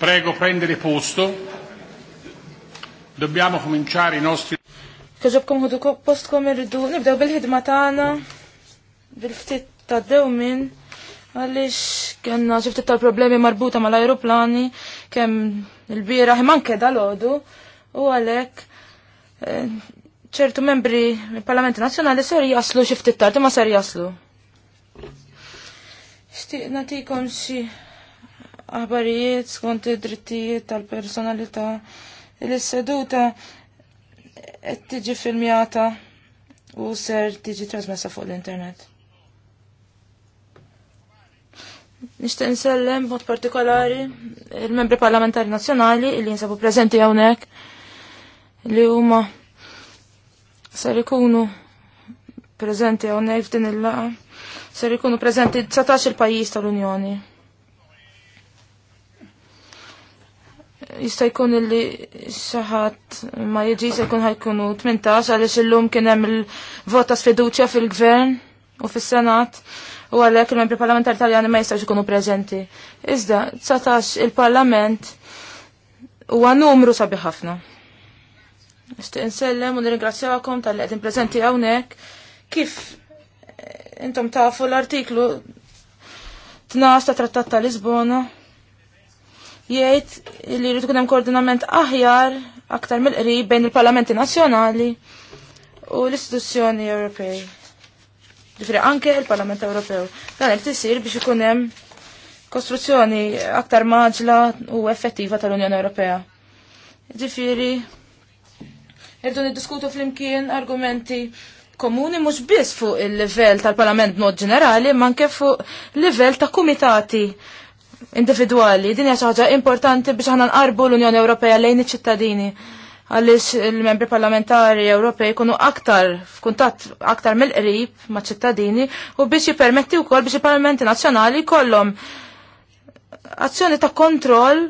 Prego prendere posto. Dobbiamo cominciare i nostri. Kħġobkom ħudu postkom irridu, nibdew bil-ħidma tagħna bil-ftit ta' dewmin għaliex kellna xi ftit tal-problemi marbuta mal-ajruplani kemm il-bieraħ manke dal-għodu u għalhekk eh, ċertu membri mill parlament Nazzjonali ser jaslu xi ftit tard ma ser jaslu. Xtieq natikom si aħbarijiet skont id-drittijiet tal-personalità il-seduta qed tiġi filmjata u ser tiġi trasmessa fuq l-internet. Nishtiq nsellem mod partikolari il-membri parlamentari nazzjonali li jinsabu preżenti hawnhekk li huma ser ikunu preżenti hawnhekk f'din il-laqa ser ikunu preżenti 19 il-pajjiż tal-Unjoni. jista' jkun illi saħat ma jiġi se jkun ħajkunu 18 għaliex illum kien hemm il-vota sfiduċja fil-gvern u fis-senat u għalhekk il-membri parlamentari Taljani ma jistax ikunu preżenti. Iżda 19 il-Parlament huwa numru sabi ħafna. Nixtieq insellem u nirringrazzjawkom tal-li qegħdin preżenti hawnhekk kif eh, intom tafu l-artiklu 12 ta' Trattat ta' Lisbona jgħid li jrid ikun hemm koordinament aħjar aktar mill-qrib bejn il-Parlamenti Nazzjonali u l-Istituzzjoni Ewropej. Ġifri anke il-Parlament Ewropew. Dan qed isir biex ikun hemm kostruzzjoni aktar maġla u effettiva tal-Unjoni Ewropea. Ġifiri, irdu niddiskutu fl-imkien argumenti komuni mhux biss fuq il-livell tal-Parlament mod ġenerali, ma anke fuq livell ta' kumitati individwali. Din hija xi ħaġa importanti biex aħna nqarbu l-Unjoni Ewropea lejn iċ-ċittadini għaliex il-membri parlamentari Ewropej jkunu aktar f'kuntatt aktar mill-qrib ma' ċittadini u biex jippermetti wkoll biex il-parlamenti nazzjonali kollhom azzjoni ta' kontroll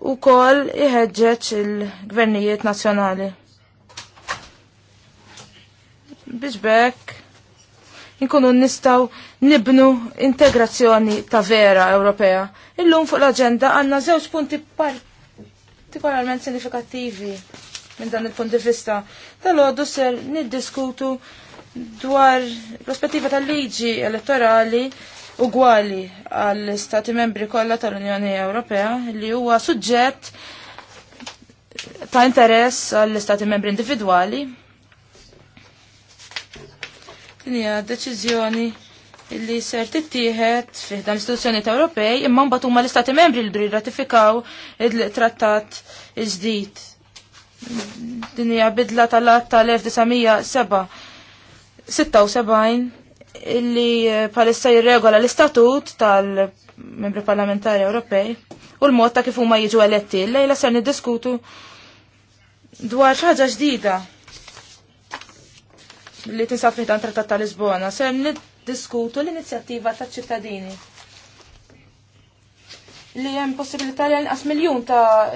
u koll iħedġeċ il-gvernijiet nazjonali. Biex bekk nkunu nistaw nibnu integrazzjoni ta' vera Ewropea. Illum fuq l-agenda għanna żewġ punti partikolarment sinifikattivi minn dan il-punt di vista. Tal-għoddu ser niddiskutu dwar prospettiva tal-liġi elettorali ugwali għall-Stati membri kollha tal-Unjoni Ewropea li huwa suġġett ta' interess għall-Stati membri individwali Din hija deċiżjoni illi ser tittieħed fih dan istituzzjoni ta' Ewropej imma mbagħad huma l-istati membri li jridu jirratifikaw il-trattat iż-ġdid. Din hija bidla tal-att tal-1976 illi eh, palissa jirregola l-istatut tal-membri parlamentari Ewropej u l-mod ta' kif huma jiġu eletti. Lejla ser niddiskutu dwar xi ħaġa ġdida li tinsab fiħdan trattat ta' Lisbona, ser niddiskutu l-inizjattiva ta' ċittadini. Li hemm possibilità li għas miljun ta'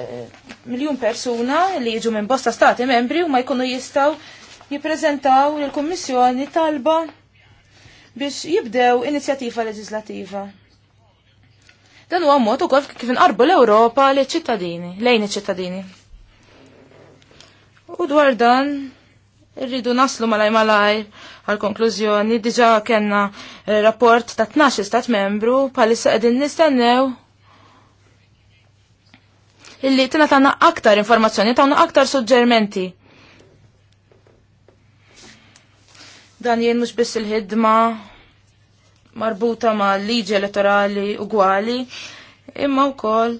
miljun persuna li jiġu minn bosta stati membri u ma jkunu jistaw jippreżentaw l-Kummissjoni talba biex jibdew inizjattiva leġislativa. Dan huwa mod ukoll kif inqarbu l-Ewropa li ċittadini, lejn iċ-ċittadini. U dwar dan Irridu naslu malaj malaj għal-konklużjoni, diġa kena eh, rapport ta' 12 stat membru, palissa għedin nistennew illi tina tana aktar informazzjoni, tana aktar suġġermenti. Dan jien mux biss il-ħidma marbuta ma' liġi elettorali ugwali, imma u koll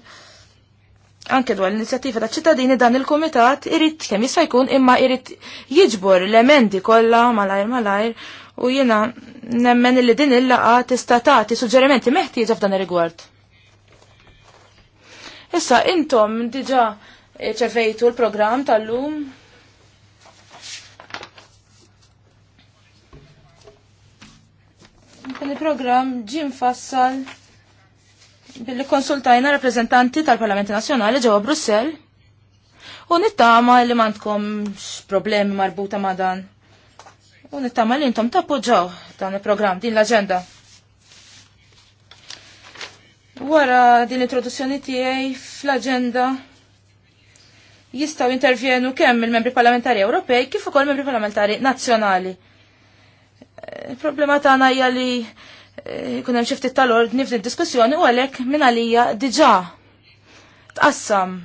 anke dwar l-inizjattiva ta' ċittadini dan il-komitat irrit kemm jista' jkun imma irrit jiġbor l-emendi kollha malajr malajr u jiena nemmen li din il-laqa tista' tagħti suġġerimenti meħtieġa f'dan ir-rigward. Issa intom diġà eh, ċefejtu l-programm tal-lum il programm ġim fassal billi konsultajna rappresentanti tal-Parlamenti Nazzjonali ġewwa Brussell u nittama li m'għandkom problemi marbuta ma' dan. U nittama li intom tappoġġaw dan il-programm, din l-aġenda. Wara din l-introduzzjoni tiegħi fl-aġenda jistgħu intervjenu kemm il-membri parlamentari Ewropej kif ukoll membri parlamentari nazzjonali. Eh, il-problema tagħna hija li kun hemm xi ftit tal-ordni f'din diskussjoni u għalhekk minn għalija diġà tqassam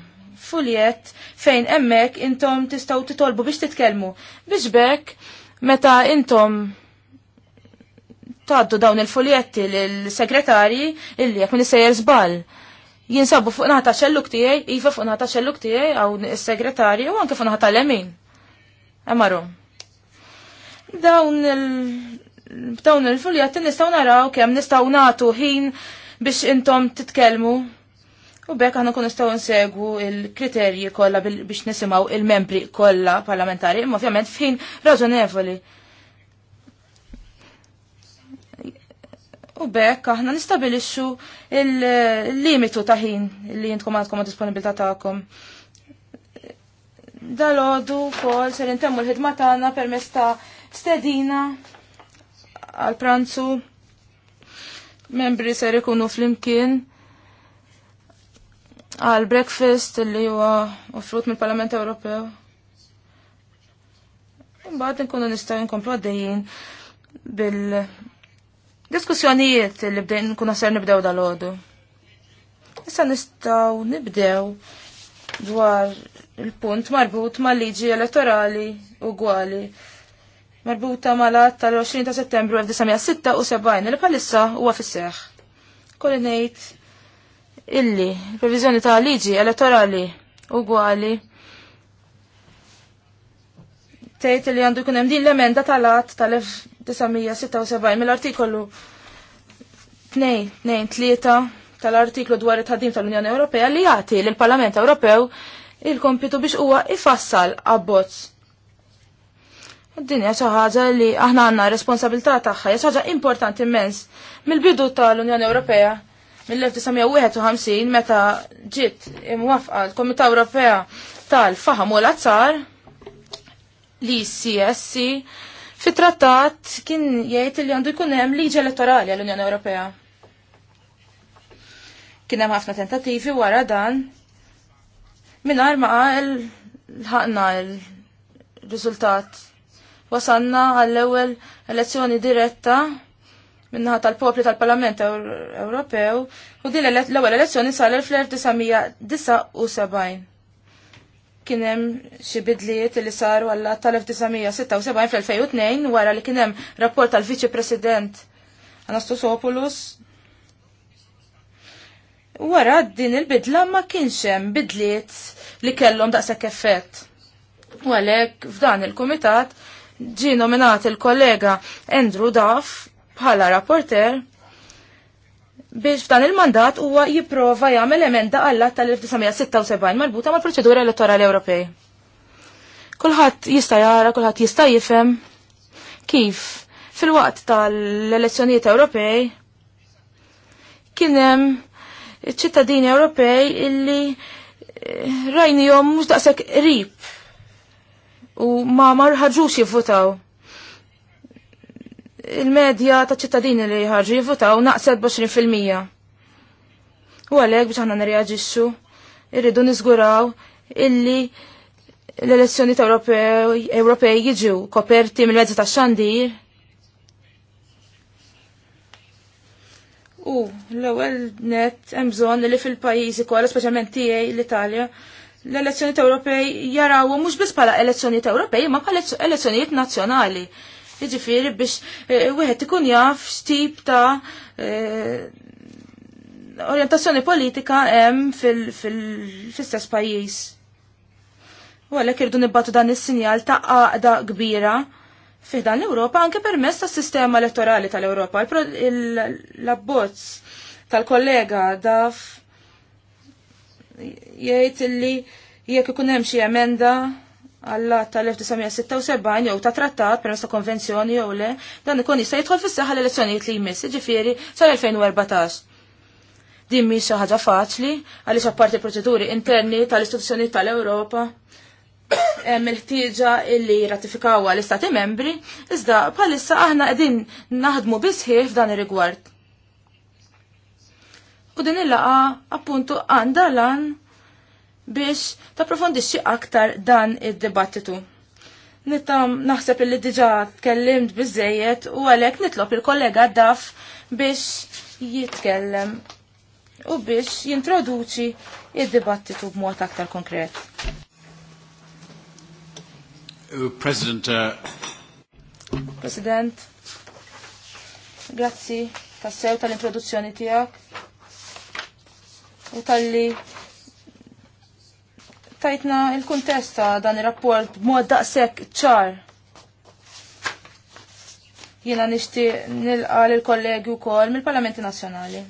fuljet fejn hemmhekk intom tistgħu titolbu biex titkellmu biex bekk meta intom tgħaddu dawn il-fuljetti lill-segretarji illi jekk min isejjer żball jinsabu fuq naħta xelluk tiegħi, iva fuq naħta xelluk tiegħi għaw is-segretarji u anke fuq naħta l-emin. Emaru. Dawn il b'dawn il t nistgħu naraw kemm nistgħu nagħtu ħin biex intom titkellmu. U bekk aħna kun nistgħu nsegwu il-kriterji kollha biex nisimgħu il-membri kollha parlamentari, imma ovvjament f'ħin raġonevoli. U bekk aħna nistabilixxu il-limitu ta' ħin li jintkom għandkom disponibilità tagħkom. ħodu kol ser intemmu l-ħidma tagħna permezz ta' stedina għal pranzu membri ser ikunu flimkien għal breakfast li huwa offrut mill-Parlament Ewropew. Imbagħad nkunu nistgħu nkomplu għaddejjin bil diskussjonijiet li bdejn nkunu ser nibdew dal-għodu. Issa nistgħu nibdew dwar il-punt marbut mal-liġi elettorali ugwali marbuta mal-att tal-20 ta' settembru 1976 li bħalissa huwa fis-seħ. Kolli ngħid illi previżjoni ta' liġi elettorali ugwali tgħid li għandu jkun hemm din l-emenda tal-att tal-1976 mill-artikolu 2-3 tal-artiklu dwar it-ħaddim tal-Unjoni Ewropea li jagħti lill-Parlament Ewropew il-kompitu biex huwa ifassal abbozz Dinja xi ħaġa li aħna għandna responsabilità tagħha, hija ħaġa importanti immens. Mill-bidu tal-Unjoni Ewropea mill-1951 meta ġiet imwafqa l-Komità Ewropea tal faħam u l-Azzar li CSC fit-trattat kien jgħid li għandu jkun hemm liġi elettorali għall-Unjoni Ewropea. Kien hemm ħafna tentattivi wara dan mingħajr ma ħaqna l-riżultat wasanna għall-ewwel elezzjoni diretta minnaħa tal-popli tal-Parlament Ewropew u din l-ewwel elezzjoni sar fl-1979. Kien hemm xi bidliet li saru għal tal-1976 fl-2002 wara li kien hemm rapport tal-Viċi President Anastosopoulos Wara din il-bidla ma kienx hemm bidliet li kellhom daqshekk effett. U għalhekk f'dan il-kumitat ġi nominat il-kollega Andrew Duff bħala rapporter biex f'dan il-mandat huwa jipprova jagħmel emenda għall tal-1976 marbuta mal-proċedura elettorali Ewropej. Kulħadd jista' jara, kulħadd jista' jifhem kif fil-waqt tal-elezzjonijiet Ewropej kien hemm ċittadini Ewropej illi eh, rajnihom mhux daqshekk qrib u ma ħarġux jivvutaw. Il-medja ta' ċittadini li ħarġu jivvutaw naqset 20%. U għalek biex ħana nirreagġixxu, irridu niżguraw illi l-elezzjoni ta' Ewropej jiġu koperti mill-mezzi ta' xandir. U l-ewwel net hemm bżonn li fil-pajjiżi kollha speċjalment tiegħi l-Italja l-elezzjonijiet Ewropej jaraw mhux biss bħala elezzjonijiet Ewropej, ma bħala elezzjonijiet nazzjonali. Jiġifieri biex eh, wieħed ikun jaf x'tip ta' eh, orientazzjoni politika hemm fil-istess pajjiż. U għalhekk irdu nibbatu dan is-sinjal ta' għaqda kbira fih dan l-Ewropa anke permess tas-sistema elettorali tal-Ewropa. L-abbozz tal-kollega daf jgħid li jekk ikun hemm xi emenda għalla tal-1976 jew ta' trattat permezz ta' konvenzjoni jew le, dan ikun jista' jidħol fis-saħħa l-elezzjonijiet li jmiss, jiġifieri sa 2014 Din mhi xi ħaġa faċli għaliex apparti proċeduri interni tal-istituzzjonijiet tal-Ewropa hemm il-ħtieġa illi ratifikawha l-Istati membri, iżda bħalissa aħna qegħdin naħdmu bisħieħ f'dan ir-rigward U din il-laqa appuntu għanda lan biex tapprofondixxi aktar dan id-dibattitu. Nittam naħseb li diġa tkellimt bizzejiet u għalhekk nitlob il-kollega daf biex jitkellem u biex jintroduċi id-dibattitu b'mod aktar konkret. Uh, President, uh... President, grazzi tassew tal-introduzzjoni tiegħek u tal-li tajtna il kontesta dan ir-rapport b'mod daqshekk ċar. Jiena nixtieq nilqa l kollegi wkoll mill-Parlamenti Nazzjonali.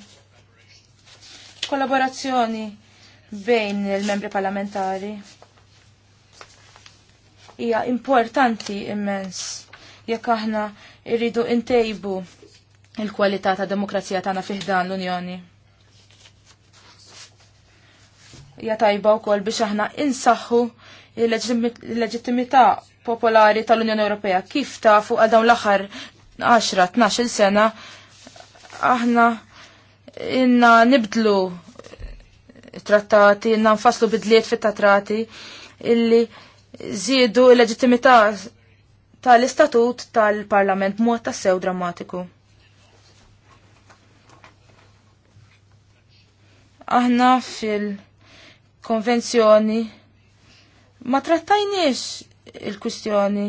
Kollaborazzjoni bejn il-membri parlamentari hija importanti immens jekk aħna irridu ntejbu il-kwalità ta' demokrazija tagħna fiħdan l-Unjoni hija tajba wkoll biex aħna insaħħu il-leġittimità popolari tal-Unjoni Ewropea. Kif ta' fuq dawn l-aħħar 10-12 sena aħna inna nibdlu trattati, inna nfaslu bidliet fit trattati illi zidu il-leġittimità tal-istatut tal-parlament mod ta' sew drammatiku. Aħna fil- konvenzjoni ma trattajniex il kustjoni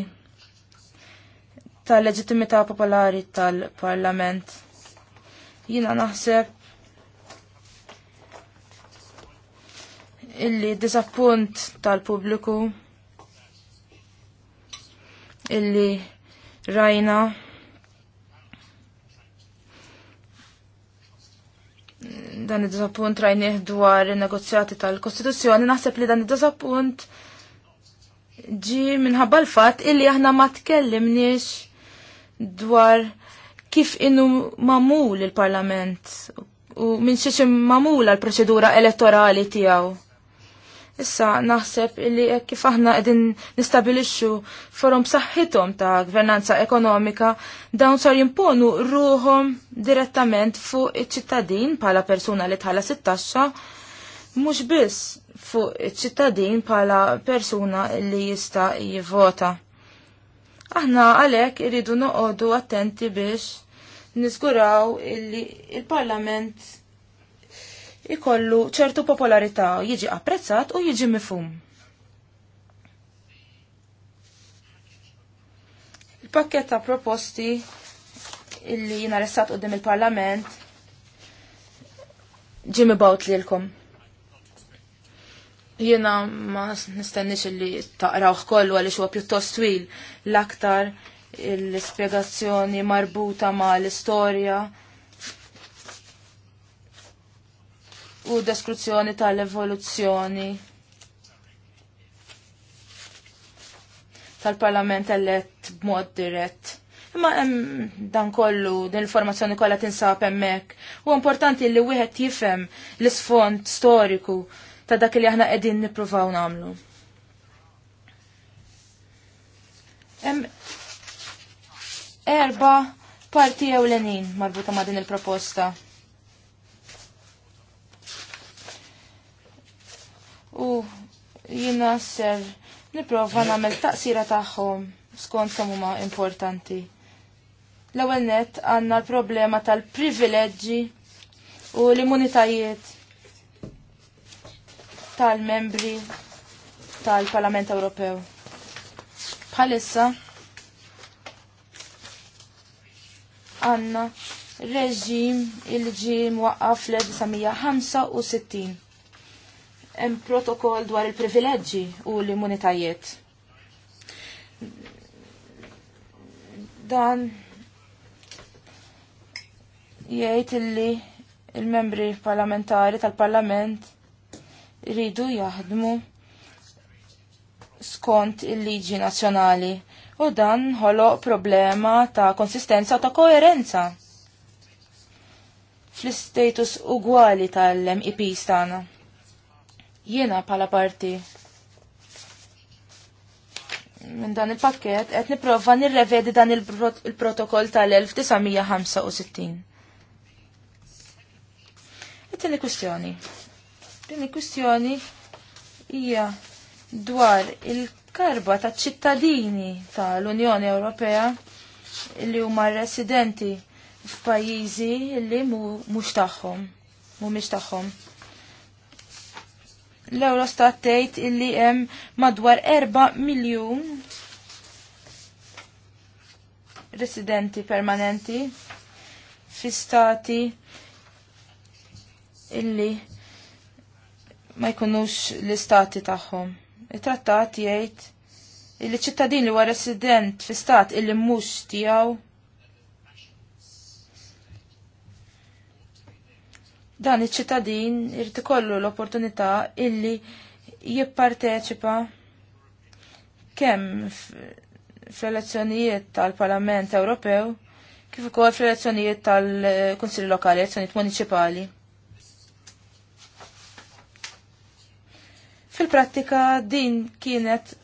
tal-leġittimità popolari tal-parlament. Jina naħseb illi disappunt tal-pubbliku illi rajna dan id-dizappunt rajnieh dwar il-negozjati tal-Kostituzzjoni, naħseb li dan id-dizappunt ġi minħabba l-fat illi aħna ma tkellimniex dwar kif innu mamul il-Parlament u minn xiex mamul għal proċedura elettorali tijaw. Issa naħseb illi kif aħna qegħdin nistabilixxu forum saħħithom ta' gvernanza ekonomika dawn sar jimponu ruhom direttament fuq iċ-ċittadin bħala persuna li tħallas it-taxxa mhux biss fuq iċ-ċittadin bħala persuna li jista' jivvota. Aħna għalhekk irridu noqogħdu attenti biex niżguraw illi il-Parlament il parlament ikollu ċertu popolarità jiġi apprezzat u jiġi mifhum. Il-pakket ta' proposti illi jina ressat u il-parlament ġimmi bawt lilkom. Jina ma nistennix illi taqrawħ kollu għalix huwa pjuttost twil l-aktar l-spiegazzjoni marbuta ma l-istorja u deskrizzjoni tal-evoluzzjoni tal-parlament elett b'mod dirett. Imma hemm dan kollu, din l-informazzjoni kollha tinsab hemmhekk. U importanti li wieħed jifhem l-isfond storiku ta' dak li aħna qegħdin nippruvaw nagħmlu. Hemm erba' parti ewlenin marbuta ma' din il-proposta. u jina ser niprofa namel taqsira tagħhom skont kam huma importanti. L-ewwel net għandna l-problema tal-privileġġi u l-immunitajiet tal-membri tal-Parlament Ewropew. Bħalissa għanna reġim il-ġim waqqaf l-1965 hemm protokoll dwar il-privileġġi u l-immunitajiet. Dan jgħid illi il-membri parlamentari tal-parlament ridu jaħdmu skont il-liġi nazzjonali u dan ħoloq problema ta' konsistenza u ta' koerenza fl-istatus ugwali tal-MEP stana. Jiena pala parti minn dan il-pakket qed nipprova nirrevedi dan il-protokoll tal-1965. It-tieni kwistjoni. Tieni kwistjoni hija dwar il-karba ta' ċittadini tal-Unjoni Ewropea li huma residenti f'pajjiżi li mhux tagħhom, mhumiex tagħhom l-Eurostat tgħid illi hemm madwar 4 miljun residenti permanenti fi stati illi ma jkunux l-istati tagħhom. Il-trattat jgħid illi ċittadin li huwa resident fi stat illi mhux tiegħu Dan iċ-ċittadin irid ikollu l-opportunità illi jipparteċipa kemm fl-elezzjonijiet tal-Parlament Ewropew kif ukoll fl-elezzjonijiet tal-Kunsilli Lokali, elezzjonijiet Municipali. Fil-prattika din kienet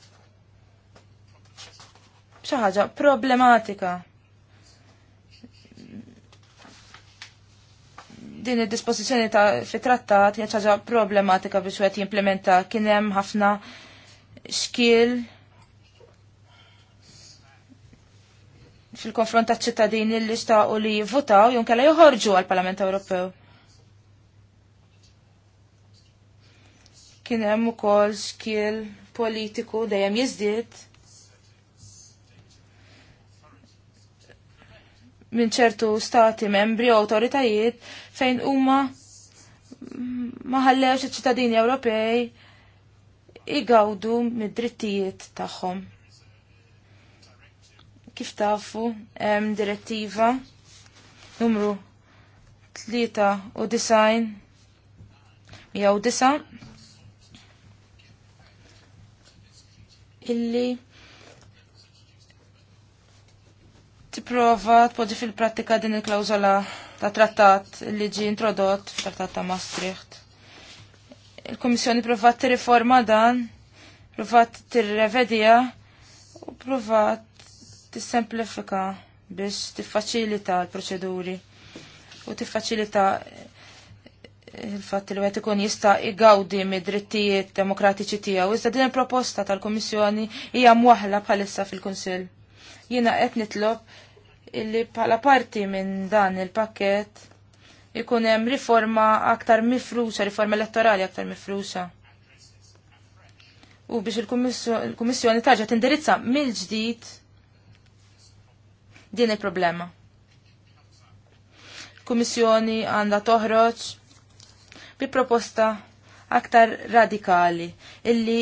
xi ħaġa problematika. din id disposizjoni ta' fit-trattat kienet ħaġa problematika biex wieħed jimplementa kien hemm ħafna xkil fil-konfront ta' ċittadini li xtaqu li votaw jew joħorġu għall-Parlament Ewropew. Kien hemm ukoll xkil politiku dejjem jiżdied minn ċertu stati membri u autoritajiet fejn huma maħallewx iċ-ċittadini Ewropej igawdu mid-drittijiet tagħhom. Kif tafu hemm direttiva numru 3 u design jew disa illi tipprova tpoġġi fil-prattika din il-klawżola ta' trattat li ġi introdott fil-trattat ta' Maastricht. il komissjoni provat tirriforma dan, provat t-revedija u provat tissemplifika biex tiffaċilita l-proċeduri u tiffaċilita il-fatt li għet ikun jista' igawdi mid-drittijiet demokratiċi tiegħu. Iżda din il-proposta tal-Kummissjoni hija mwaħla bħalissa fil-Kunsill. Jiena qed nitlob illi bħala parti minn dan il-pakket ikun hemm riforma aktar mifruxa, riforma elettorali aktar mifruxa. U biex il-Kummissjoni tarġa' tindirizza mill-ġdid din il-problema. Kummissjoni għandha toħroġ bi proposta aktar radikali illi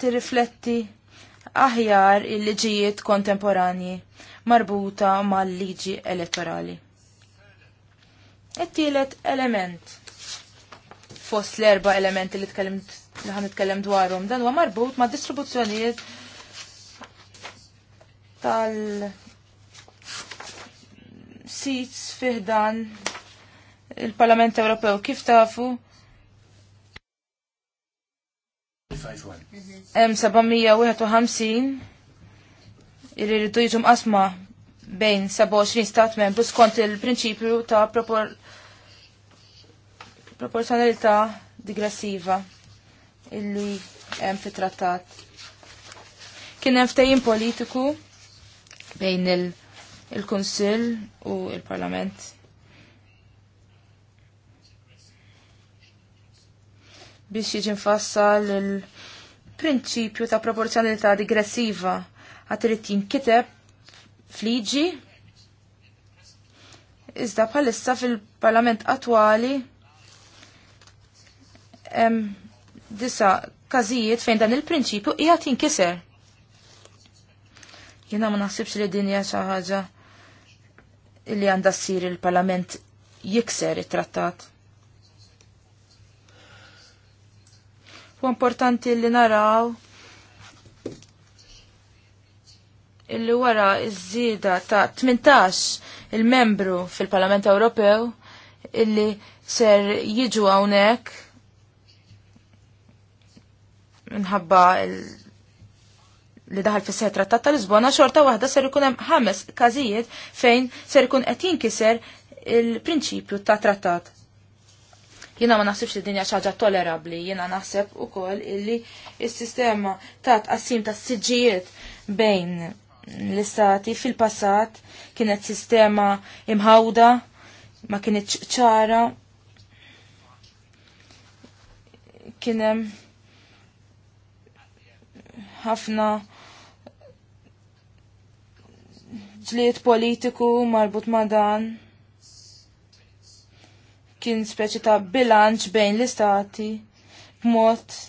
tirrifletti aħjar il-liġijiet kontemporanji marbuta mal-liġi elettorali. It-tielet element fost l-erba elementi li li ħan nitkellem dwarhom dan huwa marbut ma' distribuzzjonijiet tal seats fiħdan il-Parlament Ewropew kif tafu hemm 751 irridu jiġu mqasma bejn 27 stat membru skont il-prinċipju ta' proporzjonalità digressiva illi hemm fi trattat Kien hemm ftehim politiku bejn il-Kunsill u il-Parlament. biex jiġi nfassal il-prinċipju ta' proporzjonalità digressiva għatrit jinkiteb fliġi iżda bħalissa fil-parlament attwali disa kazijiet fejn dan il-prinċipju qiegħed jinkiser. Jiena ma naħsibx li din hija xi ħaġa li għandha ssir il-Parlament jikser it-trattat. Fu importanti li naraw illi wara iż-żieda ta' 18 il-membru fil-Parlament Ewropew illi ser jiġu hawnhekk minħabba li daħal fis seħ trattat ta' Lisbona xorta waħda ser ikun hemm ħames każijiet fejn ser ikun qed jinkiser il-prinċipju ta' trattat. Jiena ma naħsibx li dinja xaġa tolerabbli, jiena naħseb ukoll illi s-sistema ta' tqassim tas siġijiet bejn l-istati fil-passat kienet sistema imħawda, ma kienet ċara, kienem ħafna ġliet politiku marbut ma' dan kien speċi ta' bilanċ bejn l-istati b'mod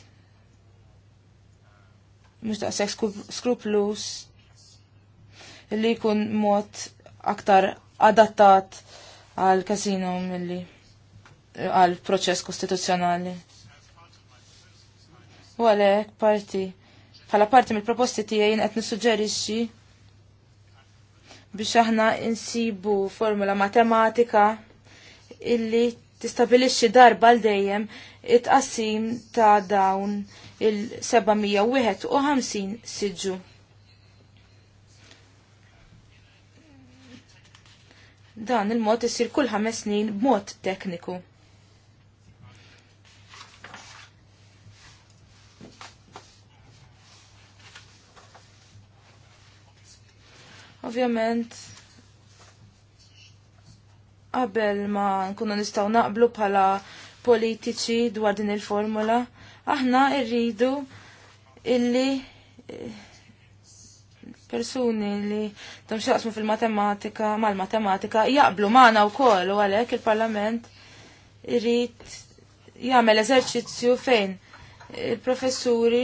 mhux daqshekk skruplus li jkun mod aktar adattat għal kasino milli eh, għal proċess kostituzzjonali. U għalek parti, bħala parti mill-proposti tiegħi qed nissuġġerixxi biex aħna insibu formula matematika illi tistabilixxi darba l dejjem it-qasim ta' dawn il-751 siġu. Dan il-mod isir kull ħames snin b'mod tekniku. Ovvjament, qabel ma nkunu nistgħu naqblu bħala politiċi dwar din il-formula, aħna rridu illi eh, persuni li tam xaqsmu fil-matematika, mal-matematika, jaqblu maħna u koll u għalek il-parlament irrit jgħamil eżerċizzju fejn il-professuri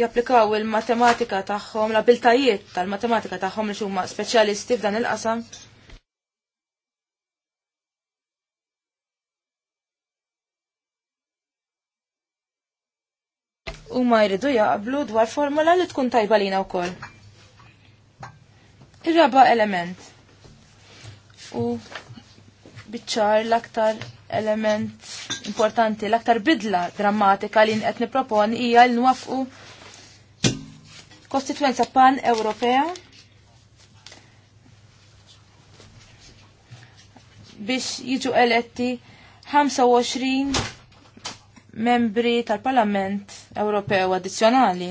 japplikaw il-matematika tagħhom, l-abiltajiet tal-matematika tagħhom li huma speċjalisti f'dan il-qasam u ma jridu jaqblu dwar formula li tkun tajba lina u koll. Il-raba element. U bitċar l-aktar element importanti, l-aktar bidla drammatika li qed niproponi hija l nwafqu Kostituenza pan-Ewropea biex jiġu eletti 25 membri tal-Parlament Ewropew addizzjonali.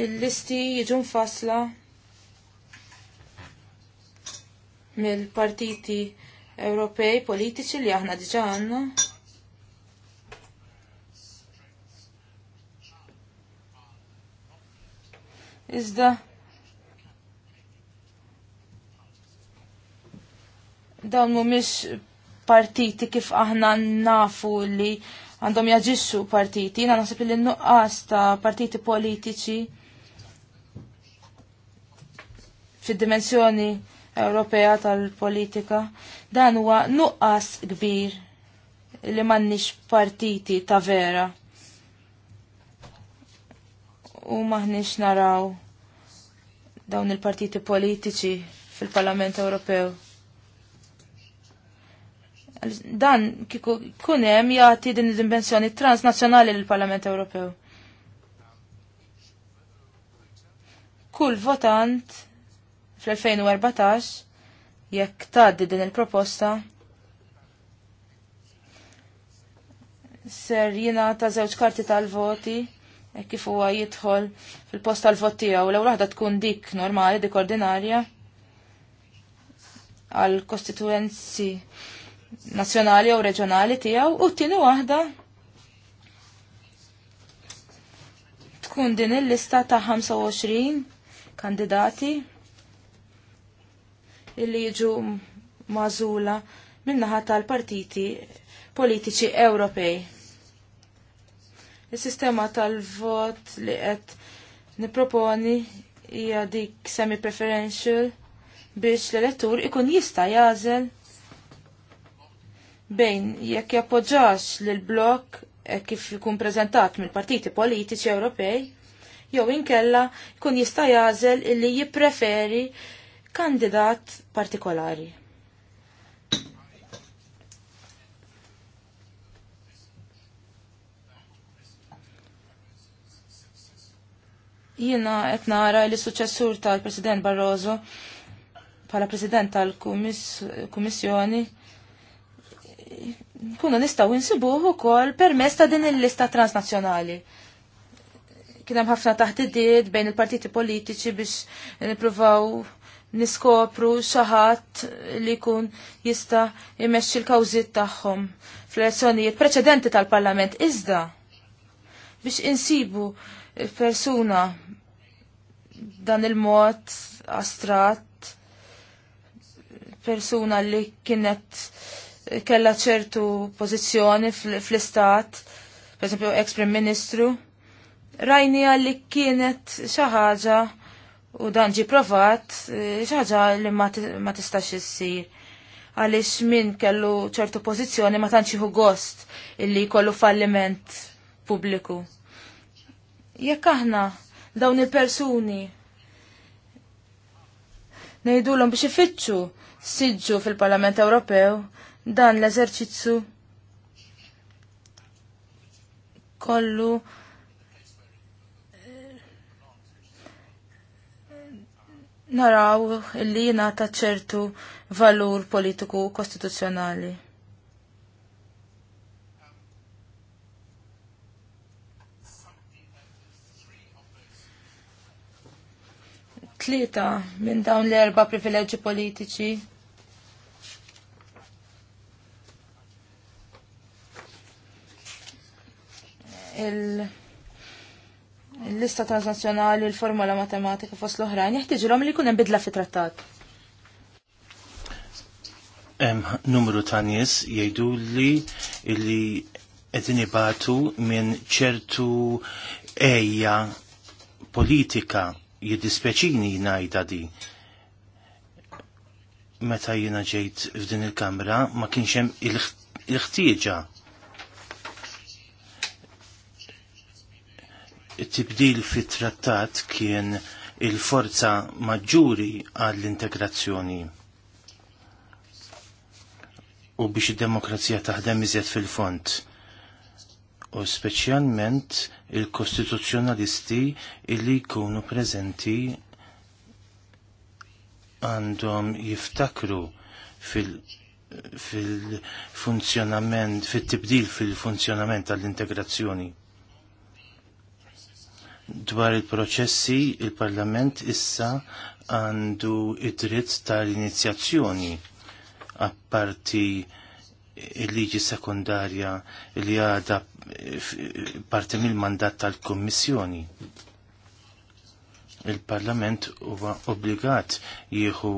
Il-listi jiġu mfasla mill-partiti Ewropej politiċi li aħna diġa għanna. Iżda dawn mhumiex partiti kif aħna nafu li għandhom jaġixxu partiti, jiena naħseb li n-nuqqas ta' partiti politiċi fid-dimensjoni Ewropea tal-politika, dan huwa nuqqas kbir li m'għandniex partiti ta' vera. U maħniex naraw dawn il-partiti politiċi fil-Parlament Ewropew. Dan kiku kunem jati din id-dimensjoni transnazzjonali l-Parlament Ewropew. Kull votant fl-2014 jekk tgħaddi din il-proposta ser jina ta' karti tal-voti e kif huwa jidħol fil-post tal-vot tiegħu l waħda tkun dik normali dik ordinarja għal kostituenzi nazzjonali jew reġjonali tiegħu u tieni waħda tkun din il-lista ta' 25 kandidati illi jiġu mażula minnaħa tal-partiti politiċi Ewropej. Il-sistema tal-vot li qed niproponi hija dik semi preferential biex l-elettur ikun jista' jażel bejn jekk jappoġġax lil blok eh, kif jkun preżentat mill-partiti politiċi Ewropej, jew inkella jkun jista' jażel illi jippreferi kandidat partikolari. Jiena qed nara li suċessur tal-President Barroso bħala President tal-Kummissjoni -kumiss kuna nistaw insibuh ukoll kol ta' din il-lista transnazzjonali. Kien hemm ħafna taħdidiet bejn il-partiti politiċi biex nippruvaw niskopru xaħat li jkun jista' jmexxi l-kawżiet tagħhom fl-elezzjonijiet preċedenti tal-Parlament iżda biex insibu persuna dan il-mod astrat persuna li kienet kella ċertu pozizjoni fl-istat, per esempio ex prim ministru, rajni għalli kienet xaħġa u dan ġi provat e, xaħġa li ma tistax issir. Għalix min kellu ċertu pozizjoni ma tanċiħu gost illi kollu falliment publiku. Jekk aħna dawn il-persuni nejdu l-om biex ifittxu siġġu fil-Parlament Ewropew, Dan l-eżerċizzu kollu eh, naraw li jina ta' ċertu valur politiku kostituzzjonali. tlieta minn dawn l-erba privileġġi politiċi il-lista transnazjonali, il-formola matematika fost l-oħrajn, jeħtieġilhom li jkun hemm bidla fi trattat Hemm numru ta' nies jgħidu li li qegħdin ibatu minn ċertu eja politika jiddispeċini ngħidha di meta jina ġejt f'din il-kamra ma kienx hemm il-ħtieġa il it-tibdil fit-trattat kien il-forza maġġuri għall-integrazzjoni. U biex id-demokrazija taħdem iżjed fil-font. U speċjalment il-kostituzzjonalisti illi jkunu preżenti għandhom jiftakru fil- fil-funzjonament, fil-tibdil fil-funzjonament tal-integrazzjoni dwar il-proċessi, il-Parlament issa għandu id-dritt tal-inizjazzjoni apparti il-liġi sekundarja li għada parti mill-mandat tal-Kommissjoni. Il-Parlament huwa obbligat jieħu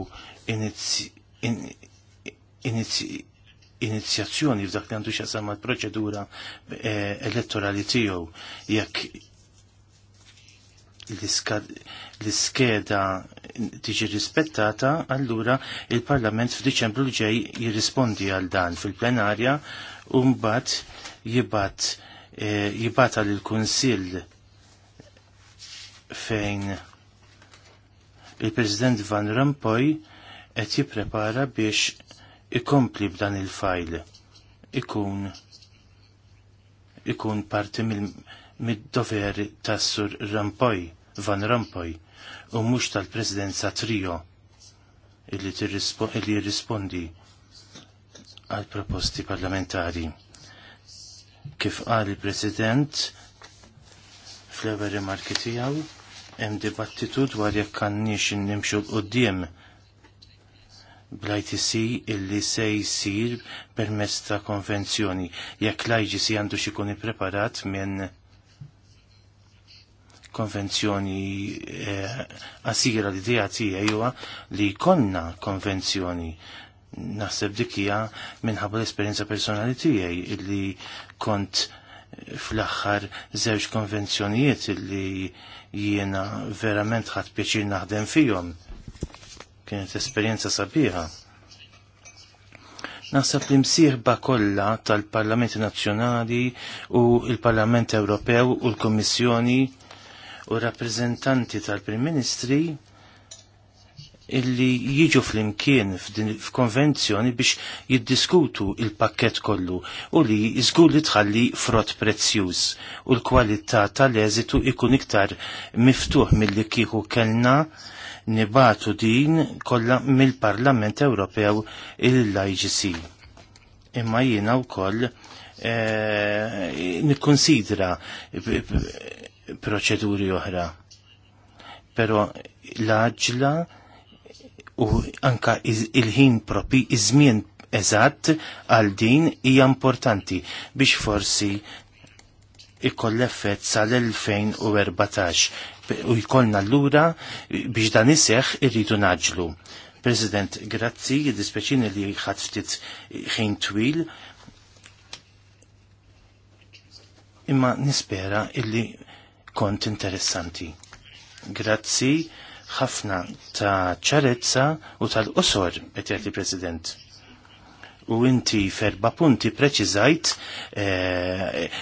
inizjazzjoni f'dak li għandu xasam l proċedura eh, elettorali tiegħu jekk l-iskeda tiġi rispettata, allura il-Parlament f'Diċembru l ġej jirrispondi għal dan fil-plenarja u mbagħad jibat għal eh, il kunsill fejn il-President Van Rompuy qed jipprepara biex ikompli b'dan il-fajl ikun ikun parti mill mid-dover tas-sur Rompuy Van Rompuy u mhux tal-Presidenza Trio illi jirrispondi għal proposti parlamentari. Kif qal il-President fl-ewwel rimarki tiegħu hemm dibattitu dwar jekk għandniex nimxu l-qudiem bl-ITC illi se jsir permezz ta' konvenzjoni jekk l si għandu xi jkun ippreparat minn konvenzjoni eh, għasira li dija tija juwa li konna konvenzjoni naħseb dikija minħabba l-esperienza personali tijaj illi kont fl-axħar zewġ konvenzjonijiet illi jiena verament ħat pieċir naħdem fijom. Kienet esperienza sabiħa. Naħseb li msieħba kollha tal parlamenti Nazzjonali u l-Parlament Ewropew u l-Kommissjoni u rappreżentanti tal-Prim Ministri illi jiġu fl-imkien f'konvenzjoni biex jiddiskutu il-pakket kollu u li jizgur li tħalli frott prezzjuż u l-kwalità tal-eżitu ikun iktar miftuħ mill-li kieku kellna nibatu din kollha mill-Parlament Ewropew il-IGC. Imma jiena wkoll e, nikkonsidra proċeduri oħra. Pero l-aġla u anka il-ħin propi, iż-żmien eżatt għal din hija importanti biex forsi ikoll effett sal-2014 u jkollna l-lura biex dan iseħ irridu naġlu. President, grazzi, dispeċini li ħadd ftit ħin twil, imma nispera illi kont interessanti. Grazzi ħafna ta' ċarezza u tal-qosor, qed president U inti ferba punti preċizajt eh,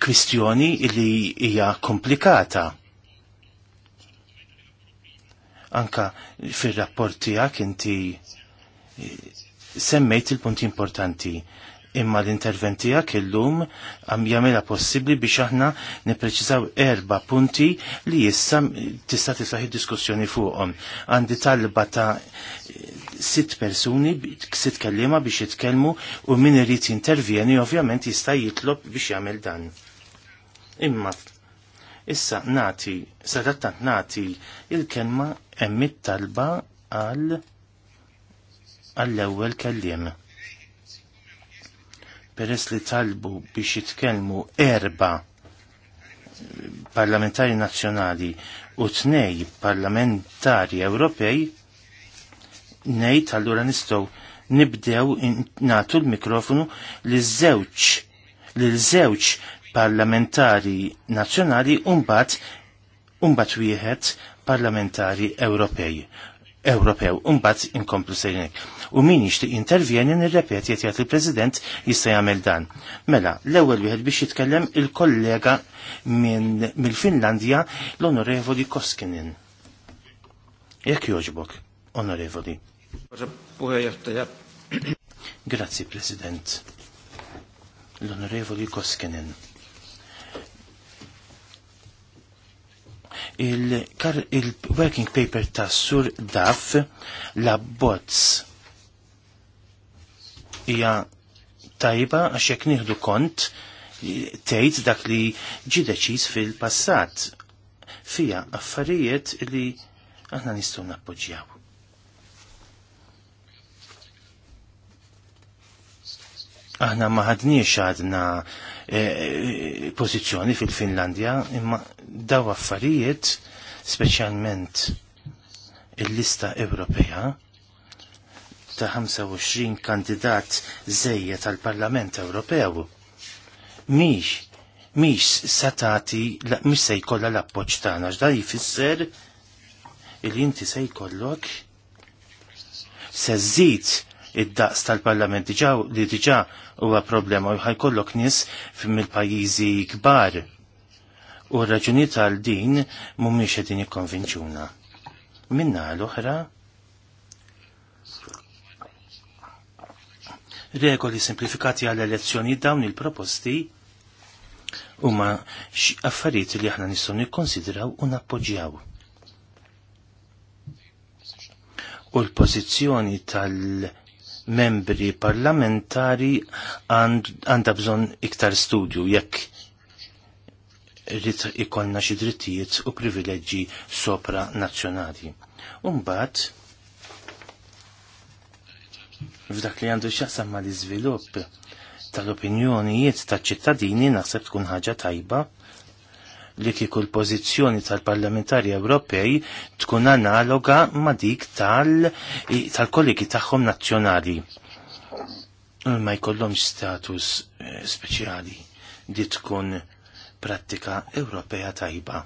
kwistjoni e, li hija komplikata anka fil-rapport għak inti eh, semmejt il-punti importanti imma l-interventija kellum għam jamela possibli biex aħna nepreċizaw erba punti li jissa tista tisaħi diskussjoni fuqhom. Għandi talba ta' sitt persuni, sitt kellima biex jitkellmu u min irid intervjeni ovvjament jista' jitlob biex jagħmel dan. Imma issa nati, sadattant nati il-kelma emmit talba għal għall-ewwel kelliem peress li talbu biex jitkellmu erba parlamentari nazzjonali u tnej parlamentari Ewropej, tal allura nistgħu nibdew natu l-mikrofonu li żewġ li l-żewġ parlamentari nazzjonali umbat umbat wieħed parlamentari Ewropej. Ewropew, unbat inkomplu sejnek. U min ixti intervjeni nirrepeti repet jgħat il-President jista jagħmel dan. Mela, l-ewwel wieħed biex jitkellem il-kollega mill-Finlandja l-Onorevoli Koskinen. Jekk joġbok, Onorevoli. Grazzi, President. L-Onorevoli Koskinen. il-working il paper ta' sur daf la bots hija tajba għax jekk nieħdu kont tgħid dak li ġi deċiż fil-passat fija affarijiet li aħna nistgħu nappoġġjaw. Aħna ma ħadniex għadna eh, eh, pożizzjoni fil-Finlandja imma daw affarijiet, speċjalment il-lista Ewropea ta' 25 kandidat zejja tal-Parlament Ewropew. Mix, mix satati, miex se jkollha l-appoġġ tagħna, x'da jfisser il inti se jkollok se żid id-daqs tal-parlament diġa li diġa huwa problema u ħajkollok nies mill-pajjiżi kbar U r-raġuni tal-din mumiex qegħdin jikkonvinċuna. Minna l-oħra regoli simplifikati għal elezzjoni dawn il-proposti huma affarijiet li aħna nistgħu nikkonsidraw u nappoġġjaw. U l-pożizzjoni tal-membri parlamentari għandha bżonn iktar studju jekk rrit ikollna xi drittijiet u privileġġi sopra nazzjonali. Umbat, f'dak li għandu xaqsam ma l-iżvilupp tal-opinjonijiet taċ ċittadini naħseb tkun ħaġa tajba li kieku l-pozizjoni tal-parlamentari Ewropej tkun analoga ma dik tal-kollegi tagħhom nazzjonali. Ma jkollhomx status eh, speċjali li tkun prattika Ewropea tajba.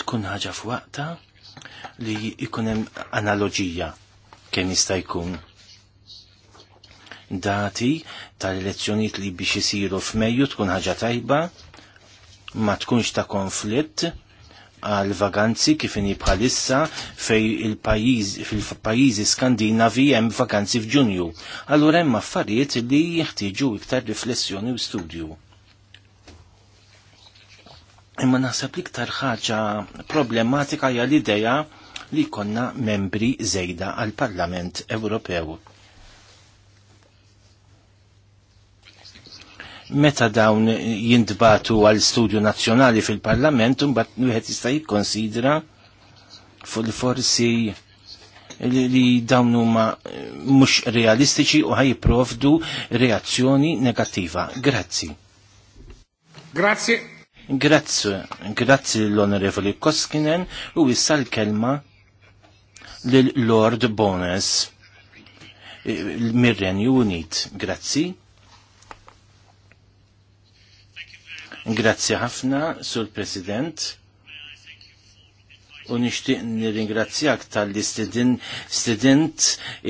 Tkun ħaġa f'waqta li jkun hemm analoġija kemm jista' jkun dati tal-elezzjonijiet li biex isiru f'Mejju tkun ħaġa tajba ma tkunx ta' konflitt għal vaganzi kif inhi bħalissa fej il-pajjiż fil-pajjiżi Skandinavi hemm vaganzi f'Ġunju. Allura hemm affarijiet li jeħtieġu iktar riflessjoni u studju. Imma naħseb l-iktar ħaġa problematika hija l-idea li konna membri żejda għal Parlament Ewropew meta dawn jintbatu għal studju nazzjonali fil-parlament, mbagħad wieħed jista' jikkonsidra forsi li dawn huma eh, mhux realistiċi u ħajprovdu reazzjoni negattiva. Grazzi. Grazzi. Grazzi, grazzi l-Onorevoli Koskinen u issa l-kelma l Lord Bones eh, mir-Renju Unit. Grazzi. Grazzi ħafna, Sur President u nishtiq nirringrazzjak tal-istudent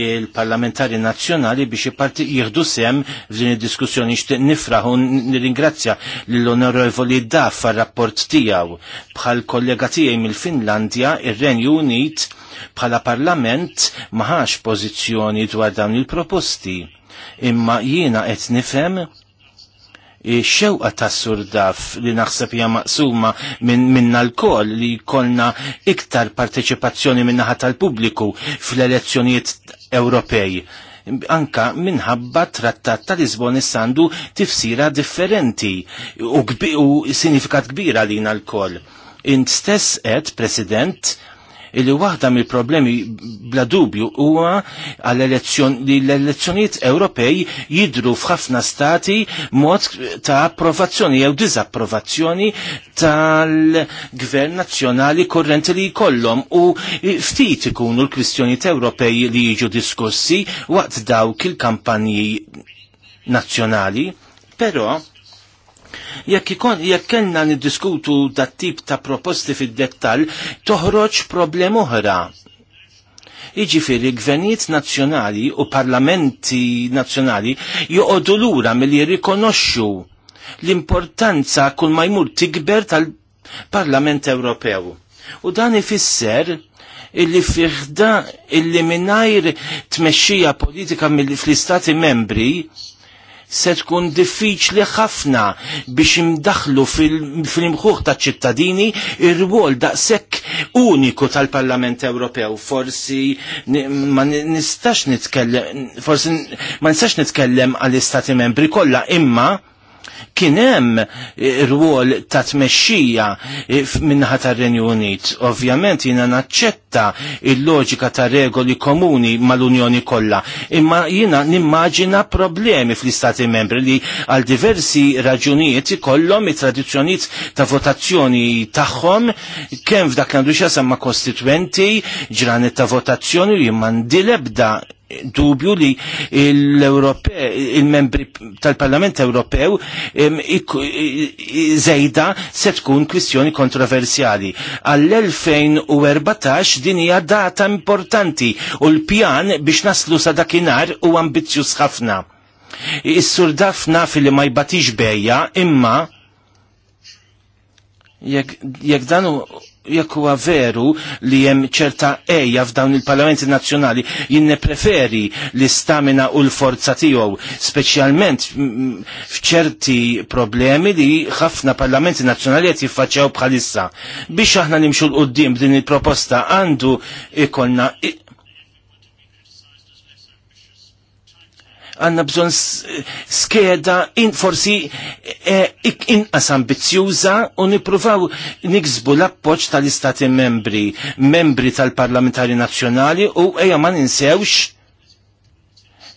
il-parlamentari nazzjonali biex parti jihdu sem f'din id-diskussjoni nishtiq nifraħu u nirringrazzja l-onorevoli Daf rapport tiegħu bħal kollega tiegħi mill-Finlandja ir-Renju Unit bħala parlament maħax pożizzjoni dwar dawn il-proposti imma jiena qed nifhem xewqa ta' surdaf li naħseb hija maqsuma minna l-kol li kolna iktar parteċipazzjoni minnaħa tal-pubbliku fl-elezzjonijiet Ewropej. Anka minħabba trattat ta' Lisbon sandu tifsira differenti u, u sinifikat kbira li l-kol. Int stess qed President, illi waħda mill-problemi bla dubju huwa li l-elezzjonijiet Ewropej jidru f'ħafna stati mod ta' approvazzjoni jew disapprovazzjoni tal-gvern nazzjonali korrenti li jkollhom u ftit ikunu l-kwistjonijiet Ewropej li jiġu diskussi waqt dawk il-kampanji nazzjonali, però Jekk ikon jekk kellna niddiskutu dat-tip ta' proposti fid-dettall, toħroġ problem oħra. Jiġifieri gvernijiet nazzjonali u parlamenti nazzjonali joqogħdu lura milli jirrikonoxxu l-importanza kull ma jmur tikber tal-Parlament Ewropew. U dan ifisser illi fiħda illi minajr tmexxija politika fl-istati membri se tkun diffiċli ħafna biex imdaħlu fil-imħuħ fil ta' ċittadini ir-rwol daqshekk uniku tal-Parlament Ewropew. Forsi ma nistax nitkellem, forsi ma nistax nitkellem għall-Istati membri kollha imma kien hemm eh, rwol ta' tmexxija eh, minnaħa tar-Renju Unit. Ovvjament jiena naċċetta il-loġika ta' regoli komuni mal-Unjoni kollha, imma jiena nimmaġina problemi fl-Istati membri li għal diversi raġunijiet ikollhom it-tradizzjonijiet ta' votazzjoni tagħhom kemm f'dak l-għandu xasamma kostitwenti ġranet ta' votazzjoni li jimman dilebda dubju li il-membri il membri tal parlament Ewropew zejda se tkun kwistjoni kontroversjali. Għall-2014 din hija data importanti u l-pjan biex naslu sa dakinhar u ambizzjuż ħafna. Is-sur dafna fil-li ma jbatix bejja imma jekk dan jekk huwa veru li hemm ċerta ejja f'dawn il-parlamenti nazzjonali jinne preferi l-istamina u l-forza tiegħu, speċjalment f'ċerti problemi li ħafna parlamenti nazzjonali qed jiffaċċjaw bħalissa. Biex aħna nimxu l-qudiem b'din il-proposta għandu ikolna għanna bżon skeda in forsi eh, inqas ambizjuża u nippruvaw niksbu l-appoġġ tal-istati membri, membri tal-parlamentari nazzjonali u eja ma ninsewx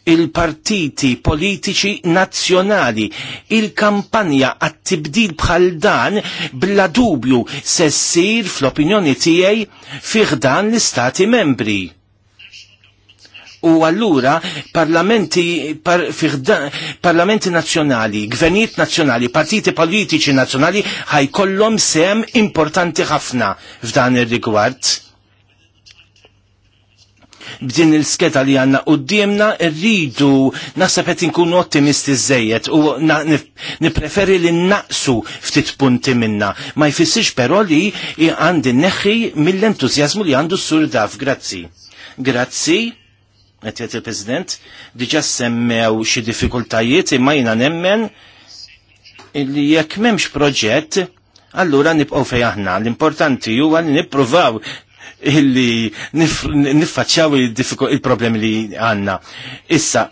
il-partiti politiċi nazzjonali. Il-kampanja għat-tibdil bħal dan bla dubju se ssir fl-opinjoni tiegħi fiħdan l-istati membri U allura parlamenti, par, figda, parlamenti nazjonali, gvernijiet nazjonali, partiti politiċi nazjonali ħajkollhom sem importanti ħafna f'dan ir-rigward. B'din il-sketa li għanna u d-diemna rridu nasabet qed inkunu ottimisti żejjed u nipreferi li naqsu ftit punti minna. Ma jfissirx però li għandi neħi mill-entużjażmu li għandu s-sur daf. Grazzi. Grazzi għetjet il-President, diġa' semmew xi diffikultajiet imma jina nemmen Li jekk m'hemmx proġett, allura nibqgħu fej aħna. L-importanti huwa li nippruvaw illi niffaċċjaw il-problemi li għandna. Issa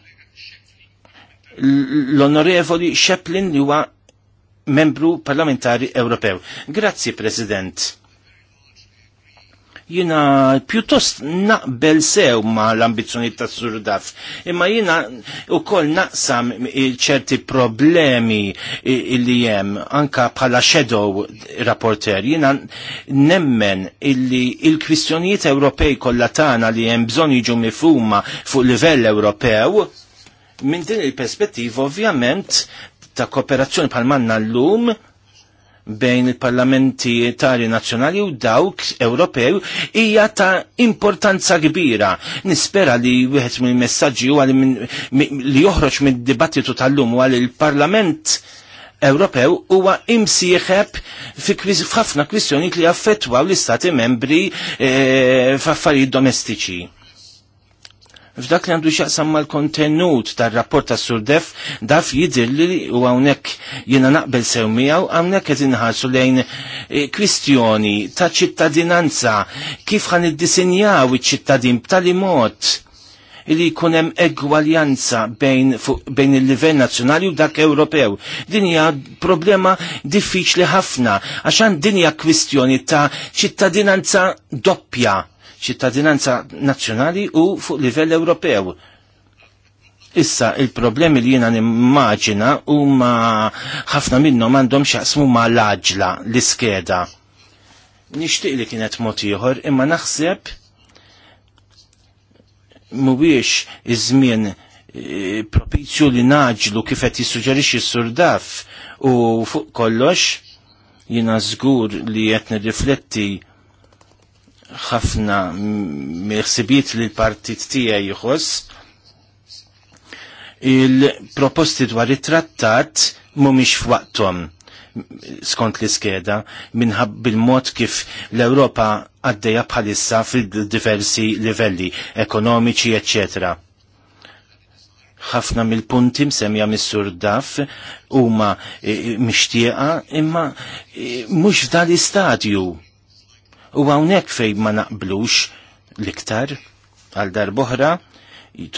l-Onorevoli Sheplin li huwa membru parlamentari Ewropew. Grazzi President jina pjuttost naqbel sew ma l-ambizjoni ta' surdaf. Imma jina u koll naqsam ċerti problemi illi jem, anka bħala shadow rapporter, jina nemmen illi il-kwistjonijiet Ewropej kollha tagħna li hemm bżonn jiġu mifhuma fuq livell Ewropew, minn din il-perspettiva ovvjament ta' kooperazzjoni bħal manna l-lum bejn il-parlamenti tali nazzjonali u dawk Ewropew hija ta' importanza kbira. Nispera li wieħed mill-messaġġi huwa li joħroġ mid-dibattitu tal-lum għal il parlament Ewropew huwa imsieħeb f'ħafna kwistjoni li affettwaw l-istati membri e, f'affarijiet domestiċi F'dak li għandu xaqsam mal-kontenut tar-rapport ta' surdef, daf jidir li u għawnek jena naqbel sew miegħu għawnek qed inħarsu lejn eh, kwistjoni ta' ċittadinanza, kif ħan disinjaw iċ-ċittadin b'tali mod li jkunem egwaljanza bejn, bejn il-livell nazzjonali u dak Ewropew. Din hija problema diffiċli ħafna għaxan dinja kwistjoni ta' ċittadinanza doppja ċittadinanza nazzjonali u fuq livell Ewropew. Issa il-problemi li jiena nimmaġina huma ħafna minnhom għandhom x'jaqsmu ma laġla aġla l-iskeda. Nixtieq li kienet mod ieħor imma naħseb mhuwiex iż-żmien eh, propizju li naġlu kif qed jissuġġerixxi s u fuq kollox jina żgur li qed nirrifletti ħafna miħsibiet li l-partit tiegħi jħoss il-proposti dwar it-trattat mhumiex f'waqthom skont l-iskeda minħab bil-mod kif l-Ewropa għaddeja bħalissa fil-diversi livelli ekonomiċi, eccetera. ħafna mill-punti msemmija missur daf huma eh, mixtieqa imma eh, mhux f'dan l-istadju U hawnhekk fejn ma naqblux l-iktar għal boħra,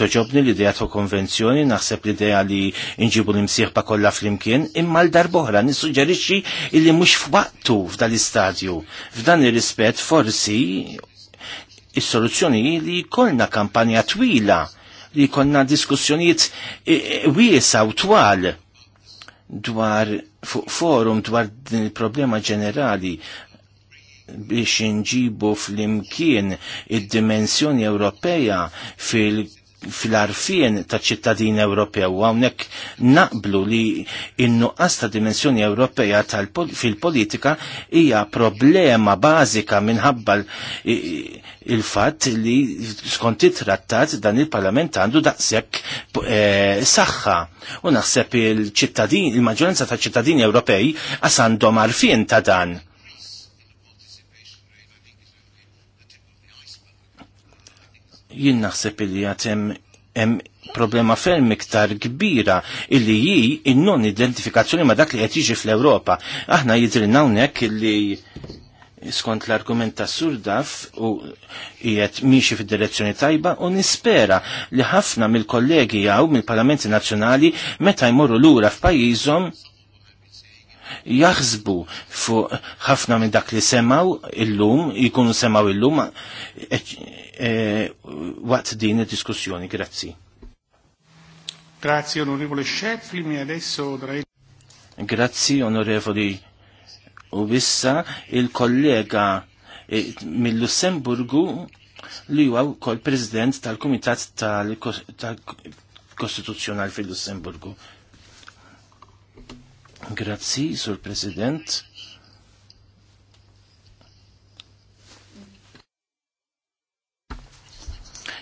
toġobni l-ideja ta' konvenzjoni, naħseb l-ideja li nġibu l-imsieħba kollha flimkien, imma l-darboħra nissuġġerixxi illi mhux f'waqtu f'dan l-istadju. F'dan ir-rispett forsi il soluzzjoni li kolna kampanja twila li konna diskussjonijiet e, e, wiesa u twal dwar forum dwar din il-problema ġenerali biex nġibu fl-imkien id-dimensjoni Ewropeja fil fil-arfien ta' ċittadin Ewropew hawnhekk naqblu li in-nuqqas ta' dimensjoni Ewropeja fil-politika hija problema bażika minħabba il-fatt li skont it-trattat dan il-Parlament għandu daqshekk eh, saħħa u naħseb il-ċittadin il-maġġoranza ta' ċittadini Ewropej għas għandhom arfien ta' dan jien naħseb illi għatem hemm problema ferm iktar kbira illi hi in-non identifikazzjoni ma dak li qed jiġi fl-Ewropa. Aħna jidrilna hawnhekk illi skont l-argument ta' Surdaf u jiet miexi fil-direzzjoni tajba u nispera li ħafna mill-kollegi għaw mill-Parlamenti Nazzjonali meta jmorru lura f'pajjiżhom jaħsbu fuq ħafna minn dak li semaw illum, jkunu semaw illum e- e- waqt din id-diskussjoni. Grazzi. Grazie onorevole mi adesso darei... Grazzi onorevoli u bissa il-kollega e- mill-Lussemburgu li huwa wkoll president tal-Kumitat tal-Kostituzzjonali fil-Lussemburgu. Grazzi, Sur President.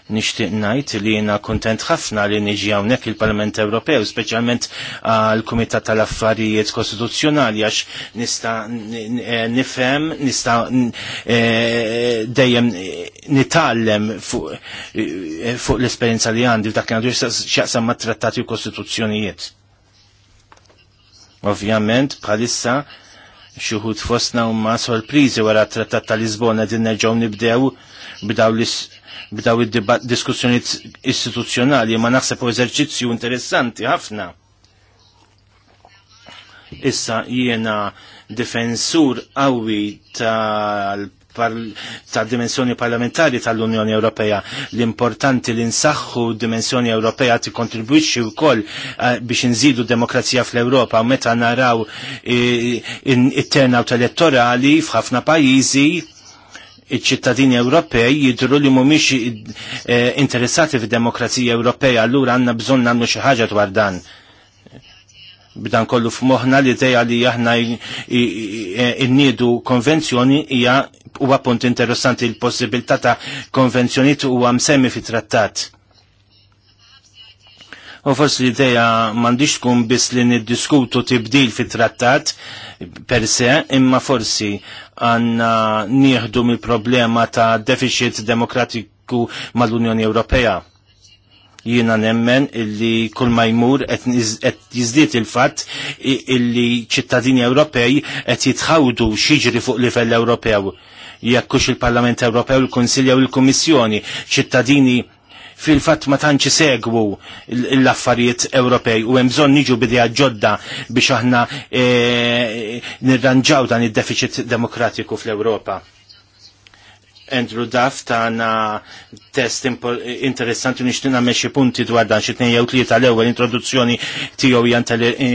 nishtiq najt li jena kontent ħafna li niġi hawnhekk il-Parlament Ewropew, speċjalment għal kumitat tal-Affarijiet Kostituzzjonali għax nista eh, nifhem, nista eh, dejjem nitgħallem eh, fuq l-esperjenza li għandi f'dak kien għandu x'jaqsam mat-trattati u kostituzzjonijiet. Ovvjament, bħalissa xuħut fosna ma sorprizi wara trattat ta' Lisbona din nerġaw nibdew b'daw id-diskussjoni istituzzjonali ma naħseb u eżerċizzju interessanti ħafna. Issa jiena difensur qawwi tal tal-dimensjoni parlamentari tal-Unjoni Ewropea. L-importanti li nsaħħu dimensjoni Ewropea ti kontribwixxi wkoll eh, biex nżidu demokrazija fl-Ewropa u meta naraw eh, it-turnout elettorali f'ħafna pajjiżi iċ-ċittadini Ewropej jidru li mhumiex eh, interessati fid-demokrazija Ewropea, allura għandna bżonn nagħmlu xi ħaġa dwar dan bidan kollu f'moħna li dejja li aħna innidu konvenzjoni hija huwa punt interessanti l-possibilità ta' konvenzjoni huwa msemmi fit-trattat. U forsi l-ideja mandiġ tkun biss li niddiskutu tibdil fit trattat per se, imma forsi għanna nieħdu mill-problema ta' deficit demokratiku mal-Unjoni Ewropea Jiena nemmen illi kull ma jmur qed jiżdied il-fatt illi ċittadini Ewropej qed jitħawdu xieġri fuq livell Ewropew. Jekkux il-Parlament Ewropew, il-Kunsilja u l-Kummissjoni, ċittadini fil-fatt ma tantx segwu l-affarijiet Ewropej u hemm bżonn niġu bidea ġodda biex aħna eh, nirranġaw dan id-deficit demokratiku fl-Ewropa. Andrew Duff għana test interessanti nishtina meċi punti dwar dan xitnej jew tlieta l-ewwel introduzzjoni tiegħu hija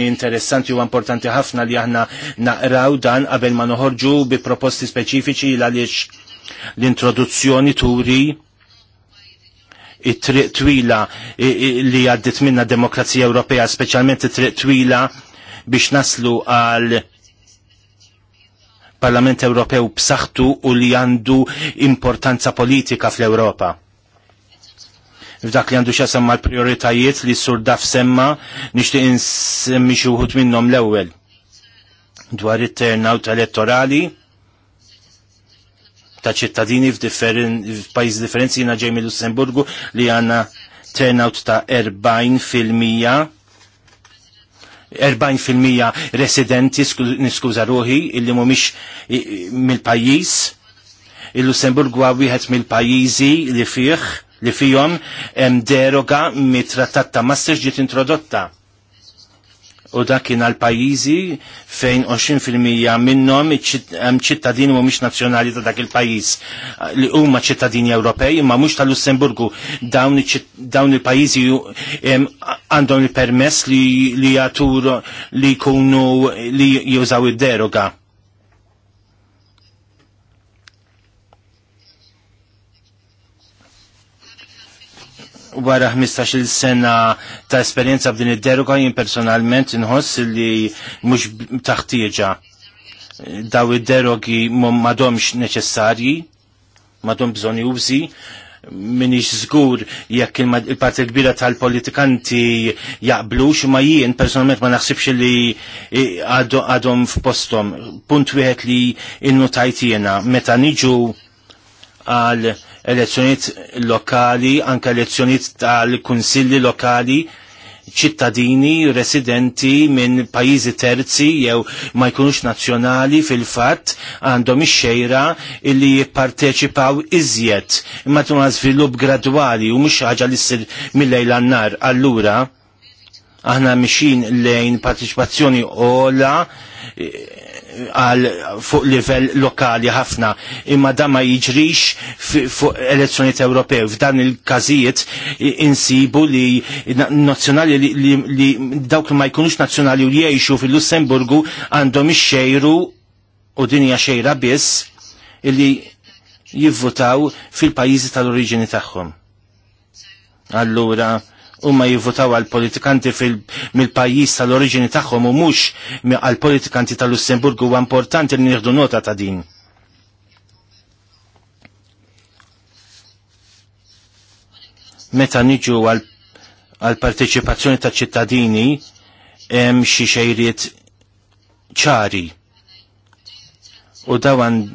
interessanti u importanti ħafna li aħna naqraw dan qabel ma noħorġu bi proposti speċifiċi għaliex l-introduzzjoni turi it-triq twila li għaddit minna demokrazija Ewropea, speċjalment it-triq twila biex naslu għal Parlament Ewropew b'saħħtu u li għandu importanza politika fl-Ewropa. F'dak li għandu xasem mal prioritajiet li sur daf semma nixtieq insemmi xi wħud minnhom l-ewwel dwar it-turnout elettorali ta' ċittadini f'pajjiż differenzi jiena ġej mill-Lussemburgu li għandna turnout ta' 40 fil-mija 40% residenti, niskuża ruħi, illi mhumiex mill-pajjiż. Il-Lussemburgu huwa wieħed mill-pajjiżi li fih li fihom hemm deroga mit-trattat ta' Maastricht ġiet introdotta u dak kien għal pajjiżi fejn 20% minnhom hemm ċittadini mhumiex nazzjonali ta' dak il-pajjiż eh, li huma ċittadini Ewropej imma mhux tal-Lussemburgu dawn il-pajjiżi għandhom il-permess li jatur li jkunu li jużaw id-deroga wara 15-il sena ta' esperjenza b'din id-deroga jien personalment inħoss li mhux taħtieġa daw id-derogi m'għadhomx neċessarji, m'għadhom bżonn jużi, minix zgur jekk il-parti kbira tal-politikanti jaqblux ma jien personalment ma naħsibx li għadhom f'postom. Punt wieħed li innu tajt jiena meta niġu għal elezzjoniet lokali, anka elezzjoniet tal-kunsilli lokali, ċittadini residenti minn pajizi terzi jew ma jkunux nazzjonali fil-fatt għandhom ix-xejra illi jipparteċipaw iżjed imma tuna żvilupp gradwali u mhux ħaġa li ssir mill-lejl għannar. nar Allura aħna mixin lejn partiċipazzjoni ola għal fuq livell lokali ħafna imma da ma jiġrix fuq elezzjoniet Ewropew f'dan il-każijiet insibu li nazzjonali li, li, li dawk li ma jkunux nazzjonali u jgħixu fil-Lussemburgu għandhom ixxejru u u dinja xejra biss illi jivvotaw fil-pajjiżi tal-oriġini tagħhom. Allura, u ma jivvotaw għal politikanti mill-pajjiż tal-oriġini tagħhom u mhux għal politikanti tal-Lussemburgu huwa importanti li nieħdu nota ta' din. Meta niġu għal parteċipazzjoni ta' ċittadini hemm xi xejriet ċari. U dawan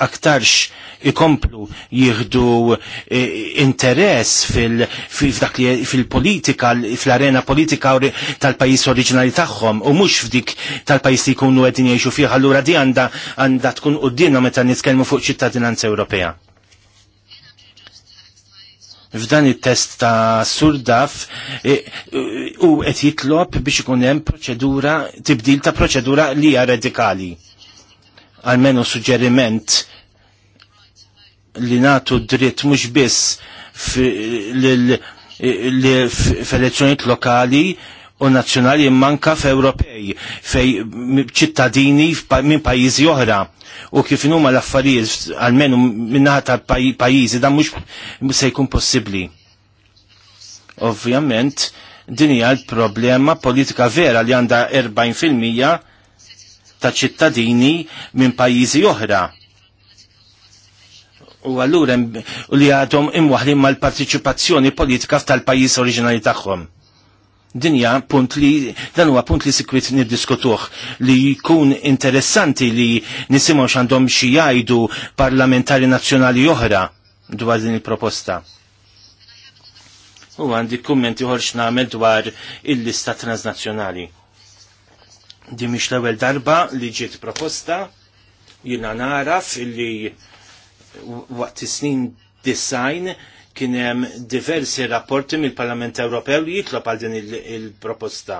aktarx ikomplu jieħdu eh, interess fil-politika, fil-arena politika tal-pajis oriġinali tagħhom u mhux f'dik tal-pajis li jkunu qegħdin jgħixu fih, allura di għandha għanda tkun qudiemna meta nitkellmu fuq ċittadinanza Ewropea f'dan it-test ta' surdaf eh, eh, u qed jitlob biex ikun hemm proċedura tibdil ta' proċedura li hija radikali għalmenu suġġeriment li natu dritt mhux biss f'elezzjonijiet lokali u nazzjonali manka f'Ewropej fej ċittadini minn pajjiżi oħra u kif huma l-affarijiet għalmenu minnaħa ta' pajjiżi dan mhux se jkun possibbli. Ovvjament din hija l-problema politika vera li għandha 40 fil-mija ta' ċittadini minn pajjiżi oħra. U allura li għadhom imwaħli mal parteċipazzjoni politika tal-pajjiż oriġinali tagħhom dinja punt li dan huwa punt li sikwit niddiskutuh li jkun interessanti li nisimgħu x'għandhom xi jgħidu parlamentari nazzjonali oħra dwar din il-proposta. U għandi kummenti ħorx nagħmel dwar il-lista transnazzjonali. Di mix l-ewwel darba li ġiet proposta jiena naraf li waqt snin design kien hemm diversi rapporti mill-Parlament Ewropew li jitlob għal din il-proposta.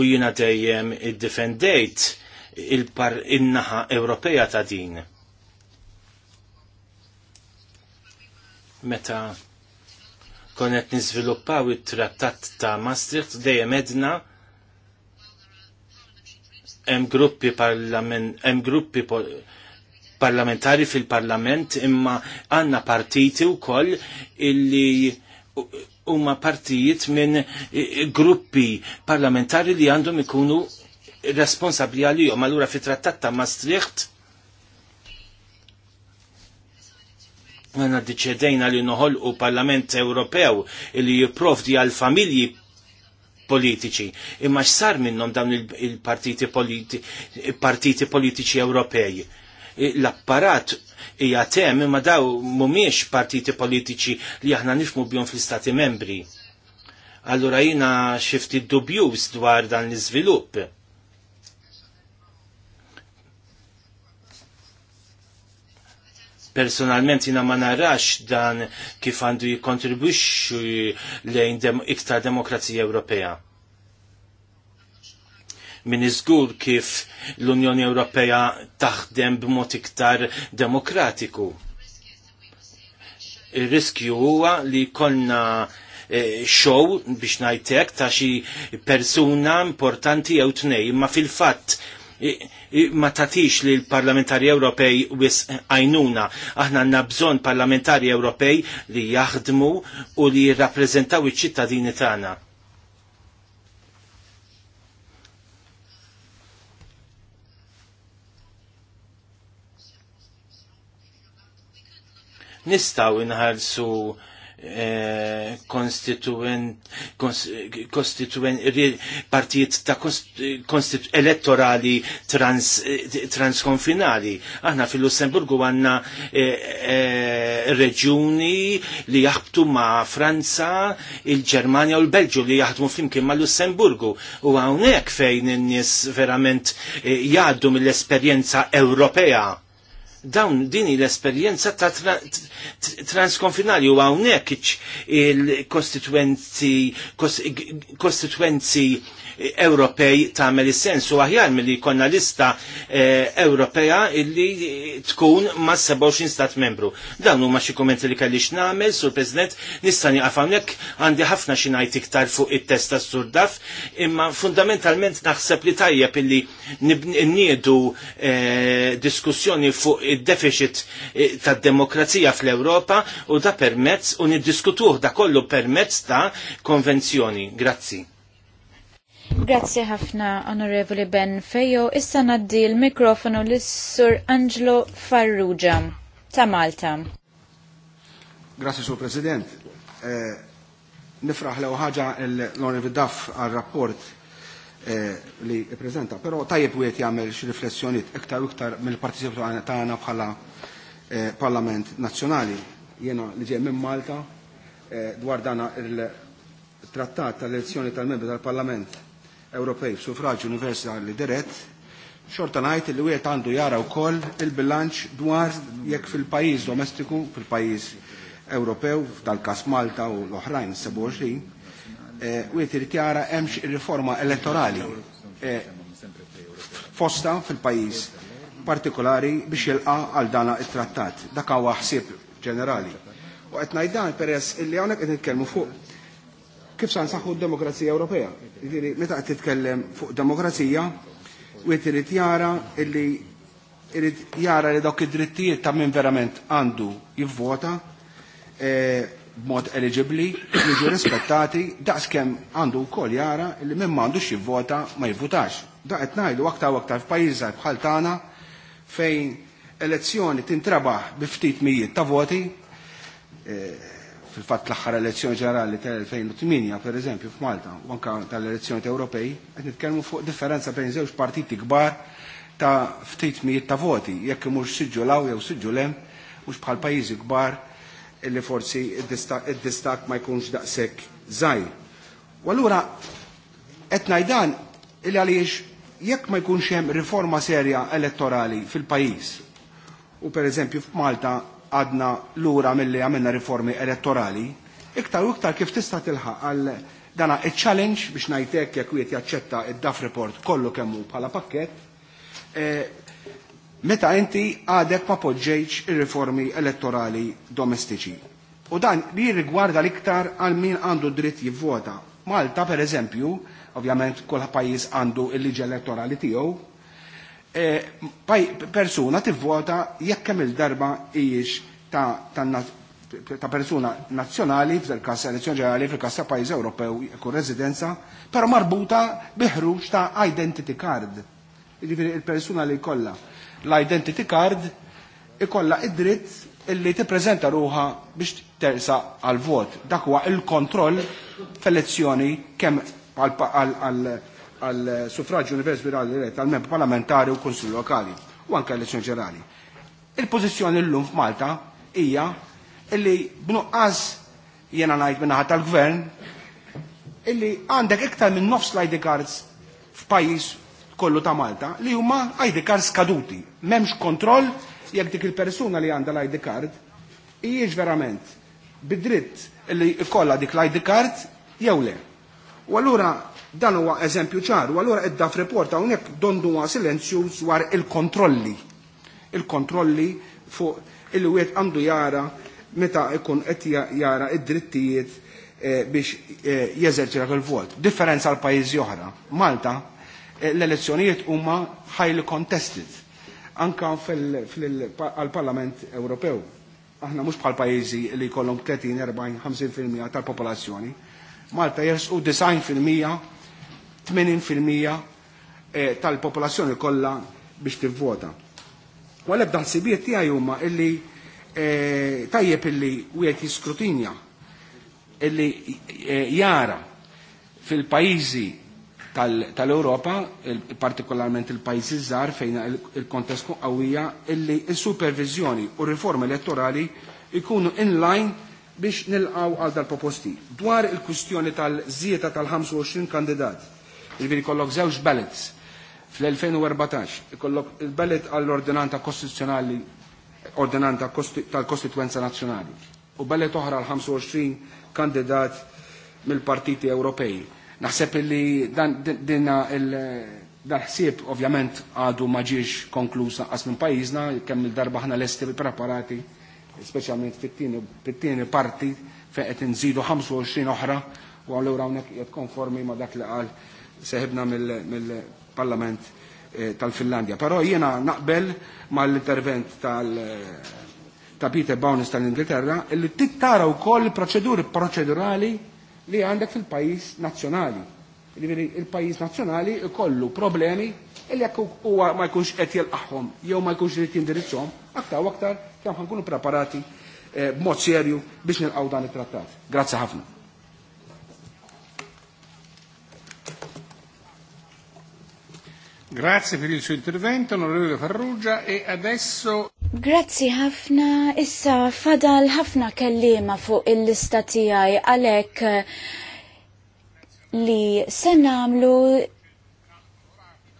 U jiena dejjem iddefendejt il-naħa Ewropea ta' din. Meta konet nizviluppaw it-trattat ta' Maastricht dejjem edna hemm gruppi hemm gruppi parlamentari fil-parlament imma għanna partiti wkoll illi huma partijiet minn gruppi parlamentari li għandhom ikunu responsabbli għalihom. Allura fit-trattat ta' Maastricht għana diċedejna li noħol u Parlament Ewropew li jiprofdi għal familji politiċi. Imma x'sar minnhom dawn il-partiti politi, politiċi Ewropej. L-apparat hija tem imma daw mhumiex partiti politiċi li aħna nifmu bjom fl-Istati membri. Allura jina xifti dubjus dwar dan l-iżvilupp Personalment jina ma narax dan kif għandu jikontribwixxu lejn dem iktar demokrazija Ewropea. Min iżgur kif l-Unjoni Ewropea taħdem b'mod iktar demokratiku. Ir-riskju huwa li konna e, show biex najtek ta' xi persuna importanti jew tnej, imma fil-fatt ma tatix li l-parlamentari Ewropej wis għajnuna. Aħna għanna bżon parlamentari Ewropej li jaħdmu u li jirrappreżentaw iċ-ċittadini tagħna. Nistaw inħarsu Eh, partijiet ta' elettorali transkonfinali. Aħna fil-Lussemburgu għanna eh, eh, reġjuni li jaħbtu ma' Franza, il-Germania u l-Belġu li jaħdmu flimkien ma' Lussemburgu. U għawnek fejn n-nis verament jaddu mill-esperienza Ewropea dawn dini l-esperienza ta' transkonfinali u għawnek il-kostituenzi Ewropej tagħmel is-sens u aħjar milli jkollna lista eh, Ewropea illi tkun ma' 27 stat membru. Dawn huma xi kumenti li kellix nagħmel sur President nista' nieqaf hawnhekk għandi ħafna xi ngħid iktar fuq it-test tas-sur daf, imma fundamentalment naħseb li tajjeb illi nniedu eh, diskussjoni fuq id-deficit eh, tad-demokrazija fl-Ewropa u da permezz u niddiskutuh da kollu permezz ta' konvenzjoni. Grazzi. Grazzi ħafna, Onorevoli Ben Fejo. Issa naddi l-mikrofonu l-Sur Angelo Farrugia ta' Malta. Grazzi, Sur President. Eh, nifraħ l ħaġa l-Onorevoli Daff għal-rapport eh, li prezenta, pero tajjeb u jagħmel xi riflessjoniet iktar u iktar mill-partizipanti tagħna bħala eh, Parlament Nazzjonali. Jena li ġej minn Malta eh, dwar dana il-trattat tal-elezzjoni tal-membri tal-Parlament Ewropej b'Sufraġ universali dirett, xorta ngħid li wieħed għandu jara wkoll il-bilanċ dwar jekk fil-pajjiż domestiku, fil-pajjiż Ewropew, tal każ Malta u l-oħrajn 27, eh, wieħed irid jara hemmx ir-riforma elettorali eh, fosta fil-pajjiż partikolari biex jilqa għal dana it-trattat. Dak huwa ħsieb ġenerali. U qed ngħid dan peress illi hawnhekk qed nitkellmu fuq kif san saħħu d-demokrazija Ewropea. Jiġifieri meta qed titkellem fuq demokrazija u irid jara illi irid jara li dawk id-drittijiet ta' min verament għandu jivvota eh, b'mod eligibli, jiġu rispettati, daqs kem għandu wkoll jara li minn m'għandux jivvota ma jivvutax. Da qed ngħidu aktar u aktar bħal tagħna fejn elezzjoni tintrabaħ bi ftit mijiet ta' voti, eh, fil-fatt l-aħħar elezzjoni ġenerali tal-2008, per eżempju, f'Malta, u anka tal-elezzjoni Ewropej, qed nitkellmu fuq differenza bejn żewġ partiti kbar ta' ftit mijiet ta' voti, jekk mhux siġġu law jew siġġu lem, mhux bħal pajjiżi kbar illi forsi id-distak ma jkunx daqshekk żgħir. U allura qed ngħidan illi għaliex jekk ma jkunx hemm riforma serja elettorali fil-pajjiż u per eżempju f'Malta għadna lura milli għamilna riformi elettorali, iktar u iktar kif tista' tilħa għal dana il-challenge biex najtek jekk wieħed jaċċetta id-DAF report kollu kemmu bħala pakket, eh, meta inti għadek ma poġġejċ ir-riformi elettorali domestiċi. U dan li rigwarda l-iktar għal min għandu dritt jivvota. Malta, per eżempju, ovvjament kol pajjiż għandu il-liġi elettorali tiegħu, Eh, persuna tivvota jekk hemm il-darba hijiex ta' persuna nazzjonali fil kas elezzjoni ġenerali fil kas ta' pajjiż Ewropew jekk residenza, però marbuta biħruġ ta' identity card. Jiġifieri il-persuna li jkollha l-identity card ikolla id-dritt illi tippreżenta ruha biex tersa għal vot. Dak huwa il-kontroll f'elezzjoni kemm għal għal suffraġġju universali dirett għal membri parlamentari u konsul lokali u anke elezzjoni ġenerali. Il-pożizzjoni llum f'Malta hija illi b'nuqqas jiena ngħid minn naħa tal-gvern illi għandek iktar minn nofs l-ID cards f'pajjiż kollu ta' Malta li huma ID cards skaduti. M'hemmx kontroll jekk dik il-persuna li għandha l-ID card hijiex verament bidritt illi ikolla dik l-ID card jew le. U allura Dan huwa eżempju ċaru, allura edda reporta hawnhekk dondu huwa silenzju dwar il-kontrolli. Il-kontrolli fuq il-wiet għandu jara meta ikun qed jara id-drittijiet eh, biex eh, jeżerċira il-vot. Differenza għal pajjiżi oħra. Malta, eh, l-elezzjonijiet huma highly contested. Anka għal-Parlament Ewropew. Aħna mhux bħal pajjiżi li jkollhom 30, 40, 50% tal-popolazzjoni. Malta jersqu 90% 80% eh, tal-popolazzjoni kollha biex tivvota. Waleb dan sibiet tiegħi huma illi eh, tajjeb illi wieħed jiskrutinja illi eh, jara fil-pajjiżi tal-Europa, partikolarment il-pajjiżi żgħar fejn il-kontest qawwija illi il-supervizjoni u riforma elettorali ikunu in line biex nilqgħu għal dal-proposti. Dwar il-kustjoni tal-zieta tal-25 kandidat, Ġviri kollok zewġ ballots fl-2014 kollok il-ballot għall-ordinanta kostituzzjonali ordinanta tal-Kostituenza Nazzjonali u ballot oħra l-25 kandidat mill-partiti Ewropej. Naħseb li dan dinna il- dan ħsieb ovvjament għadu ma ġiex konklusa qas minn pajjiżna kemm il-darba ħna lesti preparati, speċjalment fit-tieni parti fejn qed inżidu 25 oħra u għallura hawnhekk jgħet konformi ma dak li qal seħibna mill-Parlament eh, tal-Finlandja. Però jiena naqbel mal-intervent eh, ta' Peter Bowness tal-Ingilterra illi tittara wkoll proċeduri proċedurali li għandek fil-pajis nazzjonali. Il-pajis nazzjonali kollu problemi illi jekk huwa ma jkunx qed jilqaħħom jew ma jkunx irid jindirizzhom aktar u aktar kemm ħankunu preparati eh, b'mod serju biex nilqgħu dan it-trattat. Grazzi ħafna. Grazie per il suo intervento, onorevole Farrugia, e adesso... Grazie ħafna, issa fadal ħafna kellima fuq il-lista għalek li se namlu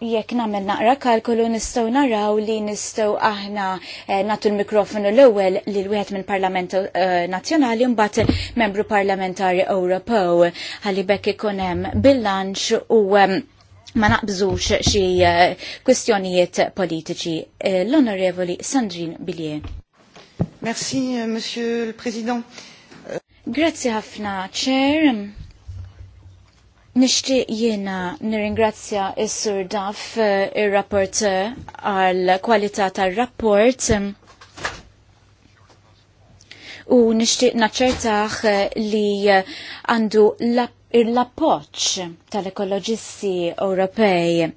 jekk namel naqra kalkolu nistaw naraw li nistaw aħna eh, natu l-mikrofonu l-ewwel li l-wieħed minn Parlament eh, Nazzjonali mbagħad membru parlamentari Ewropew ħalli bekk ikun hemm bilanċ u eh, ma naqbżux xi eh, kwestjonijiet politiċi. Eh, L-Onorevoli Sandrine Billier. Merci, eh, Monsieur le Président. Euh, Grazie ħafna, Chair. Nishtiq jiena nirringrazzja il sur Daf ir-rapport għal kwalità tar-rapport u nishti naċċertaħ li għandu l-app l lappoċ tal-ekoloġisti Ewropej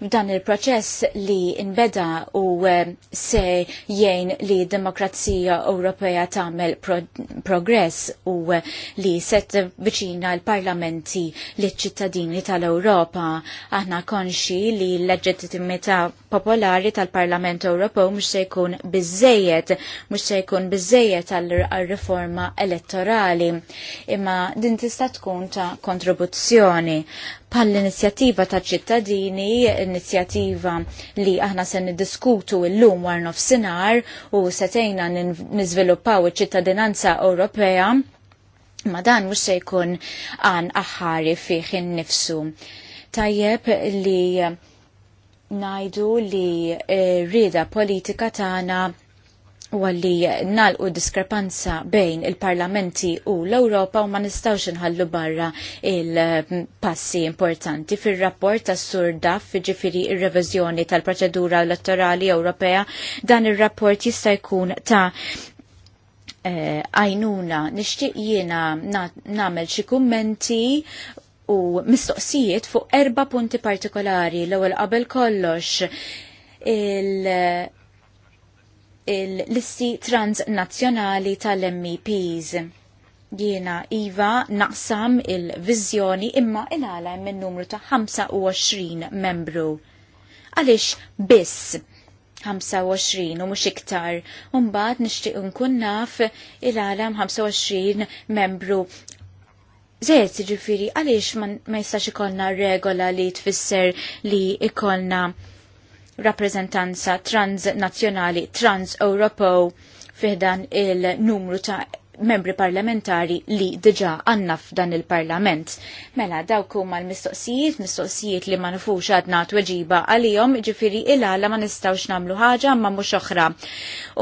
dan il-proċess li nbeda u eh, se jgħin li demokrazija Ewropea tagħmel pro progress u eh, li set viċina l-parlamenti li ċittadini tal-Ewropa. Aħna konxi li l-leġittimità popolari tal-Parlament Ewropew mhux se jkun biżejjed, mhux se jkun biżejjed għall-riforma elettorali. Imma din tista' tkun ta' kontribuzzjoni pall inizjattiva ta' ċittadini, inizjattiva li aħna se niddiskutu l-lum war nofsinar u setejna nizviluppaw iċ-ċittadinanza Ewropea, ma dan mhux se jkun għan aħħari fih innifsu. Tajjeb li najdu li eh, rida politika tagħna u għalli nalqu diskrepanza bejn il-parlamenti u l-Europa u ma nistawx nħallu barra il-passi importanti fil-rapport ta' Sur Daff ġifiri il-revizjoni tal-proċedura elettorali Ewropea dan il-rapport jista' jkun ta' eh, għajnuna e, nishtiq jiena namel xi kummenti u mistoqsijiet fuq erba punti partikolari l-ewwel qabel kollox il- il-listi transnazzjonali tal-MEPs. Jiena Iva naqsam il-vizjoni imma il-għala minn numru ta' 25 membru. Għalix biss 25 u mhux iktar. Umbagħad nixtieq nkun naf il-għalam 25 membru. Zed, ġifiri, għaliex ma jistax ikollna regola li tfisser li ikollna rappreżentanza transnazzjonali trans-Europew fiħdan il-numru ta' membri parlamentari li diġa għanna f'dan il-parlament. Mela, dawk huma l-mistoqsijiet, mistoqsijiet li ma nifux għadna tweġiba għalihom, ġifiri il-għala ma nistawx namlu ħaġa ma mux oħra.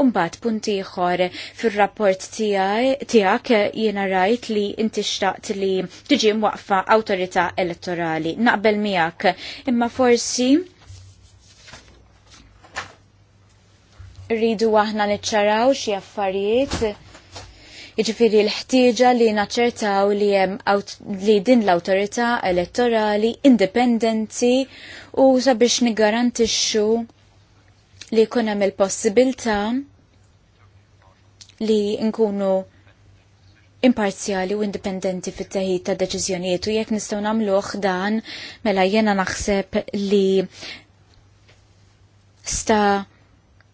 Umbat punti ieħor fir-rapport tiegħek jiena rajt li inti xtaqt li tiġi mwaqfa awtorità elettorali. Naqbel miegħek, imma forsi rridu aħna niċċaraw xi affarijiet. Jiġifieri l-ħtieġa li naċċertaw li hemm li din l-awtorità elettorali indipendenti u sabiex niggarantixxu li jkun hemm il-possibilità li nkunu imparzjali u indipendenti fit teħid ta' deċiżjonijiet u jekk nistgħu nagħmluh dan mela jiena naħseb li sta'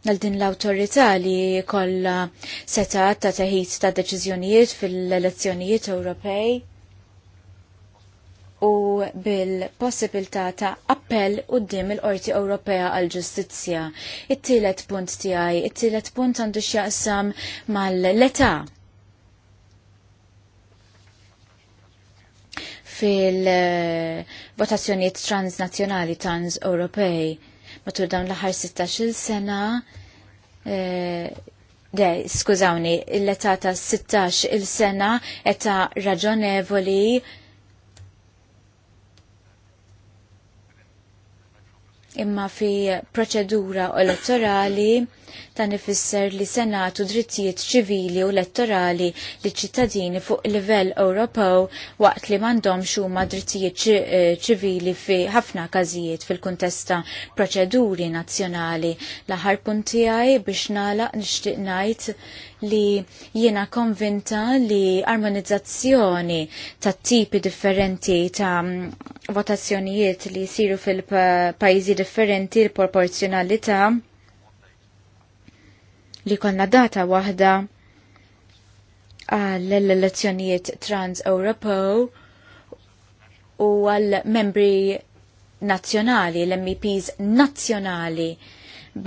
għal din l-autorità li kolla seta ta' teħid ta' deċiżjonijiet fil-elezzjonijiet Ewropej u bil-possibilità ta' appell u d-dim il-Qorti Ewropea għal ġustizzja. It-tielet punt tiegħi, it-tielet punt għandu x'jaqsam mal-età. fil-votazzjonijiet transnazzjonali trans Ewropej matul dawn l-ħar 16 sena e, De, skużawni, l-età ta' 16 il-sena, età raġonevoli. Imma fi proċedura elettorali Dan ifisser li senatu drittijiet ċivili u elettorali li ċittadini fuq livell Ewropew waqt li m'għandhomx huma drittijiet eh, ċivili fi ħafna każijiet fil-kuntesta proċeduri nazzjonali. L-aħħar punt tiegħi biex nagħlaq nixtieq ngħid li jiena konvinta li armonizzazzjoni ta' tipi differenti ta' votazzjonijiet li siru fil-pajzi differenti l-proporzjonalità li konna data waħda għall-elezzjonijiet trans-Europew u għall-membri nazzjonali, l-MEPs nazzjonali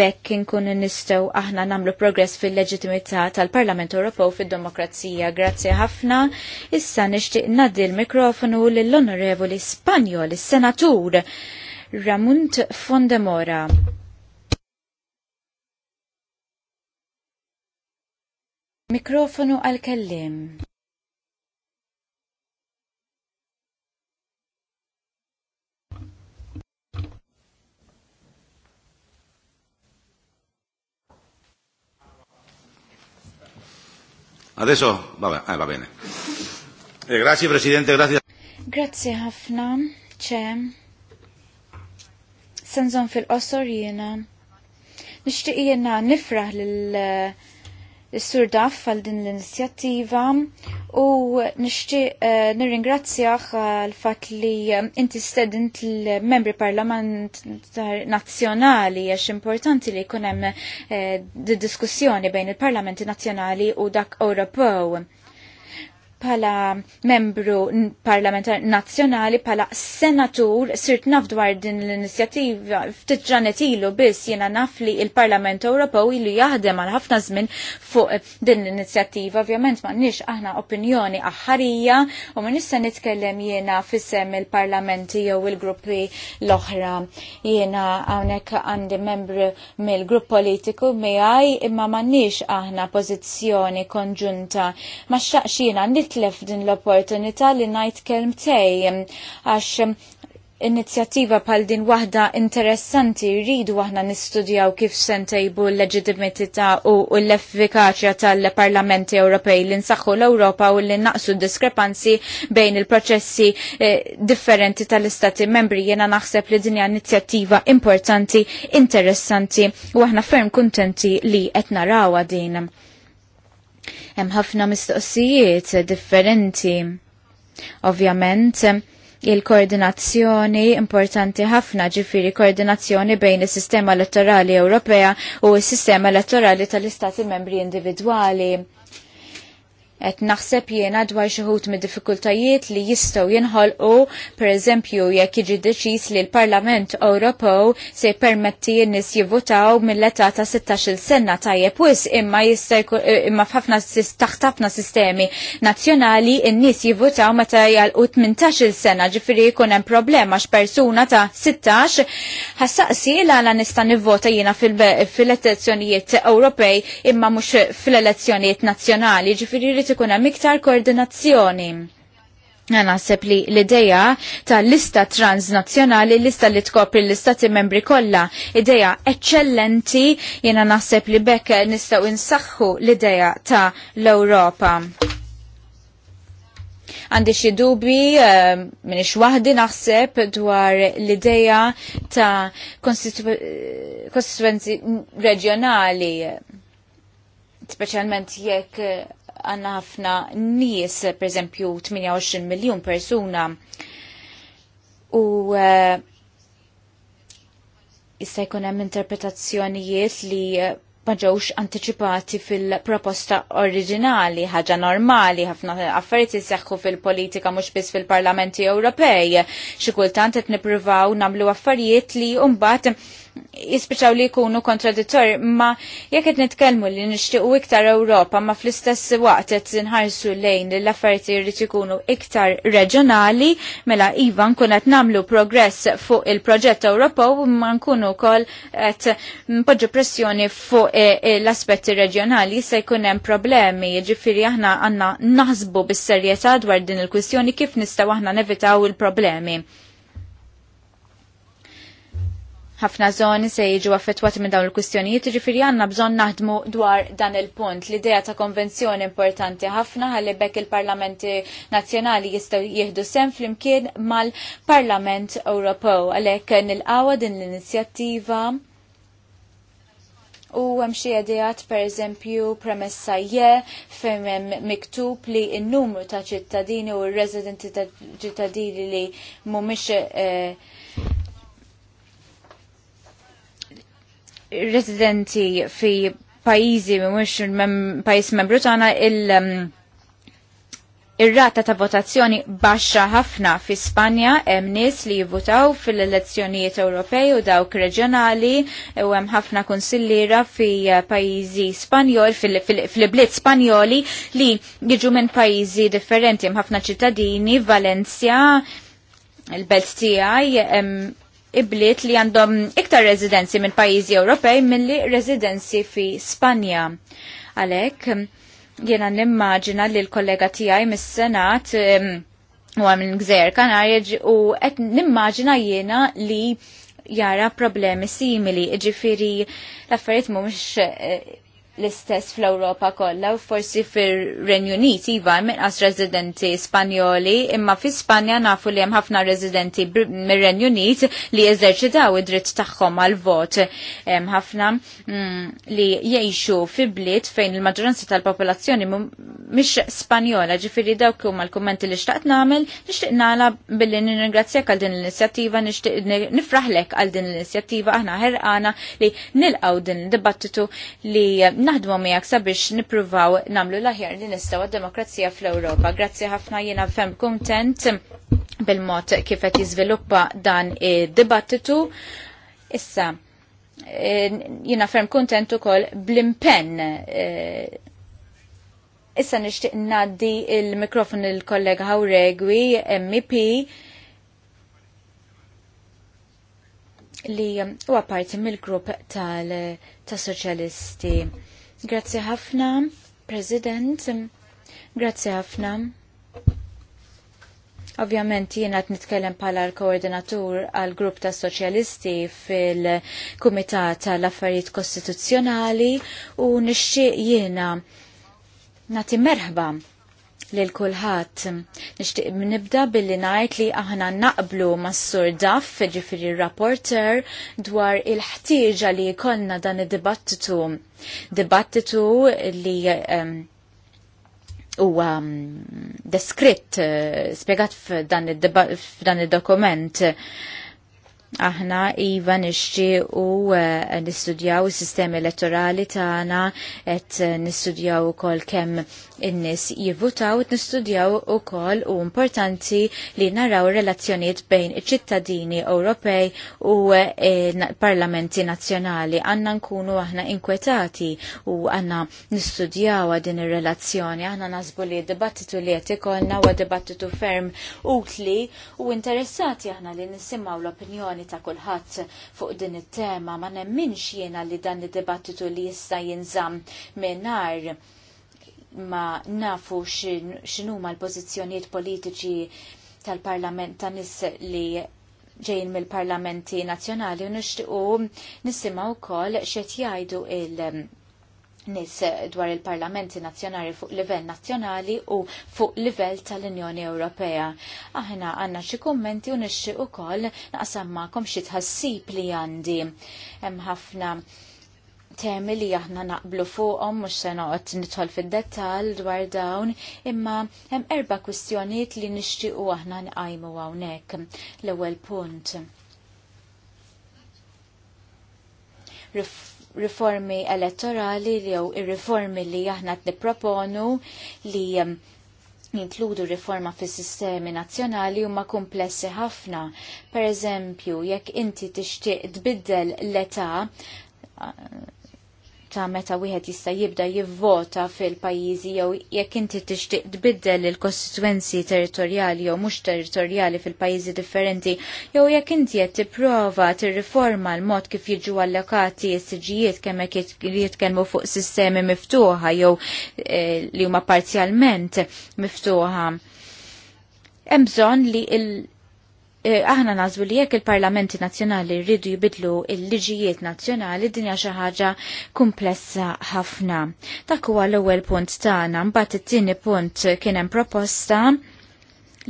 bekk nkun nistgħu aħna nagħmlu progress fil-leġitimità tal-Parlament Ewropew fid-demokrazija. Grazzi ħafna. Issa nixtieq ngħaddi l-mikrofonu lill-Onorevoli Spanjol, is-Senatur Ramunt Fondemora. Mikrofonu għal-kellim. Adesso va, eh, va bene. Eh, grazie Presidente, grazie. Grazie ħafna, c'è. Senzon fil-qosor jena. Nishtiq jena nifraħ lil eh, is sur Daff għal din l-inizjattiva u nixtieq uh, nirringrazzjah għal-fatt li eh, inti stedint l-membri parlament nazzjonali għax importanti li jkun hemm uh, diskussjoni bejn il-parlamenti nazzjonali u dak Ewropew pala membru parlamentar nazzjonali, pala senatur, sirt naf dwar din l-inizjattiva ftit ġranet ilu biss jena naf li il-Parlament Ewropew ilu jaħdem għal ħafna żmien fuq eh, din l-inizjattiva. Ovvjament ma nix aħna opinjoni aħħarija u ma nista' nitkellem jena fissem il-parlamenti jew il-gruppi l-oħra. Jena hawnhekk għandi membru mill-grupp politiku għaj, imma ma nix aħna pożizzjoni konġunta. Ma xaqxina nitl nitlef din l-opportunità li najt tej, għax inizjattiva pal din waħda interessanti rridu aħna nistudjaw kif sentejbu l-leġitimità u l-effikaċja tal-Parlamenti Ewropej li nsaħħu l-Ewropa u li naqsu diskrepanzi bejn il-proċessi eh, differenti tal-Istati membri jena naħseb li dinja inizjattiva importanti, interessanti u aħna ferm kuntenti li qed narawha din. Hemm ħafna mistoqsijiet differenti. Ovvjament, il-koordinazzjoni importanti ħafna ġifiri koordinazzjoni bejn is-sistema elettorali Ewropea u s-sistema elettorali tal-istati membri individwali. Et naħseb jiena dwar xuħut mid diffikultajiet li jistaw jinħolqu, per eżempju, jekk jiġi deċis li l-Parlament Ewropew se permetti n-nis jivvotaw mill-età ta' 16 sena tajjeb wis imma jista' eh, imma f'ħafna taħtafna sistemi nazzjonali n nies jivvotaw meta jalqu 18 sena ġifieri jkun hemm problema x'persuna ta' 16 ħassaqsi għala nista' nivvota jiena fil-elezzjonijiet Ewropej imma mhux fil-elezzjonijiet nazzjonali ġifieri trid ikun hemm iktar koordinazzjoni. Naħseb li l-ideja ta' lista transnazzjonali, lista li tkopri l-istati membri kollha, ideja eccellenti, jena naħseb li bekk nistgħu insaħħu l-ideja ta' l-Ewropa. Għandi xi dubi uh, minix waħdi naħseb dwar l-ideja ta' konstituenzi reġjonali, eh, speċjalment jekk għanna ħafna nies, per eżempju, 28 miljon persuna. U uh, eh, jista' jkun hemm interpretazzjonijiet li eh, ma ġewx antiċipati fil-proposta oriġinali, ħaġa normali, ħafna affarijiet jisseħħu fil-politika mhux biss fil-Parlamenti Ewropej. Xi kultant qed nippruvaw nagħmlu affarijiet li mbagħad jispiċaw li jkunu kontradittor, ma jekk qed nitkellmu li nixtiequ iktar Ewropa, ma fl-istess waqt qed nħarsu lejn li l-affarijiet irid ikunu iktar reġjonali, mela iva nkun qed nagħmlu progress fuq il-proġett Ewropew ma nkunu wkoll qed npoġġu pressjoni fuq eh, eh, l-aspetti reġjonali se jkun hemm problemi, jiġifieri aħna għandna naħsbu bis-serjetà dwar din il-kwistjoni kif nistgħu aħna nevitaw il-problemi ħafna zoni se jiġu affettwati minn dawn il-kwistjonijiet, ġifiri għanna bżon naħdmu dwar dan il-punt. L-idea ta' konvenzjoni importanti ħafna ħalli bekk il-parlamenti nazjonali jistaw jihdu sem flimkien mal-Parlament Ewropew. Għalek nil din l-inizjattiva u hemm xi ideat pereżempju premessa je fejn hemm miktub li n-numru ta' ċittadini u r-residenti ta' ċittadini li mhumiex eh, residenti fi pajizi mux mem, pajis membru tana il- um, Ir-rata ta' votazzjoni baxxa ħafna fi Spanja hemm nies li jivvutaw fil-elezzjonijiet Ewropej u dawk reġjonali u hemm ħafna kunsilliera fi uh, pajjiżi Spanjol fil-bliet Spanjoli li jiġu minn pajjiżi differenti hemm ħafna ċittadini Valencia il-belt tiegħi ibliet li għandhom iktar residenzi minn pajjiżi Ewropej milli residenzi fi Spanja. Għalek, jena nimmaġina li l-kollega tijaj mis-senat u għamil gżer kanarieġ u għet nimmaġina jena li jara problemi simili, ġifiri l-affarijiet mux l-istess fl-Europa kollha u forsi fir-Renju Unit iva minqas residenti Spanjoli, imma fi Spanja nafu li hemm ħafna residenti mir-Renju Unit li eżerċitaw id-dritt tagħhom għal vot hemm ħafna mm, li jgħixu fi bliet fejn il-maġġoranza tal-popolazzjoni mhix Spanjola, ġifieri dawk huma l-kummenti li xtaqt nagħmel, nixtieq nagħla billi nirringrazzjak għal din l-inizjattiva, nixtieq nifraħlek għal din l-inizjattiva aħna ħerqana li nilqgħu din id-dibattitu li naħdmu miegħek sabiex nippruvaw nagħmlu l-aħjar li nistgħu għad-demokrazija fl-Ewropa. Grazzi ħafna jiena fem kuntent bil-mod kif qed jiżviluppa dan id-dibattitu. Issa, e, jiena ferm kuntent ukoll bl-impenn e, Issa nixtieq ngħaddi il-mikrofon il-kollega Hawregwi, MEP, li huwa parti mill-grupp tal-soċjalisti. Grazzi ħafna, President. grazie ħafna. Ovvjament jiena qed nitkellem bħala l-koordinatur għal grupp ta' soċjalisti fil-Kumitat tal-Affarijiet Kostituzzjonali u nixtieq jiena nagħti merħba lil kulħadd. Nixtieq nibda billi ngħid li aħna naqblu mas-sur Daff, ġifieri rapporter, dwar il-ħtieġa li jkollna dan id-dibattitu. Dibattitu li huwa um, um, deskritt uh, spjegat f'dan id-dokument aħna iva nixti u uh, eh, nistudjaw s-sistemi elettorali tagħna qed nistudjaw ukoll kemm in-nies jivvutaw nistudjaw ukoll u importanti li naraw relazzjonijiet bejn iċ-ċittadini Ewropej u eh, parlamenti nazzjonali. Għandna nkunu aħna inkwetati u għandna nistudjaw din ir-relazzjoni. Aħna nasbu li dibattitu li qed ikollna u dibattitu ferm utli u interessati aħna li nisimaw l-opinjoni ta' kulħadd fuq din it-tema ma nemminx jiena li dan id-dibattitu li jista' jinżamm mingħajr ma nafu x'inhuma l-pożizzjonijiet politiċi tal-parlament ta' nis li ġejn mill-parlamenti nazzjonali u nixtiequ nisimgħu kol xet jgħidu il- um, nis dwar il-parlamenti nazzjonali fuq livell nazzjonali u fuq livell tal-Unjoni Ewropea. Aħna għanna xi kummenti u nixxi ukoll naqsam magħkom xi tħassib li għandi. Hemm ħafna temi li aħna naqblu fuqhom mhux se noqgħod nidħol fid-dettall dwar dawn, imma hemm erba' kwistjonijiet li nixtiequ aħna nqajmu hawnhekk. L-ewwel punt. Riformi elettorali jew ir-riformi li aħna nipproponu li um, jinkludu riforma fis sistemi nazzjonali huma komplessi ħafna. Per eżempju, jekk inti tixtieq tbiddel l-età ta' meta wieħed jista' jibda jivvota fil-pajjiżi jew jekk inti tixtieq tbiddel il-kostituenzi territorjali jew mhux territorjali fil-pajjiżi differenti jew jekk inti qed tipprova tirriforma l-mod kif jiġu allokati s-siġijiet kemm hekk jitkellmu fuq sistemi miftuħa jew eh, li huma parzjalment miftuħa. Hemm bżonn li l- Eh, aħna nazwu li jekk il-parlamenti nazzjonali rridu jibidlu il-liġijiet nazzjonali dinja xi ħaġa komplessa ħafna. Dak huwa l-ewwel punt tagħna, mbagħad it-tieni punt kien hemm proposta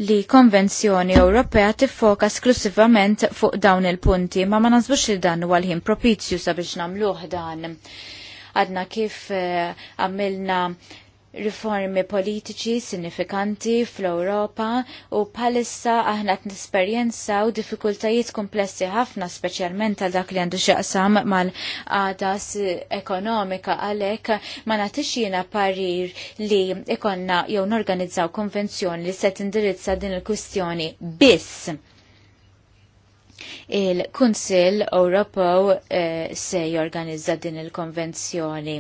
li konvenzjoni Ewropea tiffoka esklusivament fuq dawn il-punti, ma ma nażbux li dan huwa l-ħin propizju sabiex nagħmluh dan. Għadna kif eh, għamilna riformi politiċi sinifikanti fl-Europa u palissa aħna t-nisperjenza u diffikultajiet komplessi ħafna speċjalment għal dak li għandu xaqsam mal-għadas ekonomika għalek ma natix jina parir li ikonna jew norganizzaw konvenzjoni li se tindirizza din il-kustjoni biss il-Kunsil Ewropew eh, se jorganizza din il-konvenzjoni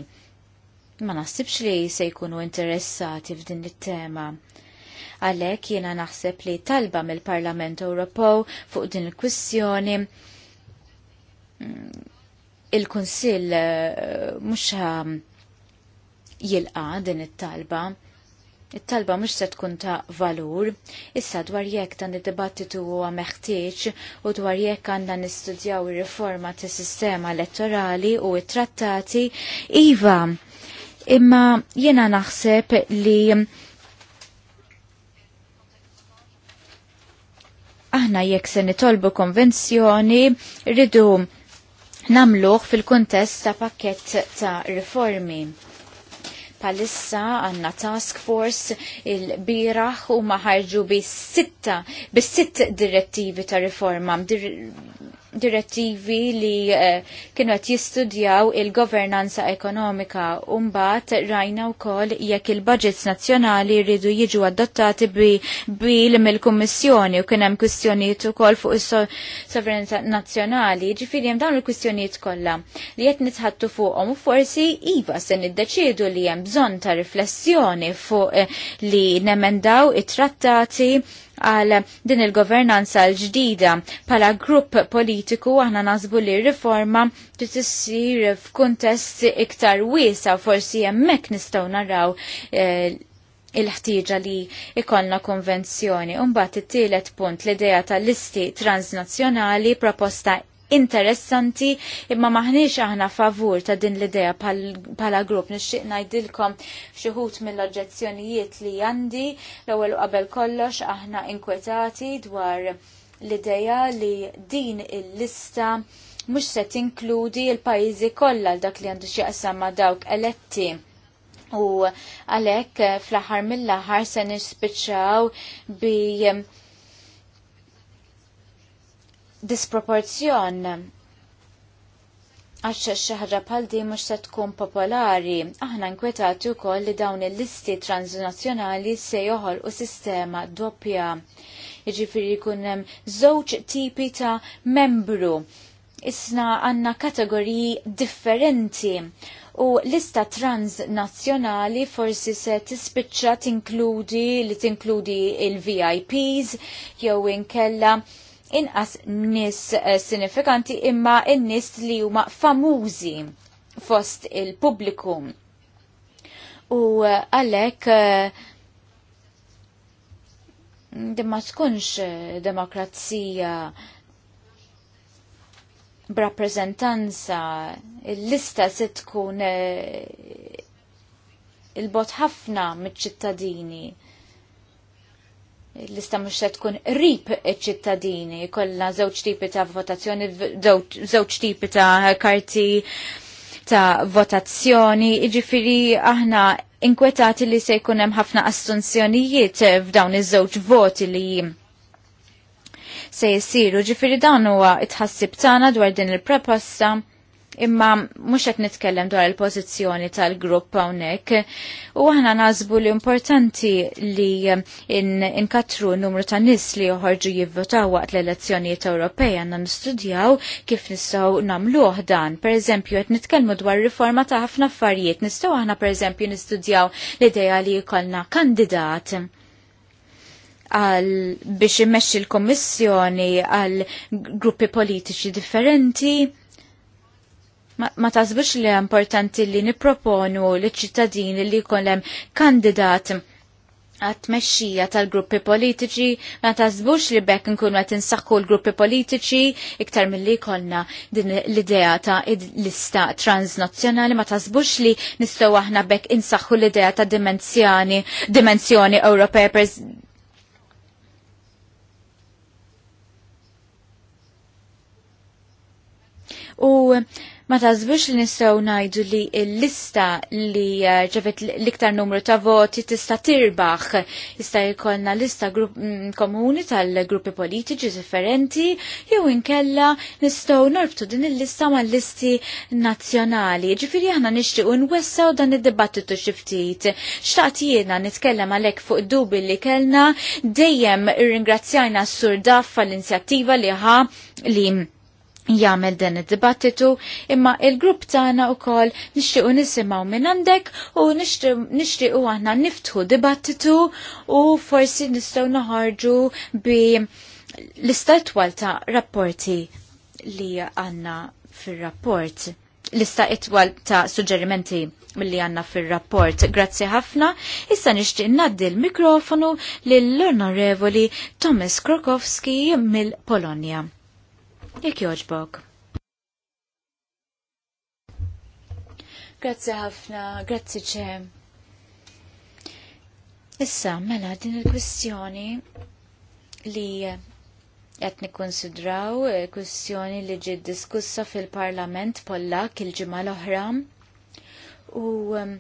ma naħsibx li se jkunu interessati f'din it-tema. Għalhekk jiena naħseb li talba mill-Parlament Ewropew fuq din il-kwistjoni mm, il-Kunsill eh, mhux jilqa din it-talba. It-talba mhux se tkun ta' valur, issa dwar jekk dan id-dibattitu huwa meħtieġ u dwar jekk għandna nistudjaw ir-riforma tas sistema elettorali u t trattati iva imma jena naħseb li aħna jekk se nitolbu konvenzjoni rridu namluħ fil kuntest ta' pakket ta' riformi. Palissa għanna task force il-biraħ u maħarġu bis-sitta, bis-sitt direttivi ta' riforma, dir direttivi li eh, kienu qed jistudjaw il-governanza ekonomika u mbagħad rajna wkoll jekk il-budgets nazzjonali rridu jiġu adottati bil mill-Kummissjoni u kien hemm kwistjonijiet ukoll fuq is-sovranità nazzjonali, ġifiri hemm dawn il-kwistjonijiet kollha li qed nitħattu fuqhom u forsi iva se niddeċiedu li hemm bżonn ta' riflessjoni fuq eh, li nemendaw it-trattati għal din il-governanza l-ġdida. Pala grupp politiku aħna nasbu li riforma tissir f'kuntest iktar wiesa forsi hemmhekk nistgħu naraw eh, il-ħtieġa li ikollna konvenzjoni. Umbat it-tielet punt l-idea tal-listi transnazzjonali proposta interessanti imma maħniex aħna favur ta' din l-idea pala grupp nixtieq ngħidilkom xi ħut mill-oġġezzjonijiet li għandi l-ewwel qabel kollox aħna inkwetati dwar l-idea li din il-lista mhux se tinkludi l-pajjiżi kollha dak li għandu x'jaqsam ma' dawk eletti u għalhekk fl-aħħar mill-aħħar se nispiċċaw bi disproporzjon għax xaħra ħaġa bħal din mhux se tkun popolari. Aħna nkwetati wkoll li dawn il-listi transnazzjonali se joħolqu sistema doppja. Jiġifieri jkun hemm żewġ tipi ta' membru. Isna għandna kategoriji differenti u lista transnazzjonali forsi se tispiċċa tinkludi li tinkludi il-VIPs jew inkella inqas nis eh, sinifikanti imma in-nis li huma famużi fost il-pubbliku. U eh, għalek eh, ma tkunx demokrazija b'rappreżentanza l lista se tkun il-bot ħafna mit-ċittadini l-lista mux se tkun rip ċittadini, kolla zewċ tipi ta' votazzjoni, zewċ tipi ta' karti ta' votazzjoni, iġifiri aħna inkwetati li se jkun hemm ħafna assunzjonijiet f'dawn iż-żewġ voti li se jisiru, ġifiri dan huwa itħassib tagħna dwar din il-proposta imma mhux qed nitkellem dwar il-pożizzjoni tal-grupp hawnhekk. U aħna nażbu li importanti li inkatru in numru ta' nies li joħorġu jivvotaw waqt l-elezzjonijiet Ewropej għandna nistudjaw kif nistgħu nagħmluh dan. Pereżempju qed nitkellmu dwar riforma ta' ħafna affarijiet, nistgħu aħna pereżempju nistudjaw l-idea li jkollna kandidat għal biex immexxi l-Kommissjoni għal gruppi politiċi differenti ma tasbux li importanti li niproponu li ċittadini li kollem kandidat għat-mexxija tal-gruppi politiċi, ma tasbux li bekk nkunu għat insaqqu l-gruppi politiċi iktar mill-li kollna din l-idea ta' lista transnazzjonali, ma tasbux li nistaw aħna bekk insaqqu l-idea ta' dimensjoni, dimensjoni Ewropea U Ma tażbux li nistgħu ngħidu li l-lista li eh, ġebet l-iktar numru ta' voti tista' tirbaħ. Jista' jkollna lista mm, komuni tal-gruppi politiċi differenti jew inkella nistgħu norbtu din il-lista ma' listi nazzjonali. Ġifieri aħna nixtiequ nwessaw dan id-dibattitu xi ftit. Xtaqt jiena nitkellem għalhekk fuq dubi li kellna dejjem irringrazzjajna s-sur daffa l-inzjattiva li ħa li jgħamil dan id-dibattitu, imma il-grupp tagħna wkoll nixtiequ nisimgħu minn għandek u nixtiequ aħna niftħu dibattitu u forsi nistgħu naħarġu bi l-istatwal ta' rapporti li għanna fir-rapport. l-istaq itwal ta' suġġerimenti mill-li għanna fil-rapport. Grazzi ħafna, issa nixtieq naddi l-mikrofonu lill-Onorevoli Thomas Krokowski mill-Polonja. Jek joġbok. Grazzi ħafna, grazzi ċe. Issa, mela, din il-kwistjoni li qed nikkonsidraw kwistjoni li ġiet diskussa fil-Parlament Pollak il-ġimgħa l-oħra u um,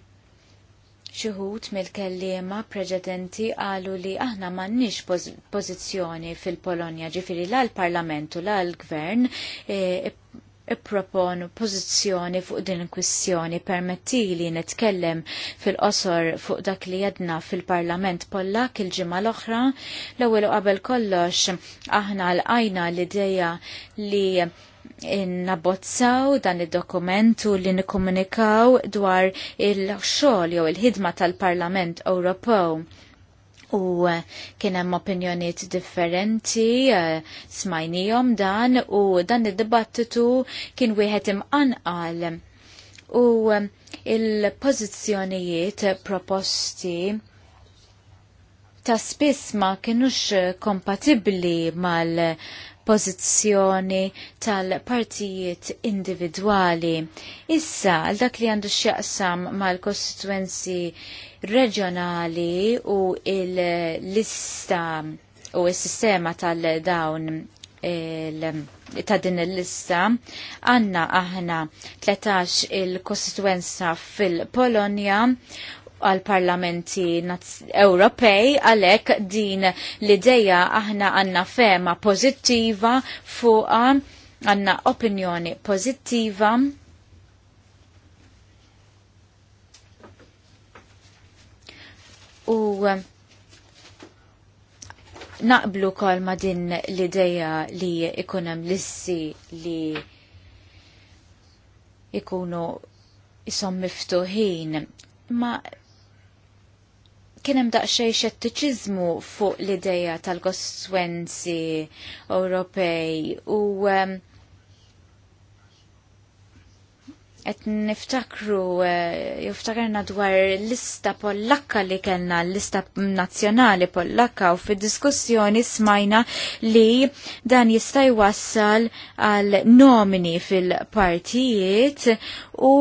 xiħut mill-kellima preġedenti għalu li aħna mannix poz pozizjoni fil-Polonja ġifiri la l-parlamentu la l-gvern ipproponu e, e pozizjoni fuq din kwistjoni permettili netkellem fil-qosor fuq dak li jedna fil-parlament pollak il-ġimma l-oħra l-ewwel qabel kollox aħna l-ajna l-ideja li nabbozzaw dan id-dokumentu li nikkomunikaw dwar il-xogħol jew il-ħidma tal-Parlament Ewropew. U eh, kien hemm opinjonijiet differenti eh, smajnijom dan u dan id-dibattitu kien wieħed imqanqal. U eh, il-pożizzjonijiet proposti ta' spiss ma kienux kompatibbli mal pożizzjoni tal-partijiet individwali. Issa, għal dak li għandu x'jaqsam mal-kostituenzi reġjonali u il-lista u il-sistema tal-dawn il- ta' din il-lista għanna aħna 13 il-kostituenza fil-Polonja għal parlamenti Ewropej għalek din l-ideja aħna għanna fema pozittiva fuqa għanna opinjoni pozittiva u eh, naqblu kol ma din l-ideja li ikunem lissi li ikunu jisom miftuħin. Ma kien hemm daqsxejn xettiċiżmu fuq l-idea tal-kostwenzi Ewropej u qed um, niftakru uh, jiftakarna dwar lista pollakka li kellna lista nazzjonali pollakka u fid-diskussjoni smajna li dan jista' jwassal għal nomini fil-partijiet u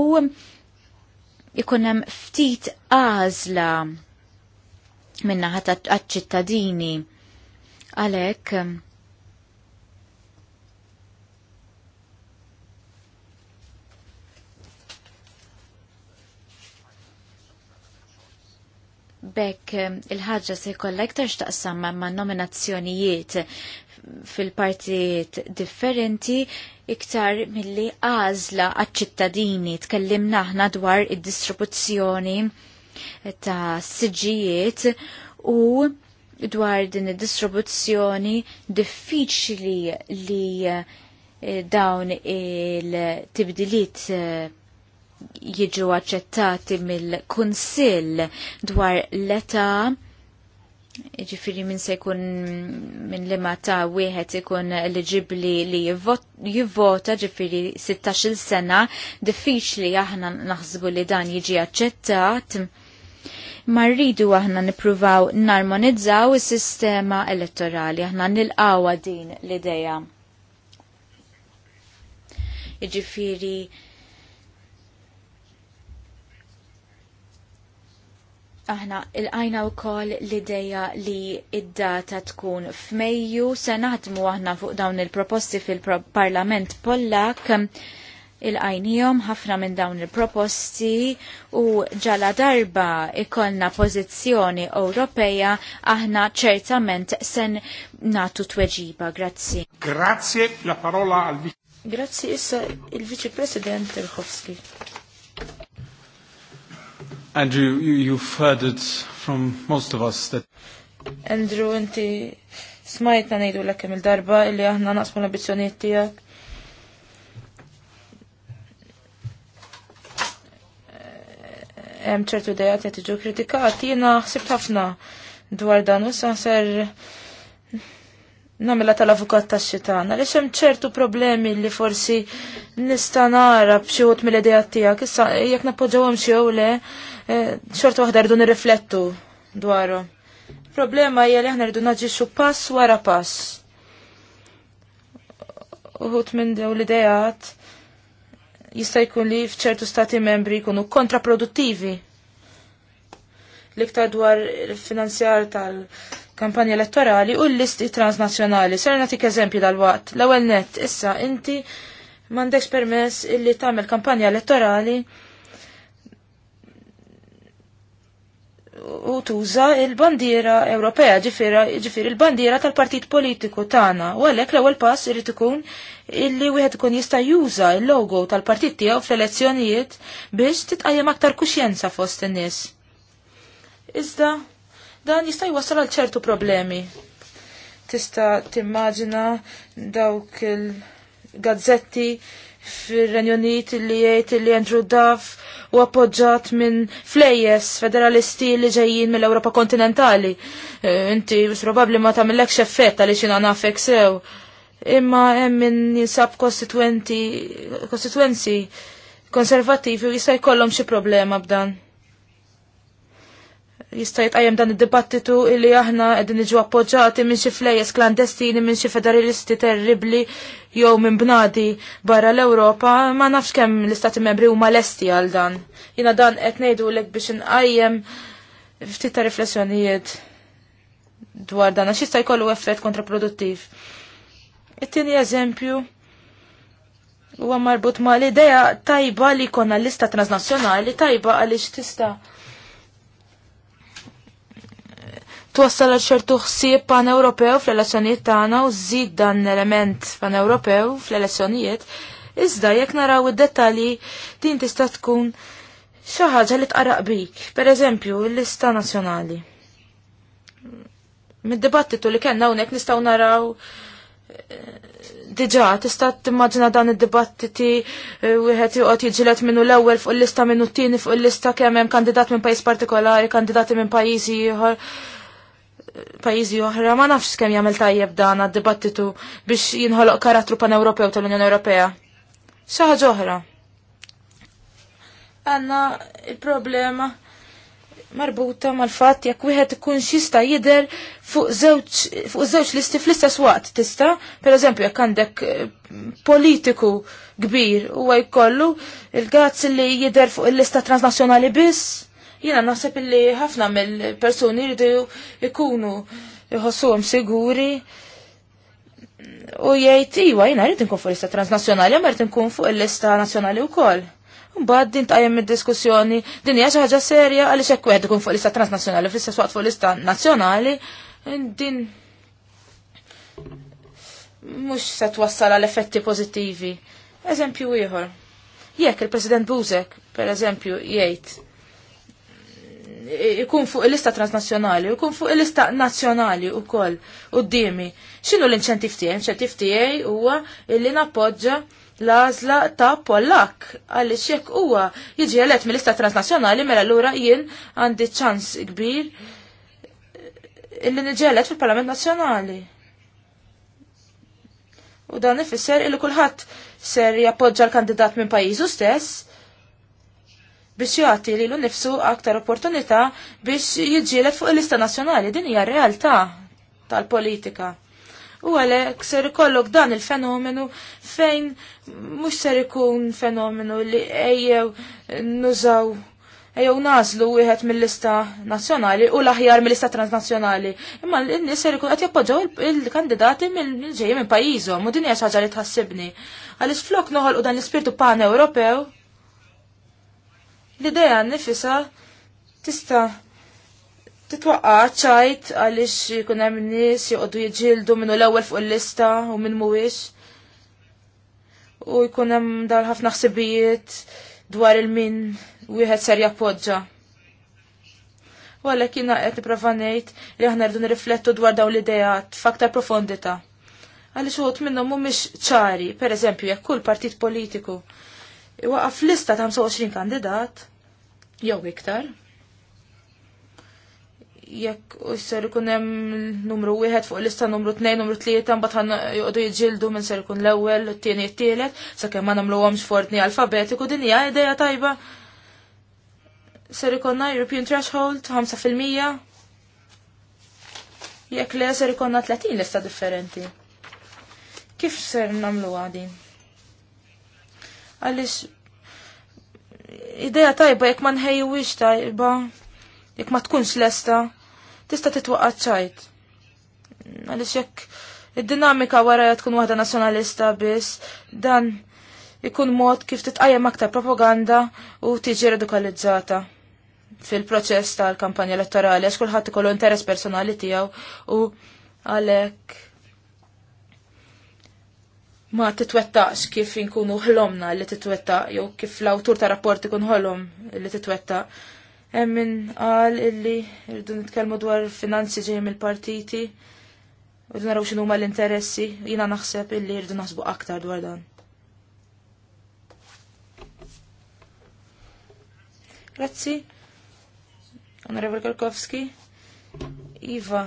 ikun hemm ftit għażla minna għat-ċittadini. Għalek, um, bekk um, il-ħagġa se jkollha iktar x'taqsam ma' nominazzjonijiet fil-partijiet differenti iktar milli għażla għaċ-ċittadini tkellimna aħna dwar id-distribuzzjoni ta' siġijiet u dwar din id-distribuzzjoni diffiċli li eh, dawn il-tibdiliet eh, jiġu aċċettati mill-Kunsill dwar l-età ġifiri minn se jkun minn li ta' wieħed ikun eligibli li jivvota ġifiri 16 sena diffiċli aħna naħsbu li dan jiġi aċċettat ma rridu aħna nippruvaw narmonizzaw is-sistema elettorali, aħna nilqawa din l-idea. Jiġifieri aħna il-għajna u koll l-ideja li id-data tkun f'Mejju se naħdmu aħna fuq dawn il-proposti fil-Parlament Pollak il-għajnijom ħafna minn dawn il-proposti u ġala darba ikollna pozizjoni Ewropeja aħna ċertament sen natu tweġiba. Grazzi. Grazie, la parola al Grazzi issa il-Vice President Terkowski. Andrew, you, you've heard it from most of us that... Andrew, inti smajtna nejdu l-ekem il-darba illi aħna naqsmu l-ambizjoniet tijak hemm ċertu dejat qed tiġu kritikati, jiena ħsibt ħafna dwar dan u ser namela tal-avukat ta' xitan għaliex hemm ċertu problemi li forsi nista' nara b'xiwot mill-idejat tiegħek, issa jekk nappoġġawhom xi jew le, eh, xorta waħda rridu nirriflettu dwarhom. Problema hija li aħna rridu naġixxu pass wara pass. Uħut minn dew l-idejat jista' jkun li f'ċertu stati membri jkunu kontraproduttivi l-iktar dwar finanzjar tal-kampanja elettorali u l-listi transnazzjonali. Ser natik eżempju dal-waqt. L-ewwel net issa inti mandek permess illi tagħmel kampanja elettorali u tuża il-bandiera Ewropea ġifir il-bandiera tal-partit politiku tagħna. U għalhekk l-ewwel pass irid ikun illi wieħed ikun jista' juża l-logo tal-partit tiegħu fl-elezzjonijiet biex titqajjem aktar kuxjenza fost in-nies. Iżda dan jista' jwassal għal ċertu problemi. Tista' timmaġina dawk il-gazzetti fil-Renjonit li jgħid li Andrew Duff u appoġġat minn flejjes federalisti li ġejjin mill-Ewropa kontinentali. E, inti probabbli ma tagħmilek xeffett għaliex xina nafek sew. Imma hemm min jinsab kostituenzi konservattivi u jista' jkollhom xi problema b'dan. Jista' jitqajjem dan id-dibattitu illi aħna qegħdin niġu appoġġati minn xi flejjes klandestini minn xi federalisti terribli jew minn bnadi barra l-Ewropa ma nafx kemm l-istati membri huma lesti għal dan. Jina dan qed ngħidulek biex inqajjem ftit ta' riflessjonijiet dwar dan għax jista' jkollu effett kontraproduttiv. It-tieni eżempju huwa marbut ma' l-idea tajba li jkollna lista transnazzjonali tajba għaliex tista' twassal għal ċertu ħsieb pan-Ewropew fl-elezzjonijiet tagħna u żid dan element pan-Ewropew fl-elezzjonijiet, iżda jekk naraw id-dettalji din tista' tkun xi ħaġa li tqaraq bik, pereżempju l-lista nazzjonali. Mid-dibattitu li kellna hawnhekk nistgħu naraw eh, diġa, tista timmaġina dan id-dibattiti eh, wieħed joqgħod jiġilet minnu l-ewwel fuq il-lista minnu t-tieni fuq il-lista kemm hemm kandidat minn pajjiż partikolari, kandidati minn pajjiżi ieħor pajizi oħra, ma nafx kemm jagħmel tajjeb dan għad-dibattitu biex jinħoloq karattru pan-Ewropew tal-Unjoni Ewropea. Xi ħaġa oħra. Għandna il-problema marbuta mal-fatt jekk wieħed ikun jista' jidher fuq żewġ listi fl-istess waqt tista', pereżempju jekk għandek eh, politiku kbir huwa jkollu il-gazz li jidher fuq il-lista transnazzjonali biss jina naħseb li ħafna mill-persuni jridu ikunu jħossuhom siguri u jgħid iwa jiena rrid nkun fuq lista transnazzjonali ma rrid nkun fuq il-lista nazzjonali wkoll. Mbagħad din tqajjem id-diskussjoni din hija xi ħaġa serja għaliex hekk wieħed ikun fuq lista transnazzjonali fl-istess waqt fuq lista nazzjonali din mhux se twassal għal effetti pożittivi. Eżempju ieħor. Jekk il-President Buzek, per eżempju, jgħid ikun fuq il-lista transnazzjonali, ikun fuq il-lista nazzjonali u koll u d-dimi. Xinu l-inċentif tijaj? Inċentif tijaj huwa illi nappoġġa l-azla ta' Pollak. Għalli xiek huwa jiġi għalet mill-lista transnazzjonali mela l-ura jien għandi ċans kbir illi nġelet fil-Parlament Nazzjonali. U dan ifisser illi kulħadd ser jappoġġa l-kandidat minn pajizu stess biex jagħti lilu nnifsu aktar opportunità biex jiġġieled fuq il-lista nazzjonali. Din hija realtà tal-politika. U għalhekk ser kollok dan il-fenomenu fejn mhux ser ikun fenomenu li ejjew nużaw ejjew nażlu wieħed mill-lista nazzjonali u l-aħjar mill-lista transnazzjonali. Imma l nies ser ikun qed jappoġġaw il-kandidati mill ġejjem minn pajjiżhom u din hija xi ħaġa li tħassibni. Għaliex flok noħolqu dan l-ispirtu pan-Ewropew L-idea nifisa tista titwaqqa ċajt għalix jkun hemm nies joqogħdu jiġġieldu minnu l-ewwel fuq il-lista u minn mhuwiex. U jkun hemm dar ħafna ħsibijiet dwar il-min wieħed ser jappoġġa. U għalhekk jiena qed nipprova ngħid li aħna rridu nirriflettu dwar dawn l-idejat f'aktar profondità. Għaliex uħut minnhom mhumiex ċari, pereżempju jekk kull partit politiku iwaqaf lista ta' 25 kandidat jew iktar. Jekk u jser ikun hemm numru wieħed fuq lista numru tnejn, numru tlieta, mbagħad joqogħdu jiġġieldu minn ser ikun l-ewwel, t-tieni t-tielet, sakemm ma nagħmluhomx f'ordni alfabetiku din hija idea tajba. Ser ikonna European Threshold 5%. Jekk le ser ikonna 30 lista differenti. Kif ser namlu għadin? għaliex ideja tajba jekk ma wix tajba, jekk ma tkunx lesta, tista' titwaqqat ċajt. Għaliex jek id-dinamika wara tkun waħda nazzjonalista biss, dan ikun mod kif titqajjem aktar propaganda u tiġi radikalizzata fil-proċess tal-kampanja elettorali għax kulħadd ikollu interess personali tiegħu u għalhekk ma titwettaqx kif inkunu ħlomna li titwettaq, jew kif l-awtur ta' rapport ikun ħolom li titwettaq. Emmin qal illi rridu nitkellmu dwar finanzi ġej mill-partiti, rridu naraw x'inhuma l-interessi, jiena naħseb illi rridu naħsbu aktar dwar dan. Grazzi. onorevol Kolkowski. Iva.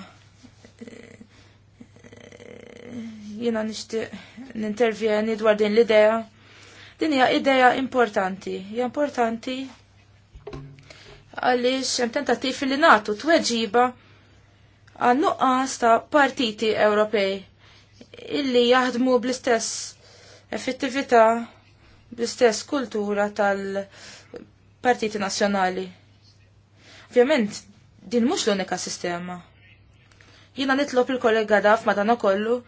Jiena nixtieq nintervjeni dwar din l-idea. Din hija idea importanti. Hija importanti għaliex hemm tentattivi li nagħtu tweġiba għan nuqqas ta' partiti Ewropej illi jaħdmu bl-istess effettività, bl-istess kultura tal-partiti nazzjonali. Ovvjament, din mhux l-unika sistema. Jina nitlob il-kollega daf madana kollu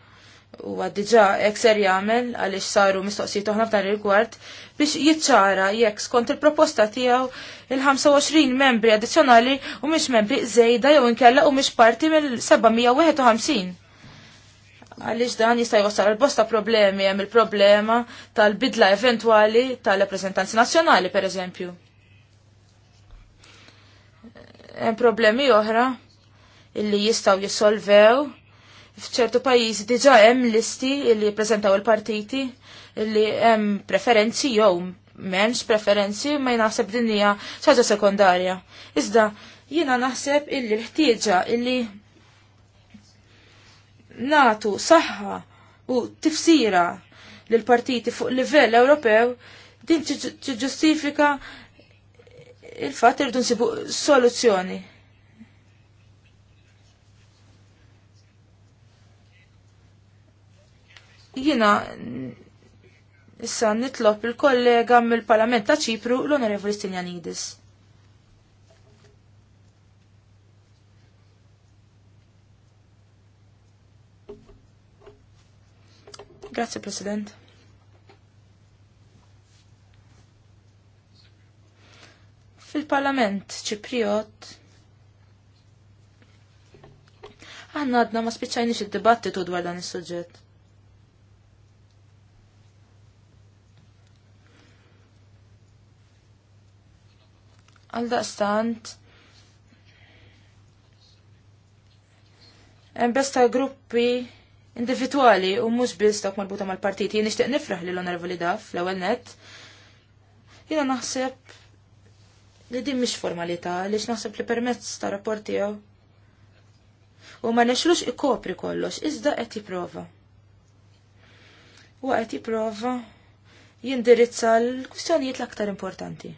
u għaddiġa ekser jagħmel għaliex saru mistoqsijiet oħra f'dan il-rigward biex jiċċara jekk skont il-proposta tiegħu il-25 membri addizzjonali u mhix membri zejda jew inkella u miex parti mill-751. Għaliex dan jista' jwassal l-bosta problemi hemm il-problema tal-bidla eventwali tal-rappreżentanzi nazzjonali pereżempju. Hemm problemi oħra illi jistgħu jissolvew fċertu pajjiżi diġa hemm listi li jippreżentaw il-partiti li hemm preferenzi jew m'hemmx preferenzi ma jnaħseb din hija ħaġa sekondarja. Iżda jiena naħseb illi l-ħtieġa illi natu saħħa u tifsira lil partiti fuq livell Ewropew din tiġġustifika il-fatt irridu nsibu soluzzjoni. Jina issa nitlob il-kollega mill-Parlament ta' Ċipru l-Onorevoli Stiljanidis. Grazie President. Fil-Parlament Ċipriot għanna għadna ma spiċajni id dibattitu dwar dan is-suġġett. Għal daqstant. besta gruppi individwali u mhux biss dak marbuta mal-partiti. Jien nixtieq nifraħ lil onorevoli Daf l-ewwel net. Jiena naħseb li din mhix formalità għaliex naħseb li permezz ta' rapport tiegħu. U ma nexlux ikopri kollox, iżda qed jipprova. U qed jipprova jindirizza l-kwistjonijiet l-aktar importanti.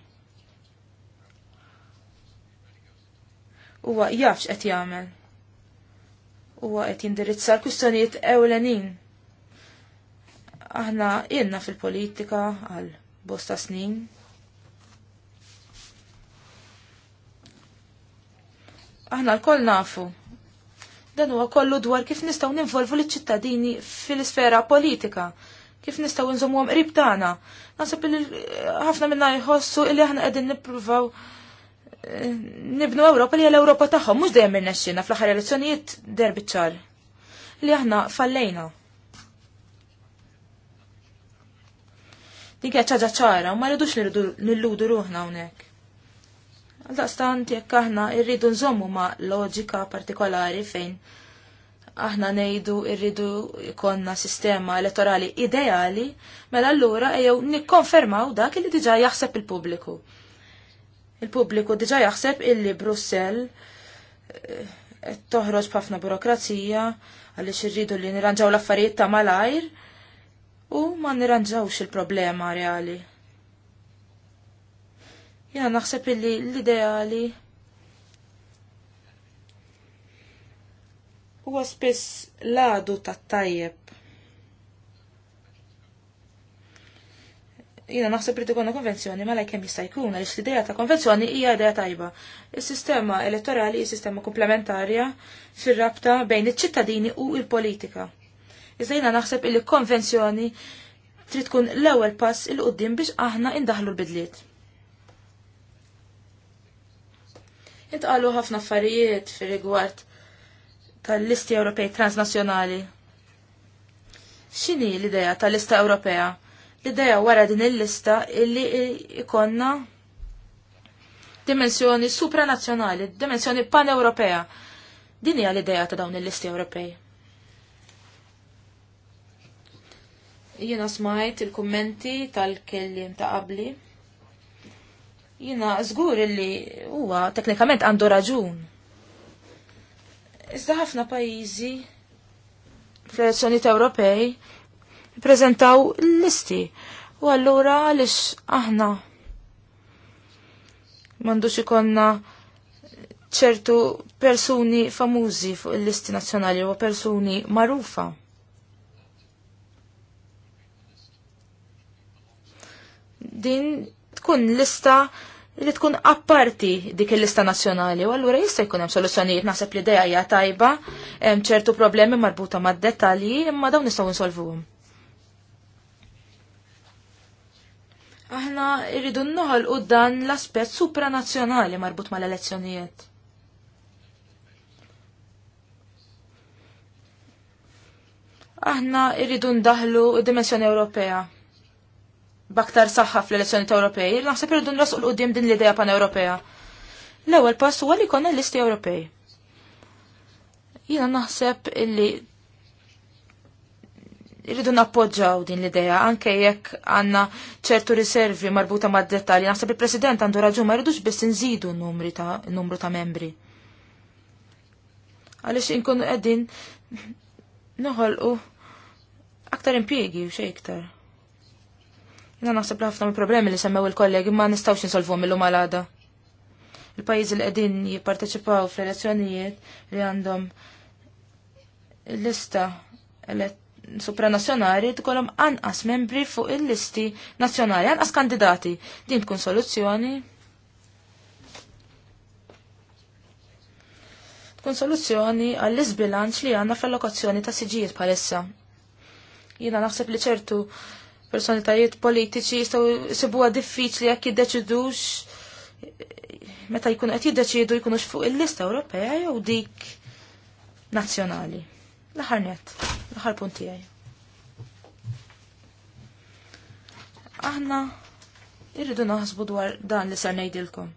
huwa jafx qed jagħmel. Huwa qed jindirizza l-kwistjonijiet ewlenin. Aħna jenna fil-politika għal bosta snin. Aħna l-koll nafu. Dan huwa kollu dwar kif nistgħu ninvolvu l-ċittadini fil-sfera politika kif nistaw nżommuhom qrib tagħna. Nasab li ħafna minna jħossu illi aħna qegħdin nippruvaw nibnu Ewropa li l-Ewropa tagħhom mhux dejjem irnexxina fl-aħħar elezzjonijiet derbiċċar li aħna fallejna. Dik hija ċaġa ċara u ma rridux nilludu ruħna hawnhekk. Għaldaqstant jekk aħna rridu nżommu ma' loġika partikolari fejn aħna nejdu irridu jkollna sistema elettorali ideali, mela allura ejjew nikkonfermaw dak li diġa jaħseb il-pubbliku. Il-pubbliku diġa jaħseb illi Brussell eh, qed toħroġ b'ħafna burokrazija għaliex irridu li nirranġaw l-affarijiet ta' malajr u ma nirranġawx il-problema reali. Jena naħseb illi l-ideali huwa spiss ladu tat-tajjeb Jina naħseb li tkun konvenzjoni mela kemm jista' jkun għaliex l-idea ta' konvenzjoni hija idea tajba. Is-sistema elettorali hija sistema komplementarja fir-rabta bejn iċ-ċittadini u l-politika. Iżda jina naħseb li konvenzjoni trid tkun l-ewwel pass il qudiem biex aħna indaħlu l-bidliet. Intqalu ħafna affarijiet fir rigward tal-listi Ewropej transnazzjonali. X'inhi l-idea tal-lista Ewropea? l-ideja wara din il-lista illi ikonna dimensjoni supranazzjonali, dimensjoni pan-Ewropea. Din hija l-ideja ta' dawn il-listi Ewropej. Jiena smajt il-kummenti tal-kellim ta' qabli. Jiena żgur illi huwa teknikament għandu raġun. Iżda ħafna pajjiżi fl-elezzjonijiet Ewropej prezentaw listi. U allura għalix aħna mandux ikonna ċertu persuni famużi fuq il-listi nazzjonali u persuni marufa. Din tkun lista li tkun apparti dik il-lista nazzjonali u allura jista' jkun hemm soluzzjonijiet naħseb li dejja tajba, hemm ċertu problemi marbuta mad-dettalji imma dawn nistgħu nsolvuhom. Aħna irridu noħol u dan l-aspet supranazzjonali marbut mal-elezzjonijiet. Aħna irridu ndaħlu dimensjoni Ewropea. Baktar saħħa fl-elezzjoni Ewropej, naħseb irridu nras u l-qoddim din l-ideja pan-Ewropea. L-ewwel pass huwa li l listi Ewropej. Jiena naħseb illi Irridu nappoġġaw din l-idea, anke jekk għanna ċertu riservi marbuta mad dettalji Naħseb il-President għandu raġun ma rridux biss nżidu n-numru ta', ta membri. Għaliex inkunu qegħdin noħolqu aktar impjiegi u xejn iktar. Jiena naħseb ħafna mill-problemi li semmew il-kollegi ma nistawx insolvuhom illum għal-għada. Il-pajjiżi li qegħdin jipparteċipaw fl-elezzjonijiet li għandhom lista elett supranazzjonali tkollhom anqas membri fuq il-listi nazzjonali, anqas kandidati. Din tkun soluzzjoni. Tkun soluzzjoni għall-isbilanċ li għandna fl-allokazzjoni ta' siġijiet bħalissa. Jiena naħseb li ċertu personitajiet politiċi jistgħu sibuha diffiċli jekk jiddeċidux meta jkunu qed jiddeċidu jkunux fuq il-lista Ewropea jew dik nazzjonali. L-aħħar nett l-aħħar punti tiegħi. Aħna irridu naħsbu dwar dan li sar ngħidilkom.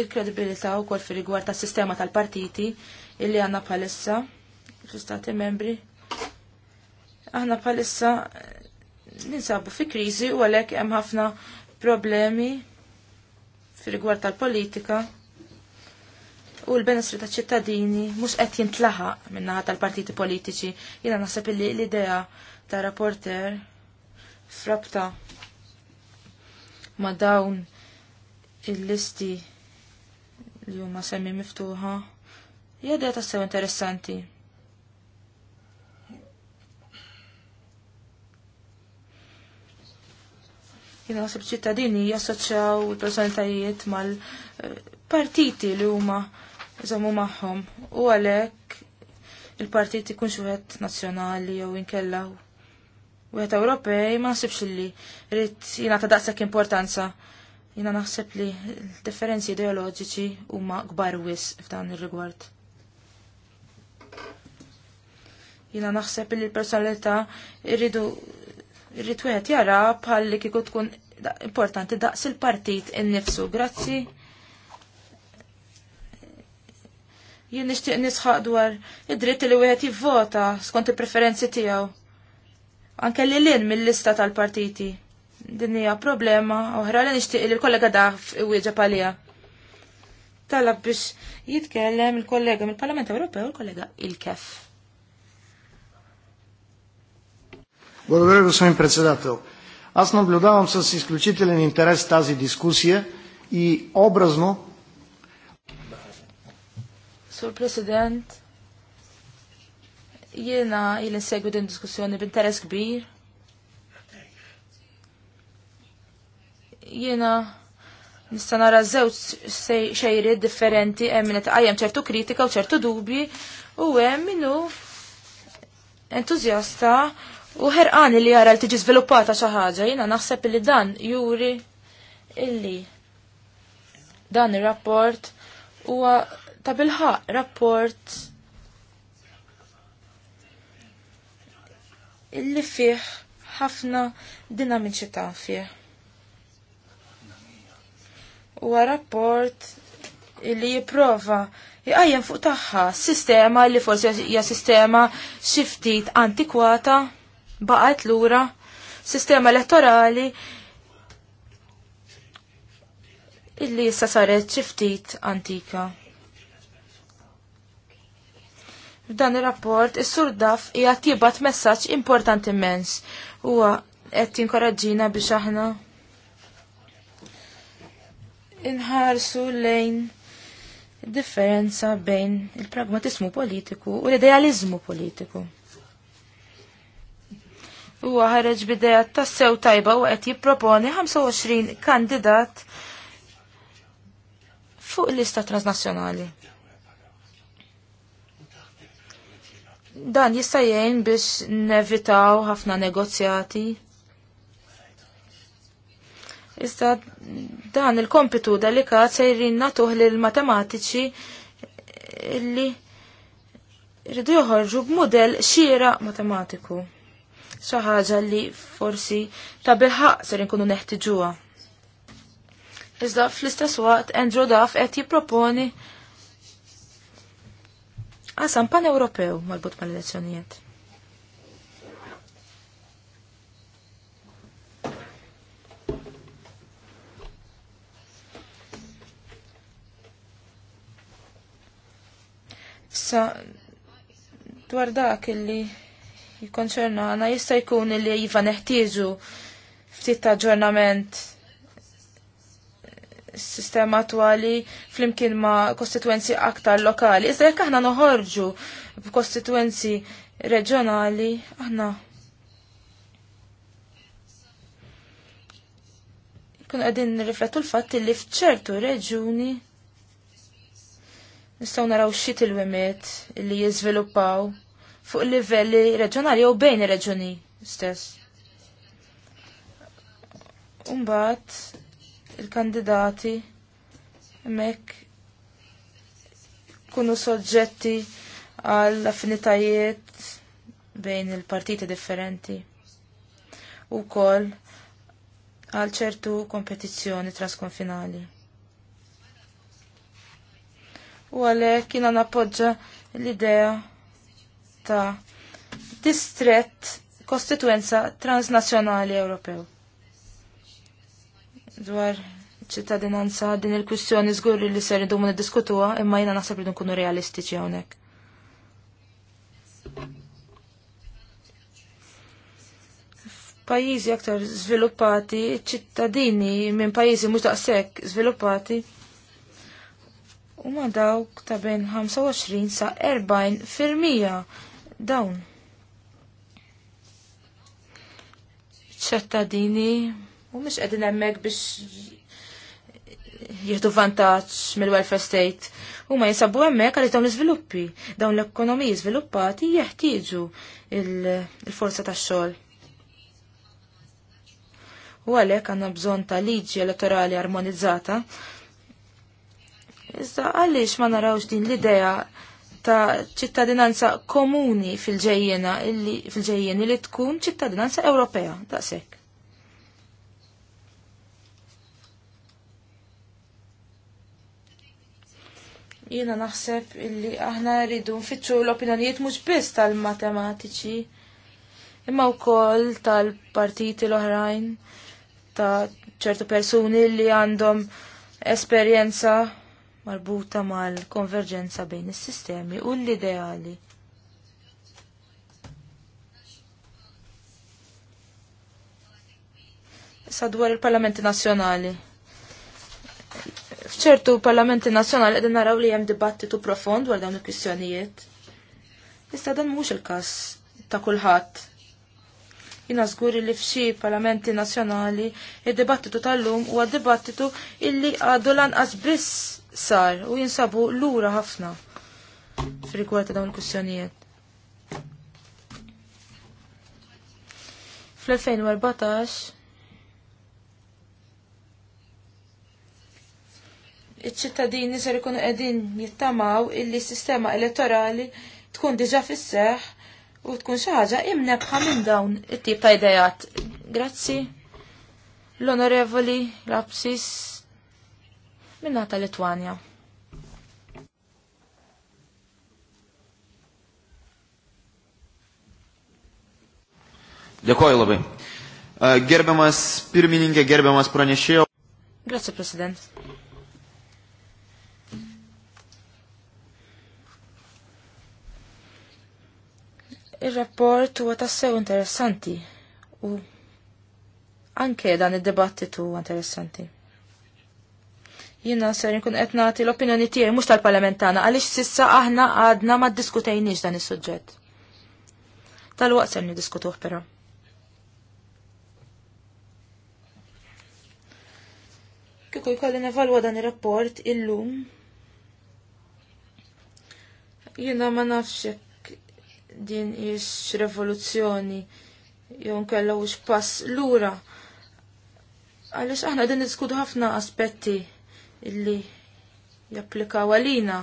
Il-kredibilità wkoll fi rigward tas-sistema tal-partiti illi għandna bħalissa fl-istati membri. Aħna bħalissa ninsabu fi kriżi u għalhekk hemm ħafna problemi fi rigward tal-politika u l-benessri ta' ċittadini mhux qed jintlaħaq minnaħa tal-partiti politiċi. Jiena naħseb li l-idea ta' rapporter frabta ma' dawn il-listi li huma semmi miftuħa hija idea ta' sew interessanti. Jiena naħseb ċittadini jassoċjaw il-personalitajiet mal- eh, partiti li huma iżommu magħhom u għalhekk il-partit ikun xuħet wieħed nazzjonali jew inkella wieħed Ewropej ma nsibx li jina ta' daqshekk importanza. Jina naħseb li differenzi ideoloġiċi huma kbar wis f'dan ir-rigward. jina naħseb li l-personalità irridu irrid wieħed jara bħalli kieku tkun importanti daqs il-partit innifsu. Grazzi. Jien nixtieq nisħaq dwar id-dritt li wieħed jivvota skont il-preferenzi tiegħu. Anke li lin mill-lista tal-partiti. Din hija problema oħra li nixtieq li l-kollega daf iwieġeb għalija Talab biex jitkellem il-kollega mill-Parlament Ewropew il-kollega il-kef. Благодаря, господин председател. Аз наблюдавам с изключителен интерес тази дискусия и образно Sur President, jiena il segwi din diskussjoni b'interess kbir. Jiena nista' nara żewġ xejri differenti hemm min qajjem ċertu kritika u ċertu dubji u hemm minnu entużjasta u ħerqani li jara li tiġi żviluppata xi ħaġa jiena naħseb li dan juri illi dan ir-rapport huwa ta' bilħa rapport illi fih ħafna dinamiċità fih. Huwa rapport illi jipprova jgħajjen fuq tagħha sistema li forsi hija sistema xi ftit antikwata baqgħet lura sistema elettorali illi issa saret xi ftit antika. F'dan ir-rapport is-sur daf hija tibgħat messaġġ importanti immens. Huwa qed jinkoraġġina biex aħna inħarsu lejn differenza bejn il-pragmatismu politiku u l-idealizmu politiku. Huwa ħareġ bidea ta' sew tajba u qed jipproponi 25 kandidat fuq lista transnazzjonali. Dan jista' jgħin biex nevitaw ħafna negozjati. Iżda dan il-kompitu delikat se jrin natuħ lil matematiċi illi rridu joħorġu b'modell xiera matematiku. Xi ħaġa li forsi ta' bilħaq ser inkunu neħtiġuha. Iżda fl-istess waqt Andrew Duff qed jipproponi Għasam pan-Ewropew marbut mal-elezzjonijiet. Sa dwar dak illi jikonċerna għana jista' jkun illi jiva neħtieġu ftit ta' ġornament sistema attuali flimkien ma' kostituenzi aktar lokali. Iżda jekk aħna noħorġu b'kostituenzi reġjonali, aħna kun qegħdin nirriflettu l-fatt li f'ċertu reġuni nistgħu naraw il wemet li jiżviluppaw fuq livelli reġjonali jew bejn ir-reġuni stess. Umbat, il-kandidati mek kunu soġġetti għall affinitajiet bejn il-partiti differenti u kol għal ċertu kompetizzjoni trasconfinali. U għalek kina nappoġġa l-idea ta' distret kostituenza transnazjonali Ewropew dwar ċittadinanza din il-kwistjoni żgur li ser idumu niddiskutuha imma jiena naħseb li nkunu realistiċi hawnhekk. F'pajjiżi aktar żviluppati, ċittadini minn pajjiżi mhux daqshekk żviluppati huma dawk ta' bejn 25 sa 40 firmija dawn. ċittadini U mis qegħdin hemmhekk biex jieħdu vantaġġ mill-welfare state. Huma jinsabu hemmhekk għalli dawn l izviluppi Dawn l-ekonomiji żviluppati jeħtieġu il-forza tax-xogħol. U għalhekk għandna bżonn ta' liġi elettorali armonizzata. Iżda għaliex ma narawx din l-idea ta' ċittadinanza komuni fil-ġejjena fil-ġejjeni li tkun ċittadinanza Ewropea, daqshekk. Jiena naħseb illi aħna rridu nfittxu l-opinjonijiet mhux biss tal-matematiċi imma wkoll tal-partiti l-oħrajn ta' ċertu persuni li għandhom esperjenza marbuta mal-konverġenza bejn is-sistemi u l-ideali. Sa dwar il-Parlamenti Nazzjonali fċertu parlamenti nazjonali qegħdin naraw li hemm dibattitu profond dwar dawn il-kwistjonijiet. Issa dan mhux il-każ ta' kulħadd. Jina żguri li f'xi parlamenti nazzjonali id-dibattitu tal-lum huwa dibattitu illi għadu lanqas biss sar u jinsabu lura ħafna f'rigward ta' dawn il-kwistjonijiet. Fl-2014 iċ-ċittadini ser ikunu qegħdin jittamaw illi s-sistema elettorali tkun diġà fis-seħ u tkun xi ħaġa imnebħa minn dawn it-tip ta' idejat. Grazzi. L-Onorevoli Rapsis minna ta' Litwanja. Dėkoju labai. Gerbiamas pirmininkė, gerbiamas pranešėjo. Grazie, prezident. Il-rapport huwa tassew interessanti u anke dan id-dibattitu interessanti. Jina ser nkun qed nagħti l-opinjoni tiegħi mhux tal-Parlament tagħna għaliex sissa aħna għadna ma ddiskutejniex dan is-suġġett. Tal-waqt ser niddiskutuh però. Kieku jkolli nevalwa dan ir-rapport illum. Jiena ma nafx din hix revoluzzjoni jew nkella hux pass lura. Għaliex aħna din niskudu ħafna aspetti illi japplikaw għalina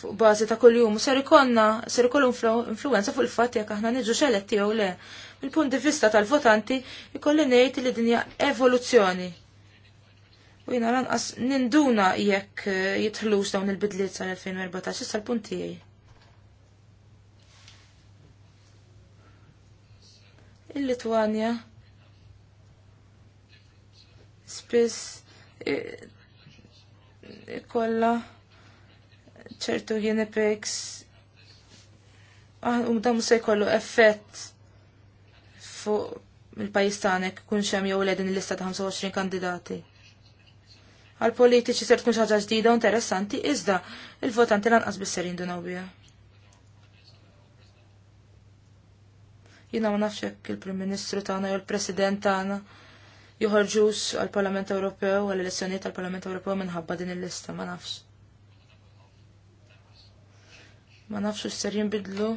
fuq bażi ta' kuljum. Ser ikonna, ser ikollu influenza fuq il-fatt jekk aħna niġu xeletti jew le. Mill-punt di vista tal-votanti ikolli ngħid li dinja evoluzzjoni. U jina lanqas ninduna jekk jitħlux dawn il-bidliet sal-2014 sal-punt tiegħi. il-Litwanja spiss e, ikolla ċertu jenepex ah, u um damu se jkollu effett fuq il-pajis tanek kun xem jew din il-lista ta' 25 kandidati. Għal-politiċi ser tkun xaġa ġdida u interessanti iżda il-votanti lanqas bisser jindunaw biha. Jina ma nafx il-Prim Ministru tagħna jew il-President tagħna juħarġus għal-Parlament Ewropew għal elezzjonijiet għal parlament Ewropew minħabba din il-lista, ma nafx. Ma nafx x'ser jinbidlu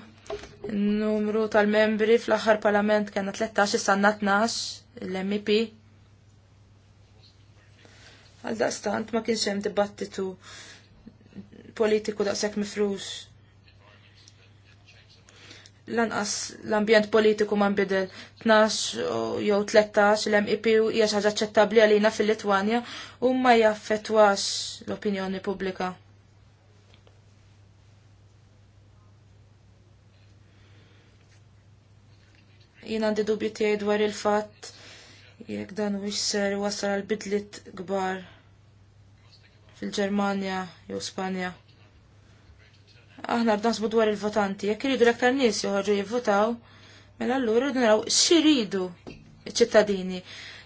n-numru tal-membri fl-aħħar Parlament kena 13 sanna 12 l-MEP. Għal daqstant ma kienx hemm dibattitu politiku daqshekk mifrux lanqas l-ambjent politiku ma nbidel 12 jew 13 l-MEP hija xi ħaġa aċċettabbli għalina fil-Litwanja u ma jaffettwax l-opinjoni pubblika. Jien għandi dubju tiegħi dwar il-fatt jekk dan wix ser wasal għal bidlit kbar fil-Ġermanja jew Spanja aħna b'nasbu dwar il-votanti, jekk iridu l-aktar nies joħorġu jivvotaw, mela allura rridu naraw x'iridu ċ-ċittadini.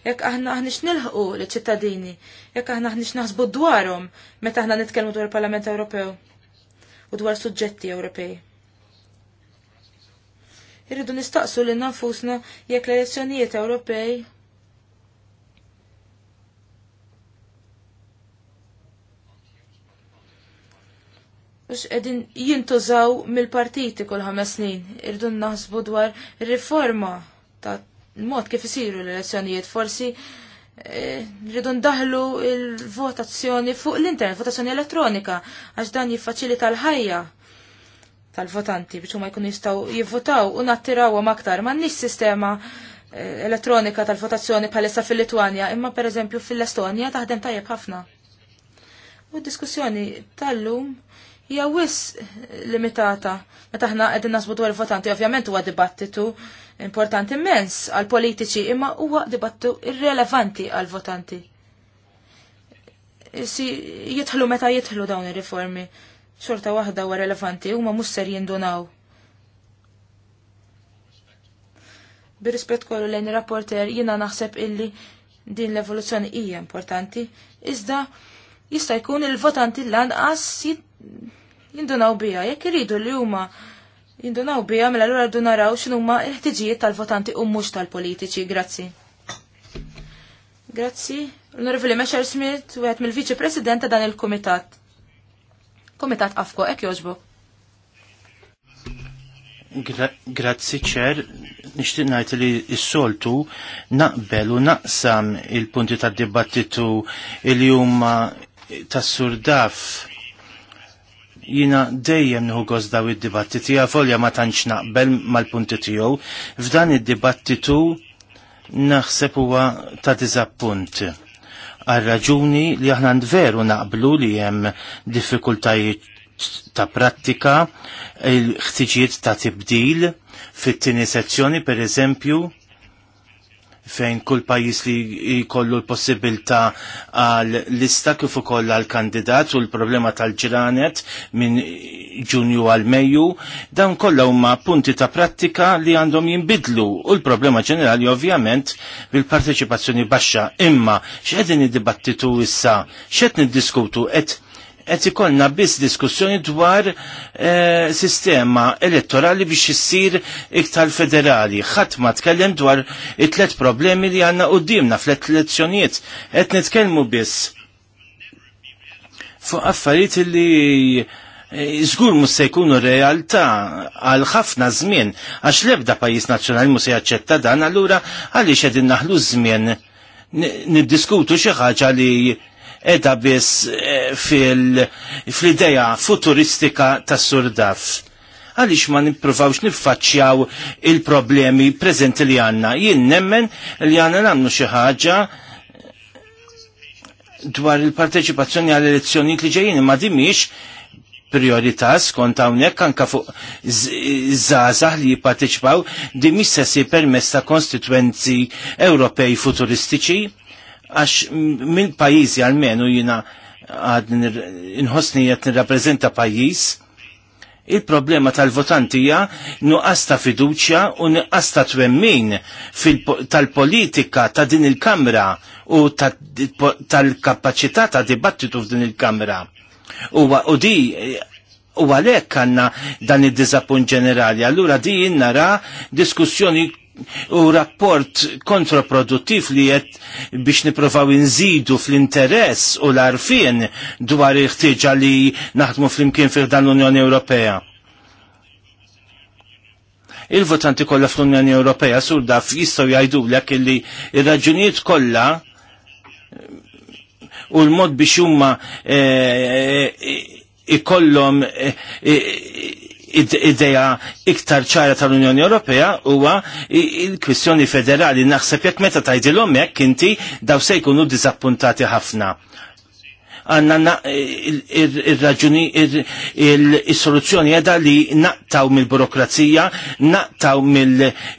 Jekk aħna aħniex nilħqu l-ċittadini, jekk aħna aħniex naħsbu dwarhom meta aħna nitkellmu dwar il-Parlament Ewropew u dwar suġġetti Ewropej. Irridu nistaqsu lil nafusna jekk l-elezzjonijiet Ewropej biex edin jintużaw mill-partiti kull ħames snin. Irdu naħsbu dwar riforma ta' mod kif isiru l-elezzjonijiet. Forsi eh, rridu ndaħlu il-votazzjoni fuq l-internet, votazzjoni elettronika, għax dan jiffaċilita l-ħajja tal-votanti biex huma jkunu jistgħu jivvotaw u nattirawhom aktar. nix sistema eh, elettronika tal-votazzjoni bħalissa fil-Litwanja, imma pereżempju fil-Estonja taħdem tajjeb ħafna. U d-diskussjoni tal-lum hija wis limitata. Meta aħna qegħdin nasbu dwar il-votanti, ovvjament huwa dibattitu importanti immens għal politiċi, imma huwa dibattu irrelevanti għal votanti. Si jitħlu meta jitħlu dawn ir-riformi. Xorta waħda huwa relevanti, huma mhux ser jindunaw. Birrispett kollu lejn ir-rapporter jiena naħseb illi din l-evoluzzjoni hija importanti, iżda jista' jkun il-votanti lanqas jindunaw bija, jekk iridu li huma jindunaw bija, mela l-għura dunaraw naraw x'inhuma l-ħtiġijiet tal-votanti u mhux tal-politiċi. Grazzi. Grazzi. L-Onorevoli Mesher Smith, wieħed mill-Viċi President ta' dan il-Kumitat. Kumitat Afko, hekk jogħġbu. grazzi ċer, nishtiq ngħid li s-soltu naqbel u naqsam il-punti tad-dibattitu il-jumma tas-surdaf jina dejjem nħu daw id-dibattiti, għafolja ma tantx naqbel mal-punti tiegħu, f'dan id-dibattitu naħseb huwa ta' diżappunt għal-raġuni li aħna veru naqblu li hemm diffikultajiet ta' prattika, il-ħtiġiet ta' tibdil, fit-tini sezzjoni per eżempju, fejn kull pajis li jkollu l-possibilta għal lista kif ukoll għal kandidat u l-problema tal-ġranet minn ġunju għal Mejju, dan kollha huma punti ta' prattika li għandhom jinbidlu u l-problema ġenerali ovvjament bil-parteċipazzjoni baxxa. Imma x'qegħdin id-dibattitu issa, x'qed niddiskutu qed qed ikollna biss diskussjoni dwar eh, sistema elettorali biex issir iktar federali. Ħadd ma tkellem dwar it-tlet problemi li għandna qudiemna fl-tlet elezzjonijiet qed nitkellmu biss fuq affarijiet li Iżgur eh, mus se jkunu realtà għal ħafna żmien għax l-ebda pajjiż nazzjonali mus se jaċċetta dan allura għaliex qegħdin naħlu żmien niddiskutu xi ħaġa li edha biss eh, fil-ideja futuristika ta' surdaf. Għalix ma niprofawx niffaċċjaw il-problemi prezenti li għanna. Jien nemmen li għanna namlu xi ħaġa dwar il-parteċipazzjoni għall elezzjonijiet li ġejjin imma dimiex priorità skont hawnhekk anke fuq żgħażagħ li jipparteċipaw di missa si permess ta' konstituenzi Ewropej futuristiċi għax minn pajjiżi għalmenu jina għad nħosni jgħat nirrapprezenta pajjiż. Il-problema tal-votanti hija nuqqas ta' fiduċja u nuqasta ta' twemmin tal-politika ta' din il-Kamra u tal-kapaċità ta' dibattitu f'din il-Kamra. U, u di u għalhekk għandna dan id-diżappunt ġenerali. Allura din nara diskussjoni u rapport kontraproduttiv li jett biex niprofaw inżidu fl-interess u l-arfin dwar il-ħtieġa li naħdmu fl-imkien fih dan l-Unjoni Ewropea. Il-votanti kollha fl-Unjoni Ewropea sur daf jistgħu jgħidulek illi il raġunijiet il kollha u l-mod biex huma e, e, ikollhom eh, eh, ideja iktar ċara tal-Unjoni Ewropea huwa il-kwistjoni federali naħseb jekk meta tgħidilhom hekk inti daw se jkunu diżappuntati ħafna għanna il-raġuni, il-soluzzjoni għeda li naqtaw mill-burokrazija, naqtaw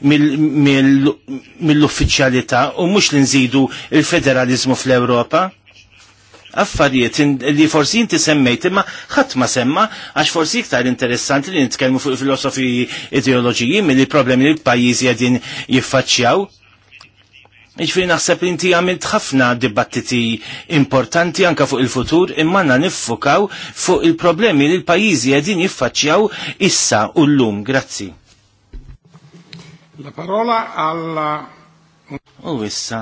mill-uffiċjalità u mux li nżidu il-federalizmu fl-Europa affarijiet li forsi inti semmejt imma ħadd ma semma għax forsi iktar interessanti li nitkellmu fuq il-filosofi ideoloġiji mill problemi li l-pajjiżi qegħdin jiffaċċjaw. Iġfiri naħseb li inti għamilt ħafna dibattiti importanti anka fuq il-futur imma na niffukaw fuq il-problemi li l pajjiżi qegħdin jiffaċċjaw issa u llum. Grazzi. La parola alla... U issa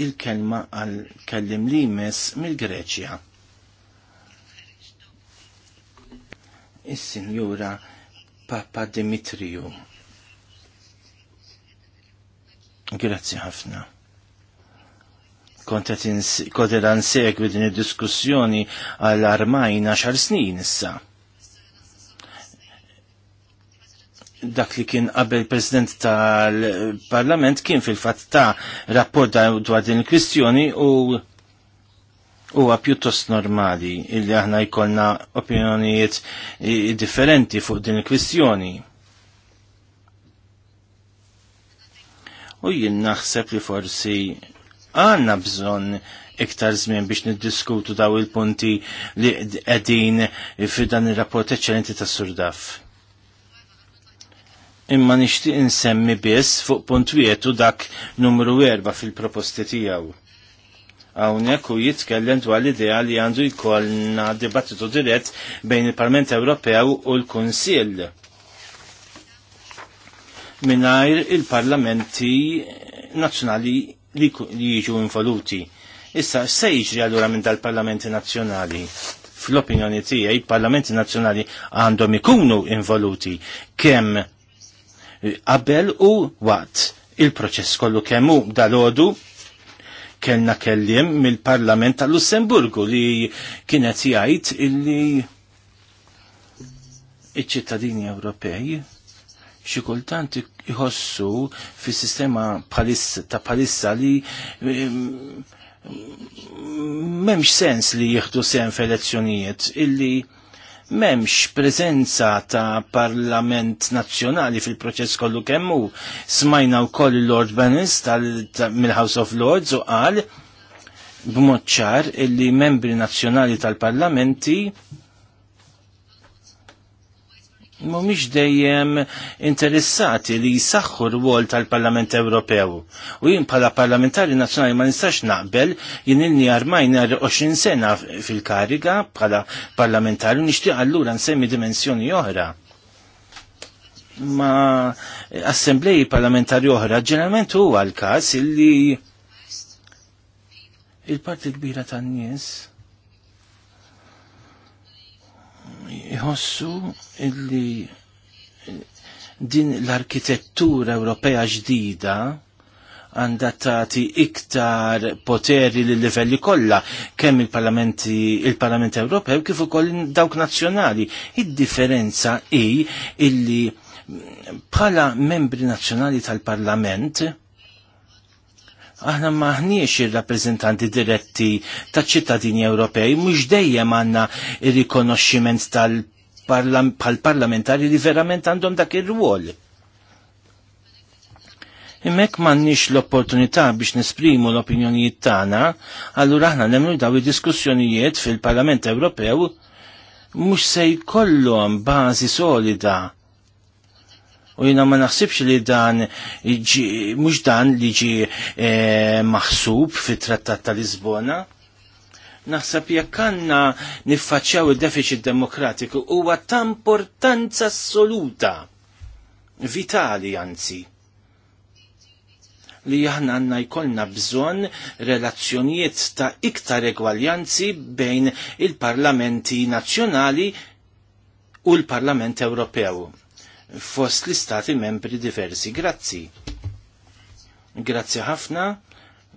il-kelma għal kellim li mill-Greċja. Is-Sinjura Papa Dimitriju. Grazzi ħafna. Kontet insegwi din id-diskussjoni għal armajna xar snin issa. dak li kien qabel president tal-parlament kien fil-fat ta' rapport dwar din il-kwistjoni u huwa pjuttost normali illi aħna jkollna opinjonijiet differenti fuq din il-kwistjoni. U jien naħseb li forsi għanna bżon iktar żmien biex niddiskutu daw il-punti li qegħdin fi dan ir-rapport eċċellenti tas-Surdaf imma nixtieq insemmi biss fuq punt wietu dak numru erba' fil-proposti tiegħu. Hawnhekk u jitkellem dwar l-idea li għandu jkollna dibattitu dirett bejn il-Parlament Ewropew u l-Kunsill Minajr il-parlamenti nazzjonali li jiġu involuti. Issa, se jiġri allura minn dal-parlamenti nazzjonali? fl-opinjoni tiegħi parlamenti nazzjonali għandhom ikunu involuti kemm qabel u waqt il-proċess kollu kemmu dal-ħodu kellna kellim mill-Parlament tal-Lussemburgu li kienet jgħid illi iċ-ċittadini Ewropej xi kultant iħossu fis-sistema ta' palissa li m'hemmx sens li jieħdu sem f'elezzjonijiet illi memx prezenza ta' parlament nazzjonali fil-proċess kollu kemmu. Smajna u koll Lord Benes mill-House of Lords u qal b'moċċar ċar illi membri nazzjonali tal-parlamenti mhumiex dejjem interessati li jisaxħu r-wol tal-Parlament Ewropew. U jien bħala parlamentari nazzjonali ma nistax naqbel jien ilni armajna 20 sena fil-kariga bħala parlamentari u nixtieq allura nsemmi dimensjoni oħra ma assembleji parlamentari oħra ġeneralment huwa l-każ illi il-parti kbira tan-nies jħossu illi eh, din l-arkitettura Ewropea ġdida għanda tati iktar poteri li livelli kollha kemm il-Parlamenti il-Parlament Ewropew kif ukoll dawk nazzjonali. Id-differenza hi illi mm, bħala membri nazzjonali tal-Parlament aħna maħniex ir-rappreżentanti diretti ta' ċittadini Ewropej, mhux dejjem għandna ir-rikonoxximent tal-parlamentari li verament għandhom dak ir-rwol. Immek mannix l-opportunità biex nesprimu l-opinjonijiet tagħna, allura aħna nemmnu daw id-diskussjonijiet fil-Parlament Ewropew mhux se jkollhom bażi solida U jina ma naħsibx li dan, mux dan li ġi e, maħsub fit trattat ta' Lisbona. Naħseb jekk għandna niffaċċjaw id-deficit demokratiku huwa ta' importanza assoluta, vitali anzi li jahna għanna jkollna bżon relazzjonijiet ta' iktar egwaljanzi bejn il-parlamenti nazjonali u l-Parlament Ewropew fost l-istati membri diversi. Grazzi. Grazzi ħafna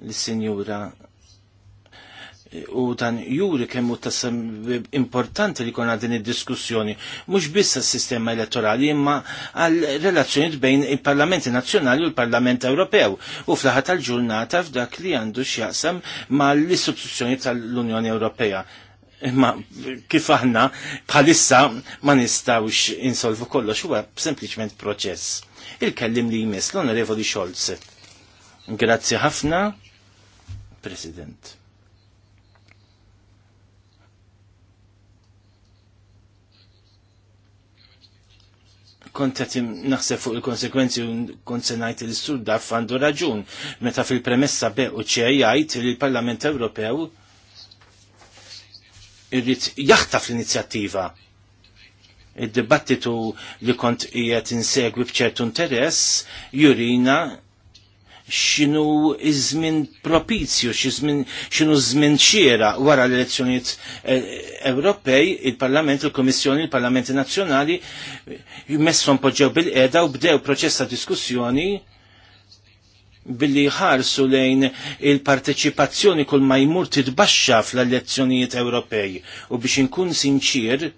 l-Sinjura u dan juri kemm tasem importanti li konna din id-diskussjoni, mhux biss għas-sistema elettorali imma għal relazzjonijiet bejn il-Parlamenti Nazzjonali u l-Parlament Ewropew u fl-aħħar tal-ġurnata f'dak li għandu x'jaqsam mal-istituzzjoni tal-Unjoni Ewropea imma kif aħna bħalissa ma nistawx insolvu kollox huwa sempliċement proċess. Il-kellim li jmiss l-Onorevoli Scholz. Grazzi ħafna, President. kontet naħseb fuq il-konsekwenzi un konsenajt il-sud daf għandu raġun meta fil-premessa be u ċejajt il parlament Ewropew irrit jaħtaf l-inizjattiva. Id-dibattitu li kont qiegħed insegwi b'ċertu interess jurina xinu iż-żmien propizju, xinu żmien xiera wara l-elezzjonijiet eh, Ewropej, il-Parlament, il-Komissjoni, il-Parlamenti Nazzjonali messhom poġġew bil-qeda u bdew proċess ta' diskussjoni billi ħarsu lejn il-parteċipazzjoni kull ma jmur titbaxxa fl-elezzjonijiet Ewropej. U biex inkun sinċir,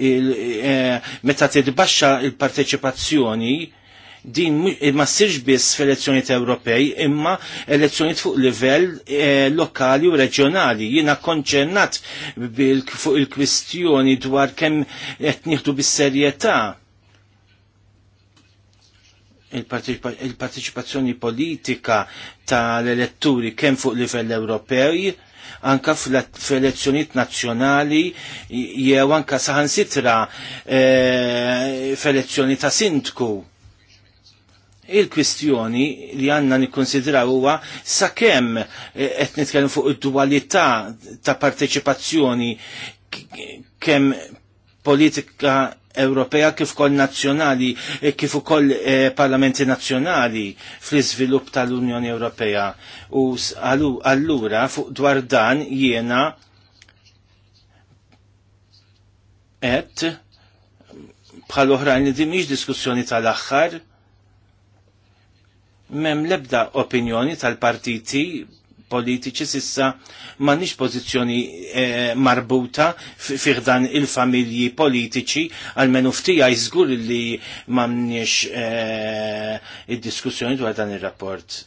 eh, meta titbaxxa il-parteċipazzjoni, din eh, ma ssirx biss f'elezzjonijiet Ewropej, imma elezzjonijiet fuq livell eh, lokali u reġjonali. Jiena konċernat fuq il-kwistjoni dwar kemm qed nieħdu bis-serjetà il-partiċipazzjoni politika tal-eletturi kemm fuq livell Ewropej, anka f'elezzjonijiet nazzjonali jew anka saħansitra sitra eh, f'elezzjoni ta' sindku. Il-kwistjoni li għanna nikkonsidraw huwa sakemm eh, qed nitkellem fuq id-dualità ta' parteċipazzjoni kemm politika Ewropea kif ukoll nazzjonali e kif ukoll eh, parlamenti nazzjonali fl-iżvilupp tal-Unjoni Ewropea. U allura fuq dwar dan jiena et bħal oħrajn li din mhix diskussjoni tal-aħħar m'hemm l-ebda opinjoni tal-partiti politiċi sissa m'għandniex pożizzjoni eh, marbuta fih dan il-familji politiċi għalmenu ftija jżgur li m'għandniex eh, id-diskussjoni dwar dan ir-rapport.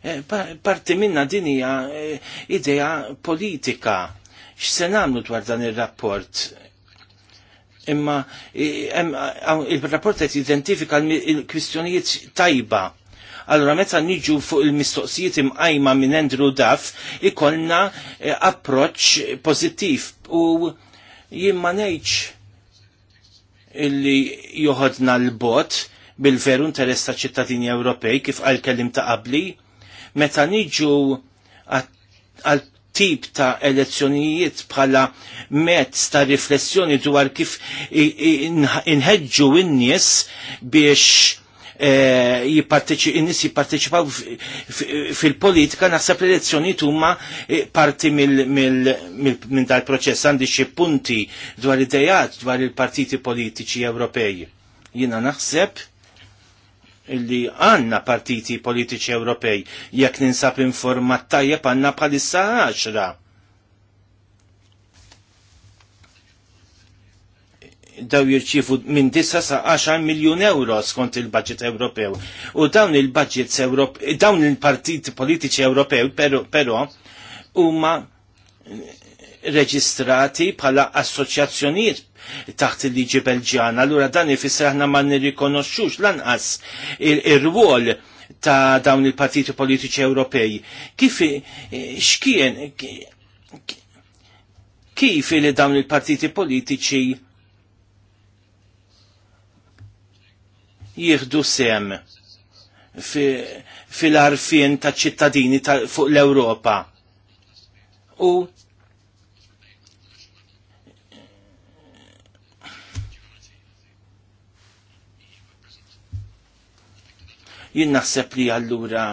Eh, Parti minna din hija eh, idea politika x'se nagħmlu dwar dan ir-rapport imma eh, il-rapport qed identifika l-kwistjonijiet tajba Allora meta niġu fuq il-mistoqsijiet imqajma minn Andrew Duff ikollna eh, approċċ pożittiv u jien ma ngħidx illi joħodna l-bot bil-veru interess ta' ċittadini Ewropej kif għal kellim ta' qabli meta niġu għal tip ta' elezzjonijiet bħala mezz ta' riflessjoni dwar kif inħedġu in-nies biex Eh, jinnis jipparteċipaw fil-politika naħseb l-elezzjonijiet huma eh, parti minn dal-proċess għandi xi punti dwar idejat dwar il-partiti politiċi Ewropej. Jiena naħseb illi għanna partiti politiċi Ewropej jekk ninsab informat tajjeb għanna bħalissa 10 daw jirċifu minn 9 sa 10 miljon euro skont il-budget Ewropew. U dawn il-budgets Ewropew, dawn il-partiti politiċi Ewropew, pero, pero huma reġistrati bħala assoċjazzjonijiet taħt il-liġi Belġjana. Allura dan ifisser aħna ma nirrikonoxxux lanqas ir-rwol ta' dawn il-partiti politiċi Ewropej. Kif xkien kif il dawn il-partiti politiċi jieħdu sem fil-arfien ta' ċittadini fuq l-Ewropa. U jien naħseb li allura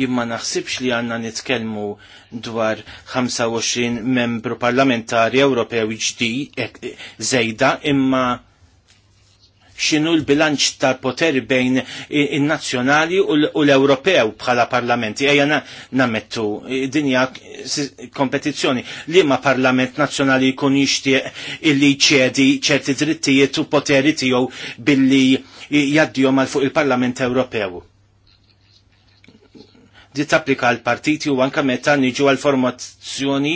jimma naħsibx li għanna nitkelmu dwar 25 membru parlamentari Ewropew ġdi zejda imma xinu l-bilanċ tal-poteri bejn il-nazjonali u l-Ewropew bħala parlamenti. Ejja nammettu dinja kompetizzjoni li ma parlament nazjonali jkun jixtieq illi ċedi ċerti drittijiet u poteri tiegħu billi jaddihom għal fuq il-Parlament Ewropew di tapplika għal partiti u anka meta niġu għal formazzjoni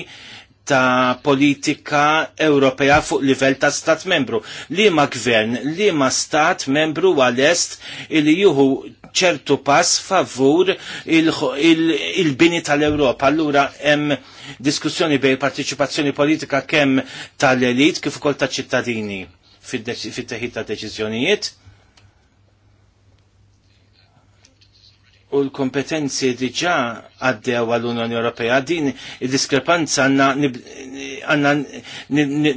ta' politika Ewropea fuq livell ta' stat membru. Li ma' gvern, li ma' stat membru għal-est li juhu ċertu pass favur il-bini il, il tal-Europa. Allura hemm diskussjoni bej partiċipazzjoni politika kemm tal-elit kif ukoll ta' ċittadini fit teħid ta' deċiżjonijiet. u l-kompetenzi diġa għaddew għall-Unjoni Ewropea. Din id-diskrepanza għanna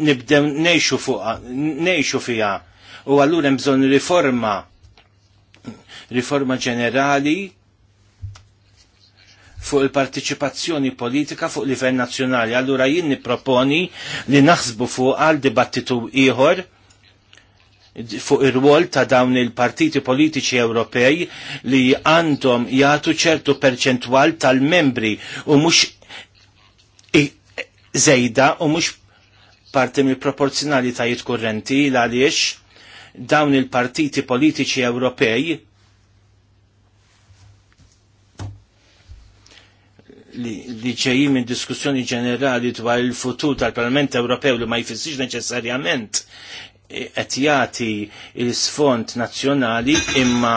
nibdew neħxu fuqa, neħxu fija. U għallur hemm bżonn riforma, riforma ġenerali fuq il-partiċipazzjoni politika fuq livell nazzjonali. Allura jien nipproponi li naħsbu fuq għal dibattitu ieħor fuq ir-rwol ta' dawn il-partiti politiċi Ewropej li għandhom jagħtu ċertu perċentwal tal-membri u mhux zejda u mhux parti mill tajiet kurrenti l għaliex dawn il-partiti politiċi Ewropej li, li ġeji minn diskussjoni ġenerali dwar il-futur tal-Parlament Ewropew li ma jfissirx neċessarjament qed jagħti l-sfond nazzjonali imma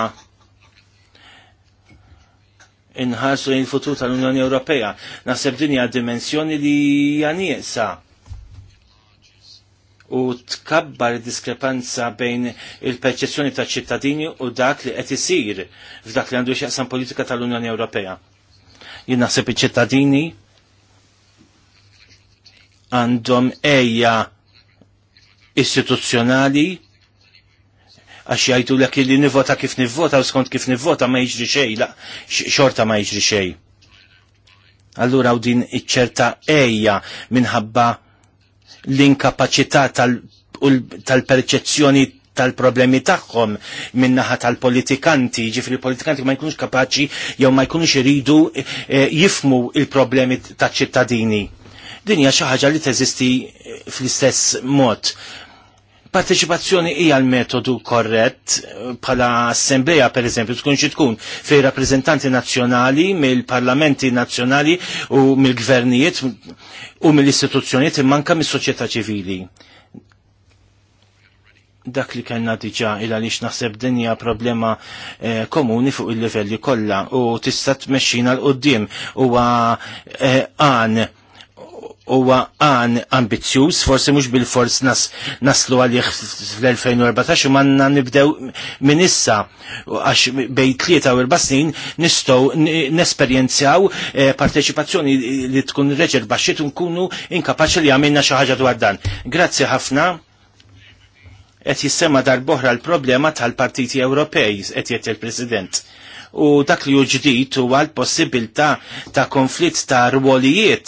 inħarsu lejn il-futur tal-Unjoni Ewropea. Naħseb din hija dimensjoni li hija nieqsa u tkabbar diskrepanza bejn il-perċezzjoni ta' ċittadini u dak li qed isir f'dak li għandu x'jaqsam politika tal-Unjoni Ewropea. Jien naħseb iċ-ċittadini għandhom ejja istituzzjonali għax jajtu l li nivota kif nivvota u skont kif nivvota ma jiġri xej, la xorta ma jiġri xej. Allura u din iċċerta eja minħabba l-inkapacità tal-perċezzjoni tal tal-problemi tagħhom minnaħa tal-politikanti, ġifri politikanti ma jkunux kapaċi jew ma jkunux iridu e, e jifmu il-problemi taċ ċittadini. Din hija xi ħaġa li teżisti e, fl-istess mod Partecipazzjoni hija l-metodu korrett eh, bħala assembleja per eżempju tkun xi tkun fej rappreżentanti nazzjonali mill-parlamenti nazzjonali u mill-gvernijiet u mill-istituzzjonijiet immanka mis-soċjetà ċivili dak li kellna diġà il għaliex naħseb din hija problema eh, komuni fuq il-livelli kollha u tista' tmexxina l qudiem huwa eh, għan huwa għan ambizjuż, forsi mhux bil-fors nas, naslu għalih fl-2014 manna nibdew minn issa għax bej tlieta u erba' snin nistgħu nesperienzjaw eh, parteċipazzjoni li tkun reġer baxxiet nkunu inkapaċi li għamilna xi ħaġa dwar dan. Grazzi ħafna Et jissema darboħra l-problema tal-partiti Ewropej qed jgħid il-President u dak li hu ġdid huwa l-possibilità ta' konflitt ta' rwolijiet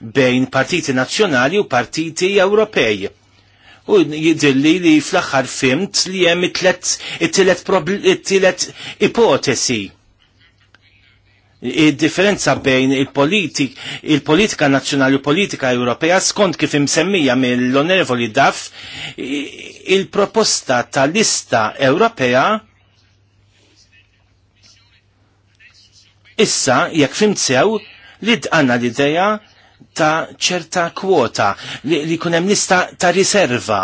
bejn partiti nazzjonali u partiti Ewropej. U jidilli li fl-aħħar fimt li hemm it-tielet ipotesi il-differenza bejn il-politik, il-politika nazjonali u politika Ewropea skont kif imsemmija mill onervoli Daf il-proposta tal-lista Ewropea Issa, jekk fimt sew, li dqanna l-ideja ta' ċerta kwota li, li kunem lista ta' riserva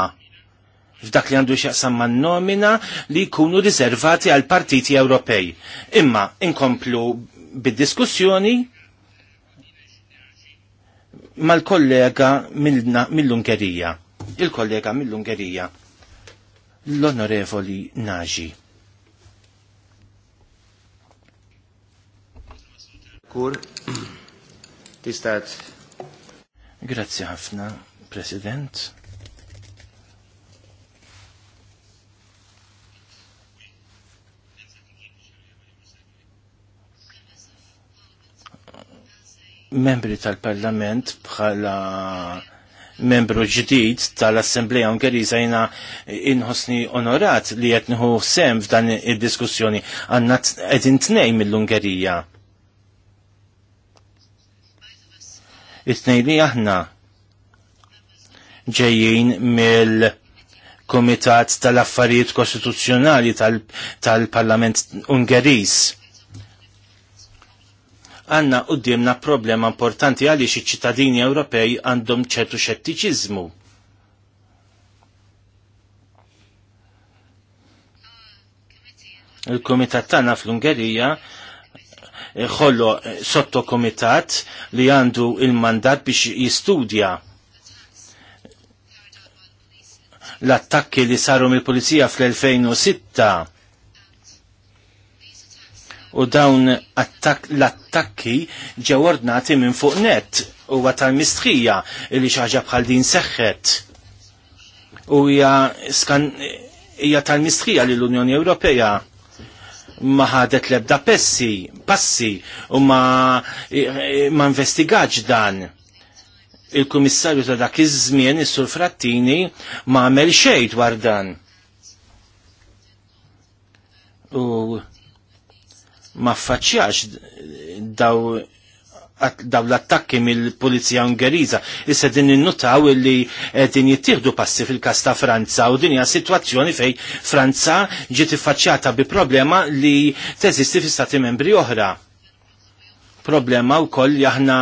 f'dak li għandu xaqsam man nomina li jkunu riservati għal partiti Ewropej. Imma inkomplu bid-diskussjoni mal-kollega mill-Ungerija. Il-kollega mill-Ungerija. L-onorevoli Naġi. Kur, tistat. Grazzi ħafna, President. membri tal-parlament bħala membru ġdid tal-Assembleja Ungheriża jina inħosni onorat li qed nieħu sem f'dan id-diskussjoni għandna qegħdin tnej mill-Ungerija. It-tnej li aħna ġejjin mill Komitat tal-Affarijiet Kostituzzjonali tal-Parlament tal Ungeriż. Għanna u problema importanti għaliex iċ-ċittadini Ewropej għandhom ċertu xettiċiżmu. il kumitat tagħna fl-Ungerija ħollo eh, komitat li għandu il-mandat biex jistudja l-attakki li saru mill-Pulizija fl-2006 u dawn l-attakki ġew ordnati minn fuq net u tal mistrija li xaġa bħal din seħħet. U hija skan hija tal-mistrija li l-Unjoni Ewropea ma ħadet lebda pessi, passi u ma, ma investigax dan. Il-Kummissarju ta' dak iż-żmien is-Sur Frattini ma għamel xejn dwar dan. U ma faċċjax daw daw l-attakki mill-Pulizija Ungeriża. Issa din innutaw li din jittieħdu passi fil-kas ta' Franza u din hija sitwazzjoni fej Franza ġiet iffaċċjata bi problema li teżisti fi stati membri oħra. Problema wkoll li aħna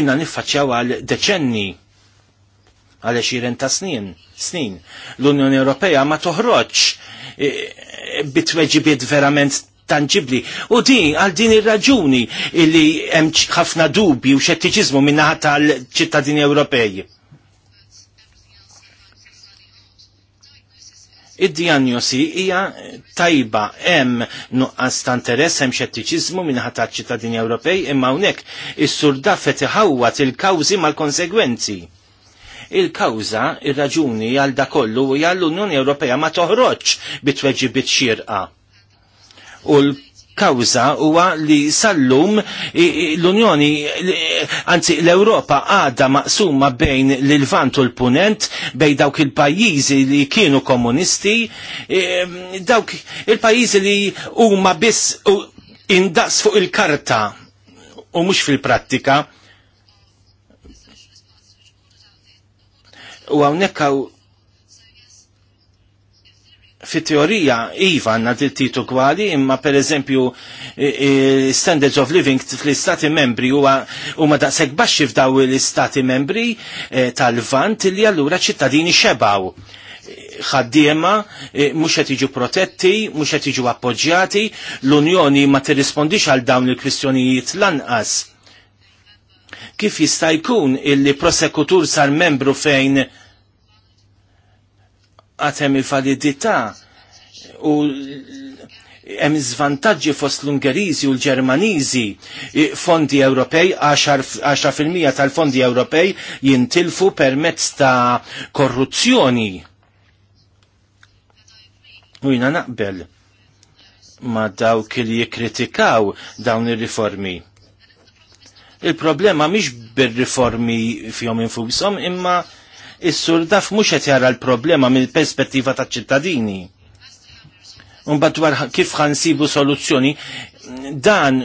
inna niffaċċjaw għal deċenni għal xiren ta' snin. snin. L-Unjoni Ewropea ma toħroġ e, e, bitweġibiet verament tangibli. U di, għal din ir-raġuni illi hemm ħafna dubi u xettiċiżmu minnaħa għal ċittadini Ewropej. Id-diagnosi hija tajba hemm nuqqas ta' interess hemm xettiċiżmu minn tal-ċittadini Ewropej imma hawnhekk is-sur daffet iħawwat il-kawżi mal-konsegwenzi. Il-kawża ir-raġuni għal dakollu hija l-Unjoni Ewropea ma toħroġ bit-tweġibiet xirqa u l-kawza huwa li sallum l-Unjoni, anzi l-Ewropa għadha maqsuma bejn l-Vant u l-Punent, bejn dawk il-pajjiżi li kienu komunisti, e, dawk il-pajjiżi li huma biss indaqs fuq il-karta u mhux fil-prattika. U għawnekka fit teorija iva għanna dil-titu kwali, imma per eżempju standards of living fl-istati membri huma daqshekk baxxi f'daw l-istati membri eh, tal-vant li allura ċittadini xebaw ħaddiema eh, mhux qed jiġu protetti, mhux qed jiġu appoġġjati, l-Unjoni ma tirrispondix għal dawn il-kwistjonijiet lanqas. Kif jista' jkun illi prosekutur sar membru fejn għatem il-validità u hemm żvantaġġi fost l-Ungeriżi u l-Ġermaniżi fondi Ewropej, 10% tal-fondi Ewropej jintilfu permezz ta' korruzzjoni. U jina naqbel ma dawk li jikkritikaw dawn ir-riformi. Il-problema mhix bir-riformi fihom infushom imma is-sur daf mhux qed jara l-problema mill-perspettiva taċ-ċittadini. Unbad dwar kif ħansibu soluzzjoni, dan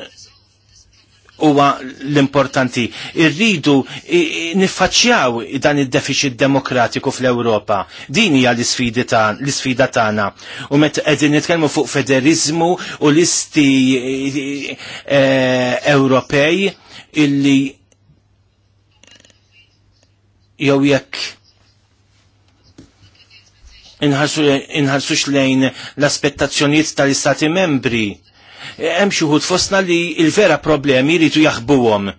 huwa l-importanti. Irridu niffaċċjaw dan id-deficit demokratiku fl-Ewropa. Din hija l-isfida tagħna. U meta qegħdin nitkellmu fuq federizmu u listi e, Ewropej illi jew jekk inħassux lejn l-aspettazzjoniet tal-istati membri. E, hemm xi fostna li il-vera problemi jridu jaħbuhom.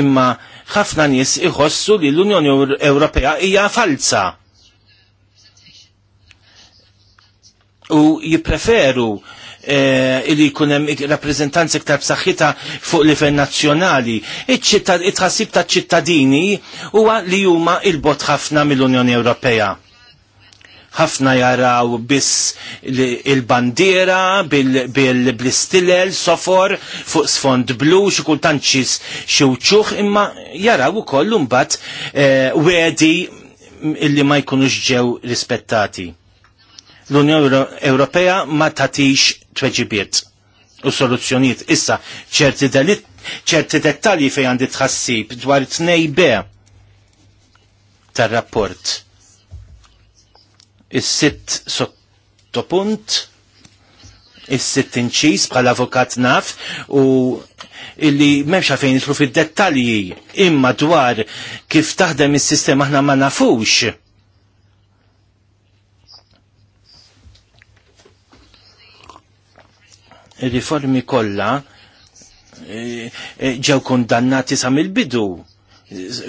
Imma ħafna nies iħossu li l-Unjoni Ewropea hija falsa. U jippreferu e, li jkunem rappresentanza iktar b'saħħitha fuq livell nazzjonali. It-tħassib ta' ċittadini huwa li huma il-bot ħafna mill-Unjoni Ewropea ħafna jaraw biss il-bandiera bil blistilel sofor fuq sfond blu xi kultant xi uċuħ imma jaraw ukoll mbagħad eh, wedi illi ma jkunux ġew rispettati. L-Unjoni Ewropea ma tatix tweġibiet u soluzzjonijiet. Issa, ċerti dettali dettalji fej għandi tħassib dwar t-nejbe tar-rapport is-sitt sottopunt, is-sitt inċis bħala avokat naf u illi memxa fejn jitlu fil-dettalji imma dwar kif taħdem is-sistema aħna ma nafux. Il-riformi kollha e, e, ġew kondannati sa mill-bidu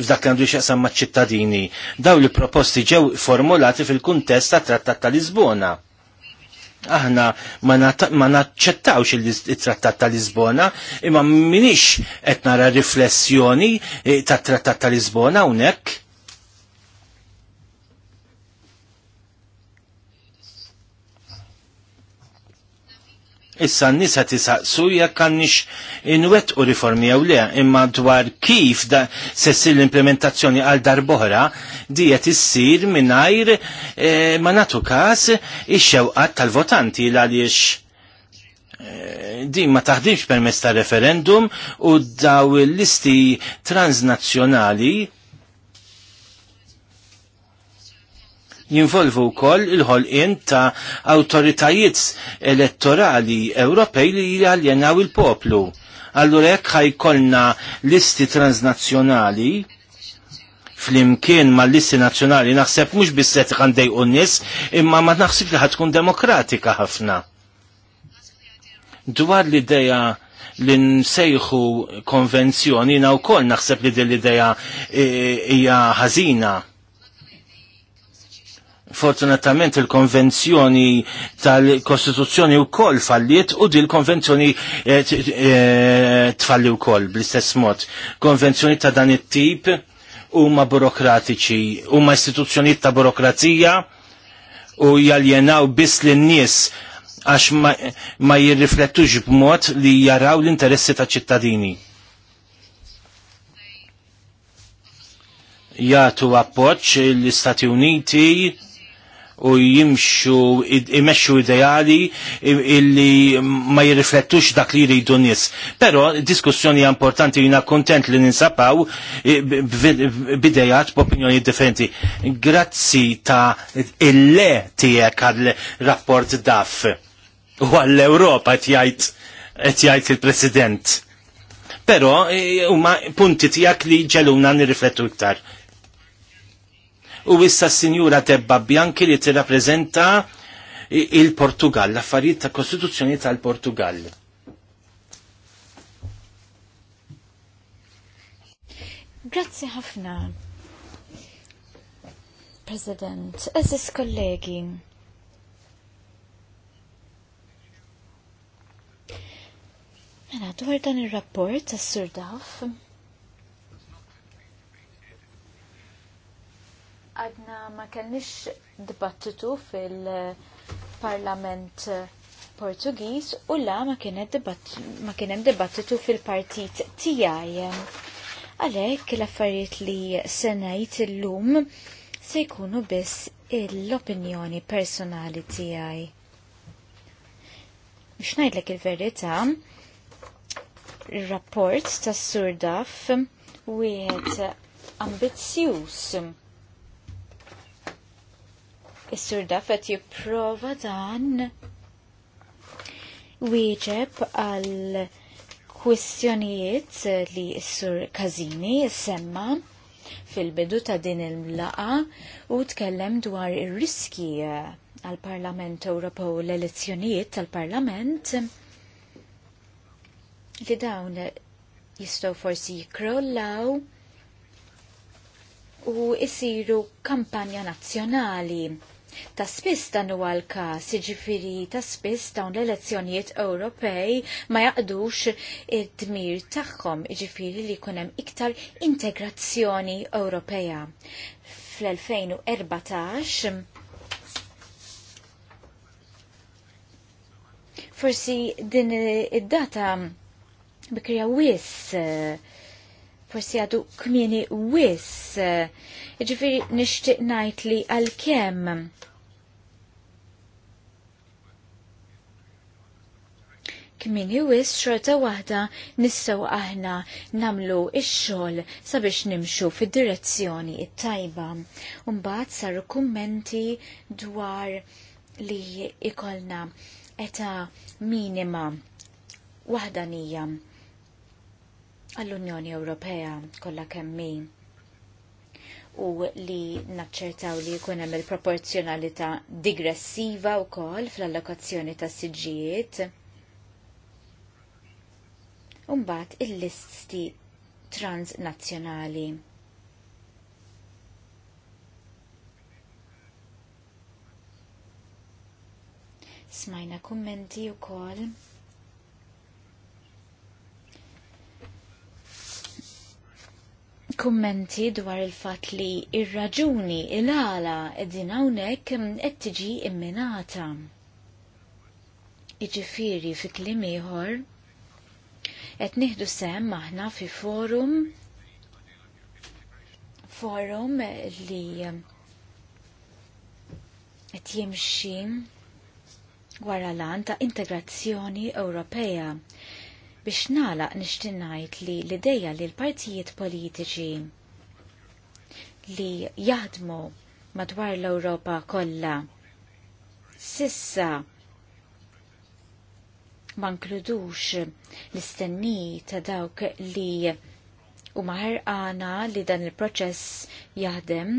f'dak li għandu xaqsam ma' ċittadini. Daw li proposti ġew formulati fil-kuntest ta' trattat ta' Lisbona. Aħna ma naċċettawx il-trattat ta' Lisbona, imma minix qed nara riflessjoni eh, ta' trattat ta' Lisbona hawnhekk Issa n-nisa tisaqsu jekk kannix inwet u riformi jew le, imma dwar kif da sessir l-implementazzjoni għal darbohra dijet issir mingħajr e, ma natu każ ix tal-votanti għaliex eh, din ma taħdimx permezz ta' referendum u daw il-listi transnazzjonali jinvolvu wkoll il-ħolqien ta' awtoritajiet elettorali Ewropej li jgħaljenaw il-poplu. Allura jekk ħajkolna listi transnazzjonali fl-imkien ma listi nazjonali naħseb mux bisset għandej unnis imma ma naħseb li ħatkun demokratika ħafna. Dwar l-ideja li nsejħu konvenzjoni na u naħseb li din l-ideja eh, hija ħażina. Fortunatament il-konvenzjoni tal-Kostituzzjoni u koll falliet u l konvenzjoni eh, eh, tfalli u koll bl-istess mod. Konvenzjoni ta' dan it-tip huma burokratiċi, huma istituzzjonijiet ta' burokrazija u jaljenaw biss lin-nies għax ma, ma jirriflettux b'mod li jaraw l-interessi ta' ċittadini. Jatu appoċ l-Istati Uniti u jimxu imexxu ideali illi ma jirriflettux dak li jridu nies. Però diskussjoni importanti jina kontent li ninsapaw bidejat b'opinjoni differenti. Grazzi ta' il-le tiegħek għal rapport daf u għall-Ewropa qed jgħid il-President. Però eh, huma punti tiegħek li ġeluna nirriflettu iktar u issa s-Sinjura Tebba Bianchi li t-rapprezenta il-Portugal, l-affarijiet ta' Kostituzzjoni tal-Portugal. Grazzi ħafna, President, eżis kollegi. Mela, dwar dan il-rapport s surdaf għadna ma kellniex dibattitu fil-Parlament Portugiż u la ma kien hemm dibattitu fil-partit tiegħi. Għalhekk l-affarijiet li senajt l illum se jkunu biss l-opinjoni personali tiegħi. Biex ngħidlek il-verità, ir-rapport tas-Surdaf wieħed ambizjus. Is-sur dafet jipprova dan wieġeb għal kwistjonijiet li s-sur Kazini semma fil-bidu ta' din il-mlaqa u tkellem dwar ir-riski għal-Parlament Ewropew l-elezzjonijiet tal-Parlament li dawn jistgħu forsi jikrollaw u jisiru kampanja nazzjonali Ta' spiss dan huwa l-każ, jiġifieri ta' spiss dawn l-elezzjonijiet Ewropej ma jaqdux id-dmir tagħhom, jiġifieri li jkun hemm iktar integrazzjoni Ewropea. Fl-2014 forsi din id-data bikrija wis forsi għadu kmieni wis. Ġifiri nishtiq najt li għal-kem kmini wis xorta waħda nissaw aħna namlu ix-xogħol sabiex nimxu fid-direzzjoni it-tajba. Mbagħad saru kummenti dwar li ikolna eta minima nija għall-Unjoni Ewropea kollha kemm min u li naċċertaw li jkun hemm il-proporzjonalità digressiva wkoll fl-allokazzjoni tas siġijiet Umbat il-listi transnazzjonali. Smajna kummenti u kol. kummenti dwar il-fat li ir-raġuni il fat li ir raġuni il għala id din hawnhekk qed tiġi imminata. Iġifiri fi kliem ieħor qed nieħdu sem aħna fi forum forum li qed jimxi wara lan ta' integrazzjoni Ewropea biex nalaq nixtieq ngħid li l-idea li l-partijiet politiċi li jaħdmu madwar l-Ewropa kollha sissa ma nkludux l-istenni ta' dawk li u għana li dan il-proċess jaħdem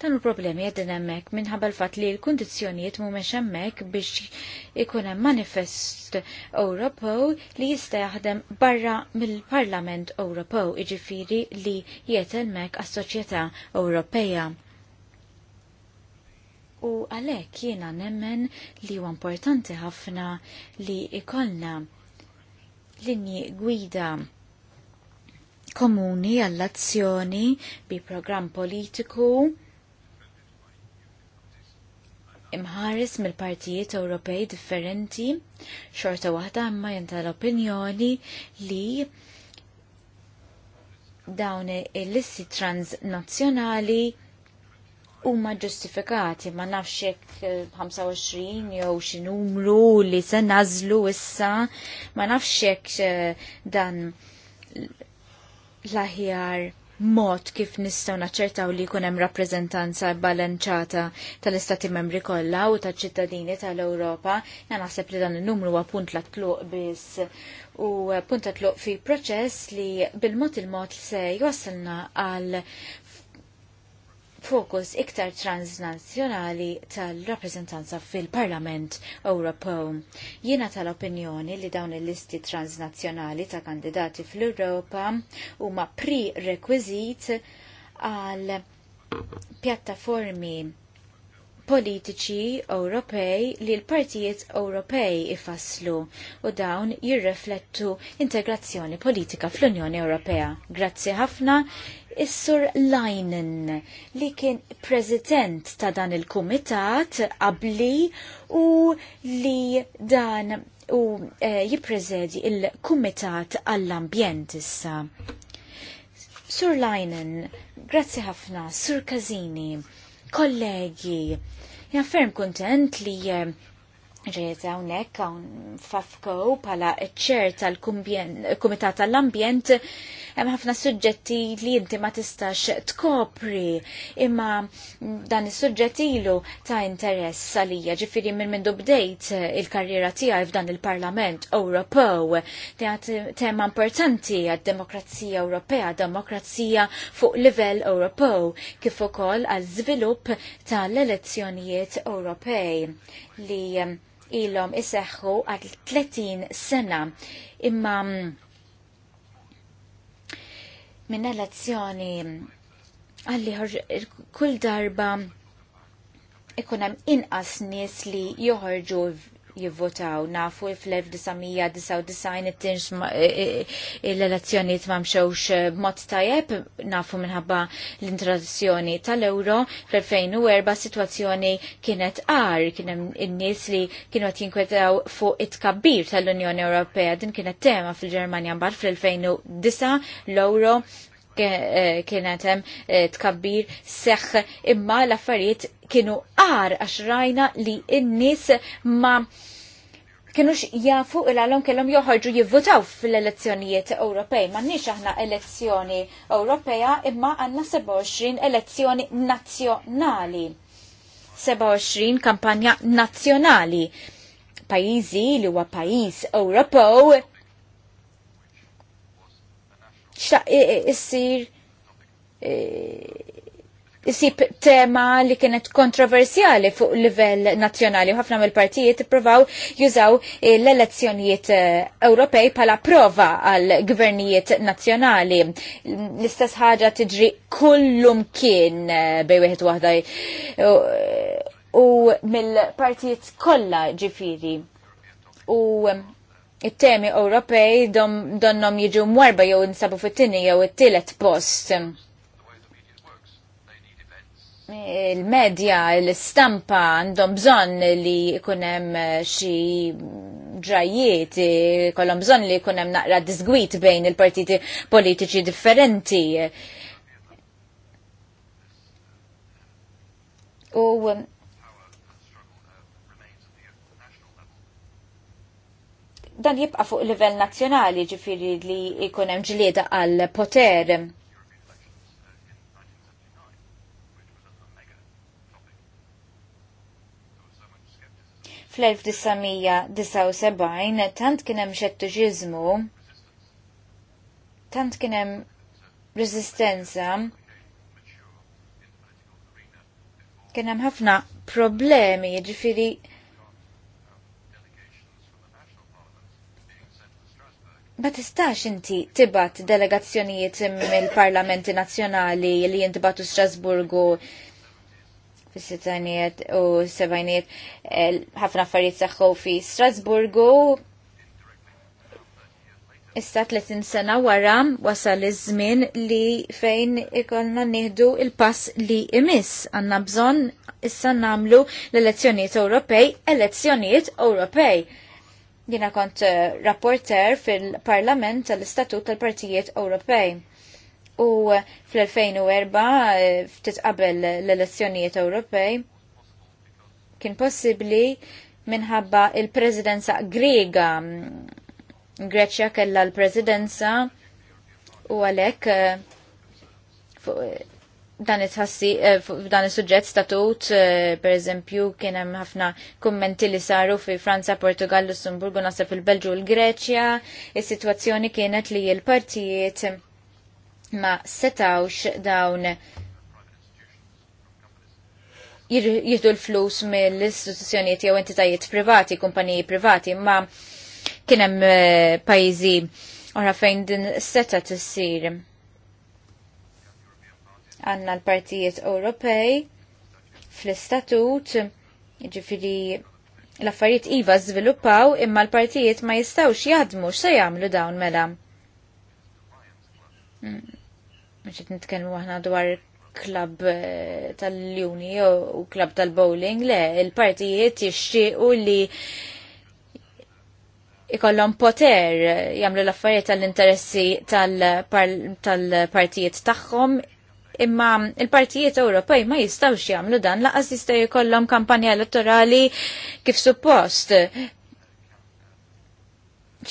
dan il-problemi jaħdem emmek minħabba l-fat li l kondizjoniet mu emmek biex ikun hemm manifest Ewropew li jista' jaħdem barra mill-Parlament Ewropew, iġifiri li jgħet hemmhekk għas-soċjetà Ewropea U għalhekk jiena nemmen li huwa importanti ħafna li ikollna linji gwida komuni għall-azzjoni bi programm politiku imħares mill-partijiet Ewropej differenti, xorta waħda imma jenta l-opinjoni li dawn il-lissi transnazzjonali huma ġustifikati ma nafx hekk 25 eh, jew xi numru li se nażlu issa ma nafx hekk eh, dan l-aħjar mod kif nistgħu naċċertaw li jkun hemm rappreżentanza balanċata tal-Istati Membri kollha u taċ-ċittadini tal-Ewropa, ja naħseb li dan in-numru huwa punt la tluq biss u punt tluq fi proċess li bil-mod il-mod se jwasselna għal fokus iktar transnazzjonali tal-rappresentanza fil-Parlament Ewropew. Jiena tal-opinjoni li dawn il-listi transnazzjonali ta' kandidati fl-Europa huma prerequisite għal pjattaformi politiċi Ewropej li l-partijiet Ewropej ifasslu u dawn jirreflettu integrazzjoni politika fl-Unjoni Ewropea. Grazzi ħafna Is-Sur Leinen li kien president ta' dan il-kumitat qabli u li dan u e, jippreżedi il-kumitat għall-ambjent issa. Sur Leinen, grazzi ħafna, Sur Kazini Kollegi, jafferm kontent li eh, Ġejet hawnhekk hawn fafko pala ċer tal-Kumitat tal-Ambjent hemm ħafna suġġetti li inti ma tistax tkopri imma dan is-suġġett ilu ta' interess għalija ġifieri minn minn bdejt il-karriera tiegħi f'dan il-Parlament Ewropew tema importanti għad-demokrazija Ewropea, demokrazija fuq livell Ewropew kif ukoll għal żvilupp tal-elezzjonijiet Ewropej li ilhom iseħħu għal 30 sena imma mm, l-azzjoni għalli kull darba ikun hemm inqas nies li joħorġu jivvotaw. Nafu fl-1999 it-tinx l-elezzjoniet ma mxewx eh, mod tajjeb, nafu minħabba l-introduzzjoni tal-euro. Fl-2004 situazzjoni kienet għar, kienem n-nis li kienu għat jinkwetaw fuq it-kabbir tal-Unjoni Ewropea. Din kienet tema fil-Germania mbagħad fl-2009 l-euro eh, kienet hemm eh, tkabbir seħħ imma l-affarijiet kienu għar għax rajna li n-nis ma kienux jafu il-għalom kellom joħorġu jivvotaw fil-elezzjonijiet Ewropej. Ma nix aħna elezzjoni Ewropeja imma għanna 27 elezzjoni nazzjonali. 27 kampanja nazzjonali. Pajizi li huwa pajiz Ewropew xtaq issir eh, jisib tema li kienet kontroversjali fuq livell nazzjonali u ħafna mill-partijiet ippruvaw jużaw eh, l-elezzjonijiet eh, Ewropej pala prova għal gvernijiet nazzjonali. L-istess ħaġa tiġri kullum kien eh, bej wieħed waħda u mill-partijiet kollha ġifiri. U it-temi Ewropej donnom jiġu mwarba jew insabu fit-tini jew it-tielet post il-medja, l-istampa għandhom bżonn li kunem eh, xi ġrajiet, eh, kollhom bżonn li kunem naqra disgwit bejn il-partiti politiċi differenti. U dan jibqa' fuq livell nazzjonali ġifiri li jkun hemm ġlieda għal poter. fl-1979 tant kien hemm tant kien hemm kienem kien hemm ħafna problemi, ġifiri Ma tistax inti tibat delegazzjonijiet mill-Parlamenti Nazzjonali li jintibatu Strasburgu fis-sittanijiet u sebajnijiet eh, ħafna affarijiet saħħu fi Strasburgu. Issa 30 sena wara wasal iż-żmien li fejn ikollna nieħdu il-pass li imiss għandna bżonn issa nagħmlu l-elezzjonijiet Ewropej, elezzjonijiet Ewropej. Jiena kont eh, rapporter fil-Parlament tal-Istatut tal-Partijiet Ewropej U fl-2004 eh, ftit qabel l-elezzjonijiet Ewropej kien possibbli minħabba il-presidenza Griega. Mm, Greċja kellha l-presidenza u għalhekk eh, eh, dan it-ħassi f'dan is-suġġett statut pereżempju kien hemm ħafna kummenti li saru fi Franza, Portugal, Lussemburgu, nasa fil belġu u l-Greċja, is-sitwazzjoni kienet li l-partijiet ma setawx dawn jihdu l-flus mill-istituzzjonijiet jew entitajiet privati, kumpaniji privati, ma kienem eh, pajizi oħra fejn din seta tissir. Għanna l-partijiet Ewropej fl-istatut, ġifiri l-affarijiet iva żviluppaw imma l-partijiet ma jistawx jadmu x'se jagħmlu dawn mela. Hmm. Meċet nitkellmu aħna dwar klab eh, tal-juni u klab tal-bowling, le, il-partijiet jixtiequ li ikollhom poter jagħmlu l-affarijiet tal-interessi tal-partijiet tagħhom imma il-partijiet Ewropej ma jistawx jagħmlu dan laqas jista' jkollhom kampanja elettorali kif suppost.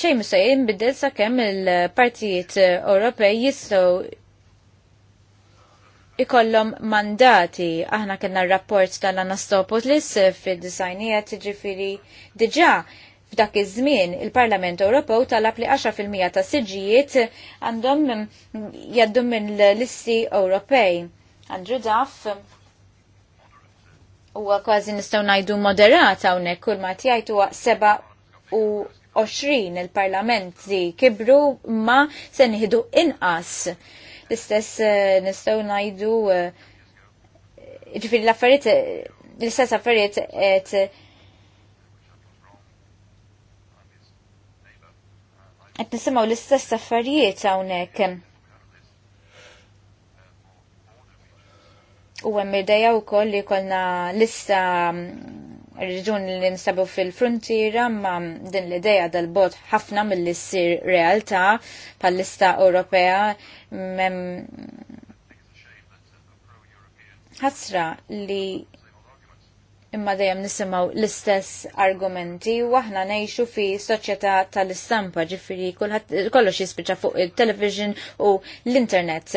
Xejn mista jinbidel sakemm il-partijiet Ewropej jistgħu ikollhom mandati. Aħna kellna r-rapport tal-Anastopoulos fid-disajnijiet ġifiri diġà F'dak iż-żmien il-Parlament Ewropew talab li 10% ta' siġijiet għandhom jaddu minn l-listi Ewropej. Andrew Duff huwa kważi nistgħu ngħidu moderat hawnhekk kull ma tiegħid huwa seba' u 20 il-parlamenti kibru ma se nieħdu inqas l-istess eh, nistaw najdu eh, ġifieri l affariet eh, l-istess affariet et et nisimaw l-istess affariet għawnek U hemm dajaw koll li kolna lista mm, reġun li nsabu fil-frontiera ma din l-ideja dal-bot ħafna mill sir realtà pal-lista Ewropea ħasra li imma dejjem nisimgħu l-istess argumenti u aħna ngħixu fi soċjetà tal-istampa ġifieri kollox jispiċċa fuq il-television u l-internet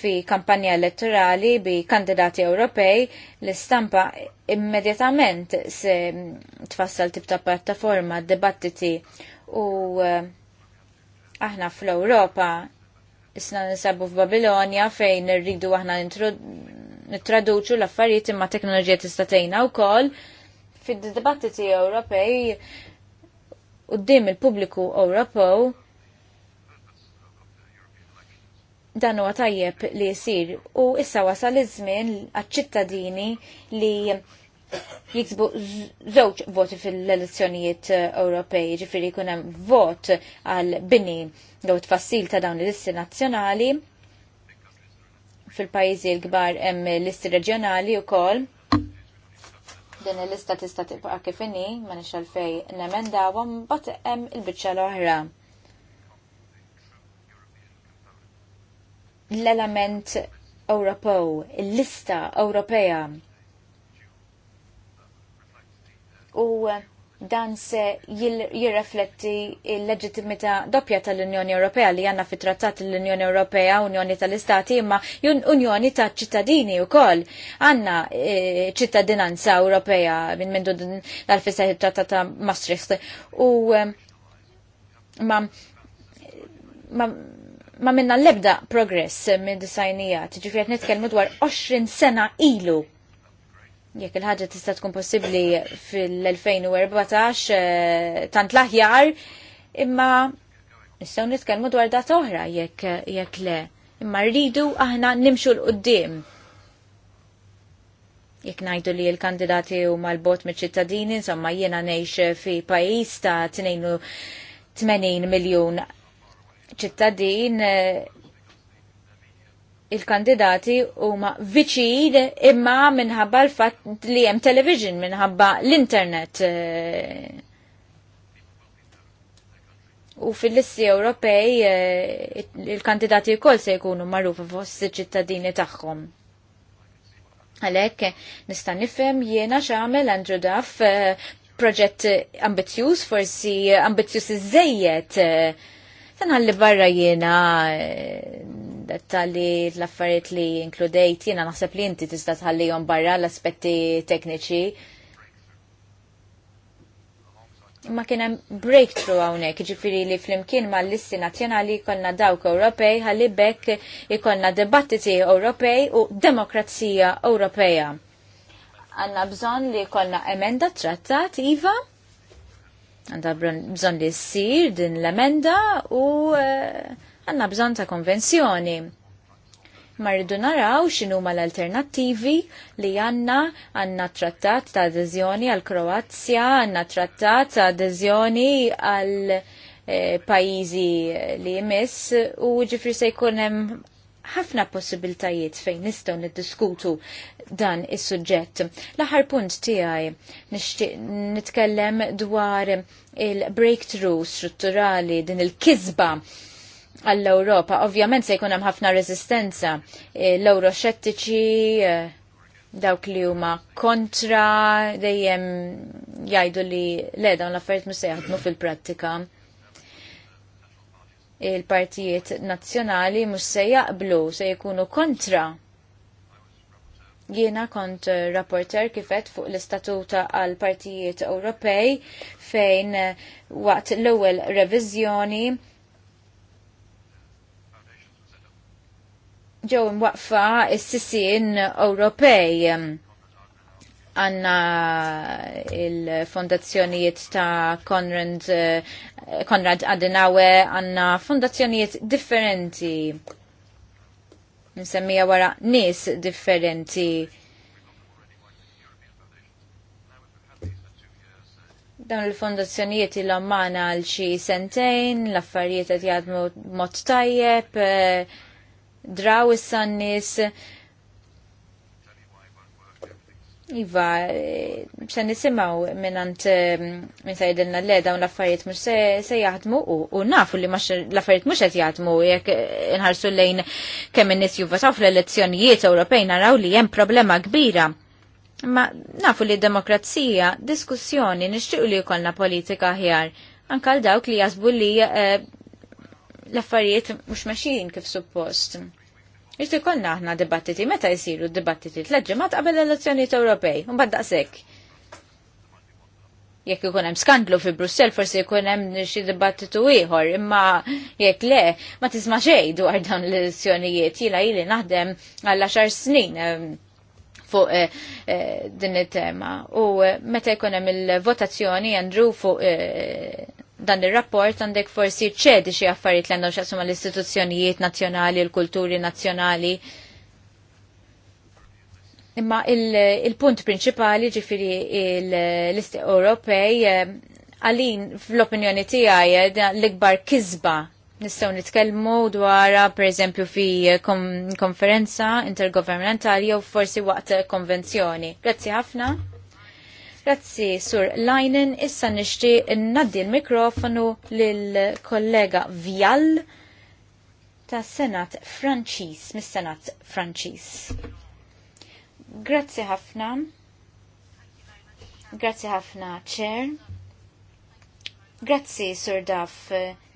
fi kampanja elettorali bi kandidati Ewropej l-istampa immedjatament se tfassal tip ta' plattaforma dibattiti u eh, aħna fl-Ewropa isna nisabu f'Babilonja fejn irridu aħna traduċu l-affarijiet imma teknoloġija tista' tgħinna wkoll fid-dibattiti Ewropej qudiem il-pubbliku Ewropew dan huwa tajjeb li jsir u issa wasal iż-żmien għaċ-ċittadini li jiksbu żewġ voti fil-elezzjonijiet Ewropej, ġifieri jkun hemm vot għal bini jew tfassil ta' dawn l issi nazzjonali fil-pajjiżi l-kbar hemm listi reġjonali wkoll. Din il-lista tista' tibqa' kif inni, ma nix għalfejn nemendawhom, bat hemm il-biċċa l-oħra. L-element Ewropew, il-lista Ewropea. U dan se jirrefletti il-leġittimità doppja tal-Unjoni Ewropea li għanna fit trattat l-Unjoni Ewropea, Unjoni tal-Istati, imma Unjoni ta' ċittadini u koll. Għanna e, ċittadinanza Ewropea minn minn dal-fissa trattat ta' Maastricht. U e, ma, ma, ma minna l-ebda progress minn disajnijat, ġifjert netkelmu dwar 20 sena ilu Jekk il ħagġa tista' tkun possibbli fil-2014 eh, tant l-aħjar, imma nistgħu nitkellmu dwar dat oħra jekk jekk le. Imma rridu aħna nimxu l-qudiem jekk ngħidu li l-kandidati u mal-bot miċ ċittadini, insomma jiena ngħix fi pajjiż ta' 82 miljun ċittadin, eh, il-kandidati huma viċin imma minħabba l-fatt li hemm television minħabba l-internet. U fil-listi Ewropej eh, il-kandidati wkoll se jkunu magħrufa fost iċ-ċittadini tagħhom. Għalhekk nista' nifhem jiena x'għamel Andrew Duff eh, proġett ambizzjuż, forsi ambizzjuż iżejjed eh, Tanħalli barra jiena eh, dettali l-affarijiet li inkludejt jiena naħseb li inti tista' tħallihom barra l-aspetti tekniċi. Ma kien hemm breakthrough hawnhekk, jiġifieri li flimkien mal-listi nazzjonali konna dawk Ewropej għalli bekk ikonna dibattiti Ewropej u demokrazija Ewropea. Għanna bżonn li konna emenda trattat, Iva? għanda bżonn li ssir din l-emenda u eh, għandna bżonn ta' konvenzjoni. Ma rridu naraw ma l-alternattivi li għandna għandna trattat ta' adezjoni għal Kroazja, għandna trattat ta' adezjoni għal eh, pajizi li jmiss u ġifri se jkunem ħafna possibiltajiet fejn nistgħu niddiskutu dan is-suġġett. L-aħħar punt tiegħi nitkellem dwar il-breakthrough strutturali din il-kisba għall-Ewropa. Ovvjament se jkun hemm ħafna reżistenza eh, l-euroxettiċi eh, dawk li huma kontra dejjem jgħidu li le dawn l-affarijiet mhux se jaħdmu fil-prattika il-partijiet nazzjonali mhux se jaqblu se jkunu kontra jiena kont rapporter kifet fuq l-istatuta għal partijiet Ewropej fejn waqt l-ewwel reviżjoni ġew imwaqfa s-sissin Ewropej għanna il-fondazzjonijiet ta' Konrad, Konrad eh, Adenauer, għanna fondazzjonijiet differenti. Nsemmija wara nis differenti. Dawn il-fondazzjonijiet il-ommana għal xi sentejn, l-affarijiet għad jgħadmu mod tajjeb, eh, draw is-sannis, Iva, xa eh, nisimaw minnant eh, minn sajdilna l dawn l-affarijiet mux se jaħdmu u nafu li mux laffariet mux se jaħdmu jek nħarsu lejn kemm nis juvvataw fl-elezzjonijiet Ewropej naraw li jem problema kbira. Ma nafu li demokrazija, diskussjoni, nixtiequ li jkollna politika ħjar. Anka dawk li jazbu li eh, l-affarijiet mux maċin kif suppost. Ixti konna aħna dibattiti, meta jisiru dibattiti tleġġemat qabel elezzjoniet Ewropej, un badda sekk. Jekk ikun hemm skandlu fi Brussell forsi jkun hemm xi dibattitu ieħor, imma jekk le, ma tisma' xejn dwar dawn l-elezzjonijiet. Jila ili naħdem għal xar snin fuq eh, eh, din it-tema. U eh, meta jkun hemm il-votazzjoni Andrew fuq dan il-rapport għandek forsi ċedi xie affarijiet l-għandhom xasuma l-istituzzjonijiet nazjonali, l-kulturi nazjonali. Imma il-punt prinċipali ġifiri l-isti Ewropej għalin fl-opinjoni tijaj l-ikbar kizba nistaw nitkellmu dwar per eżempju fi konferenza intergovernmentali jew forsi waqt konvenzjoni. Grazzi ħafna. Grazzi, Sur Lajnen, issa n naddi l-mikrofonu l kollega Vial ta' Senat Franċis, mis-Senat Franċis. Grazzi ħafna. Grazzi ħafna, Chair. Grazzi, Sur Daf.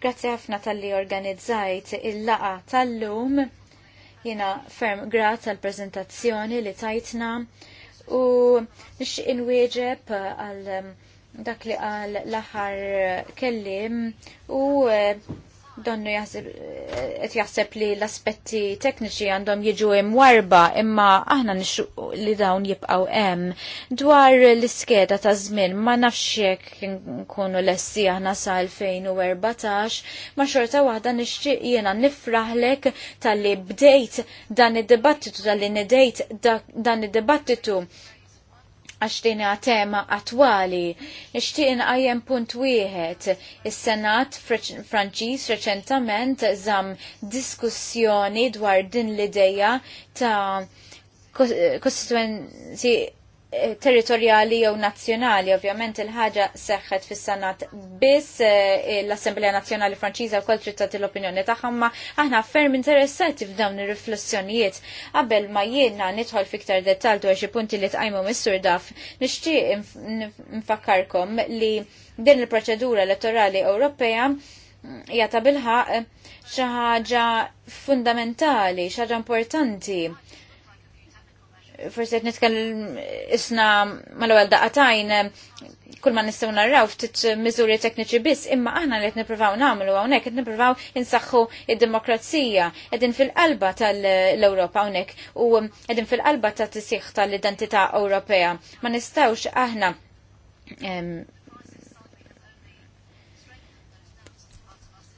Grazzi ħafna tal-li organizzajt il-laqa tal-lum. Jena ferm grat tal-prezentazzjoni li tajtna u nixi inwieġeb għal um, dak li għal laħar kellim u donnu qed jaħseb li l-aspetti tekniċi għandhom jiġu imwarba imma aħna nixu li dawn jibqgħu hemm dwar l-iskeda ta' żmien ma nafx nkunu nkunu lessi aħna sa 2014 ma xorta waħda nixtieq jiena nifraħlek talli bdejt dan id-dibattitu talli nidejt dan id-dibattitu għax tina tema attwali. Nixtieq għajem punt wieħed. Is-Senat Franċiż reċentament żamm diskussjoni dwar din l ideja ta' kostituenzi Eh, territorjali jew nazzjonali. Ovvjament il-ħaġa seħħet fis sanat biss eh, l-Assemblea Nazzjonali Franċiża wkoll trittat l-opinjoni tagħha imma aħna ferm interessati f'dawn ir-riflessjonijiet. Qabel ma jiena nidħol fiktar dettal dwar xi punti li tqajmu mis-sur daf, nixtieq nfakkarkom li din il-proċedura elettorali Ewropea jata bilħaq xi ħaġa fundamentali, xi ħaġa importanti forse qed nitkell isna mal-ewwel daqatajn kull ma nistgħu narraw ftit miżuri tekniċi biss, imma aħna li qed nippruvaw nagħmlu hawnhekk qed nippruvaw insaħħu id-demokrazija qegħdin fil-qalba tal-Ewropa hawnhekk u qegħdin fil-qalba ta' tisih tal-identità Ewropea. Ma nistgħux aħna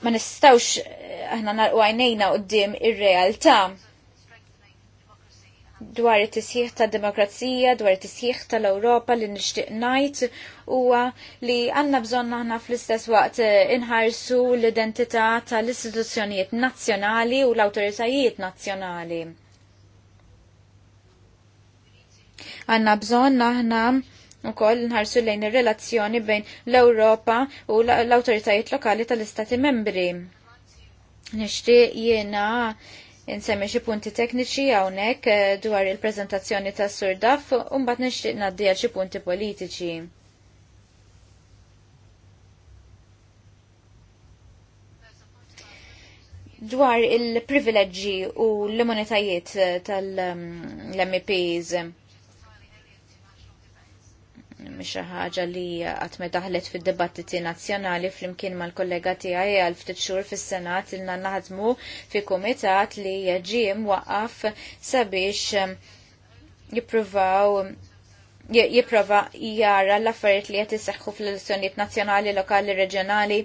ma nistgħux aħna narqu għajnejna qudiem ir-realtà dwar it-tisħiħ ta' demokrazija, dwar it-tisħiħ tal-Ewropa li nixtieq ngħid huwa li għandna bżonn aħna fl-istess waqt inħarsu l-identità tal-istituzzjonijiet nazzjonali u l-awtoritajiet nazzjonali. Għandna bżonn aħna wkoll nħarsu lejn ir-relazzjoni bejn l-Ewropa u l-awtoritajiet lokali tal-Istati membri. Nixtieq jena insemmi xi punti tekniċi hawnhekk eh, dwar il-preżentazzjoni tas Sur Daff u mbagħad nixtieq ngħaddiha xi punti politiċi. Dwar il-privileġġi u l-immunitajiet eh, tal-MEPs. Mm, xi ħaġa li qatt me daħlet fid-dibattiti nazzjonali flimkien mal-kollega tiegħi għal ftit xhur fis-Senat ilna naħdmu fi kumitat li ġie mwaqqaf sabiex ehm, jippruvaw jipprova jara l-affarijiet li qed isseħħu fl-elezzjonijiet nazzjonali, lokali, reġjonali.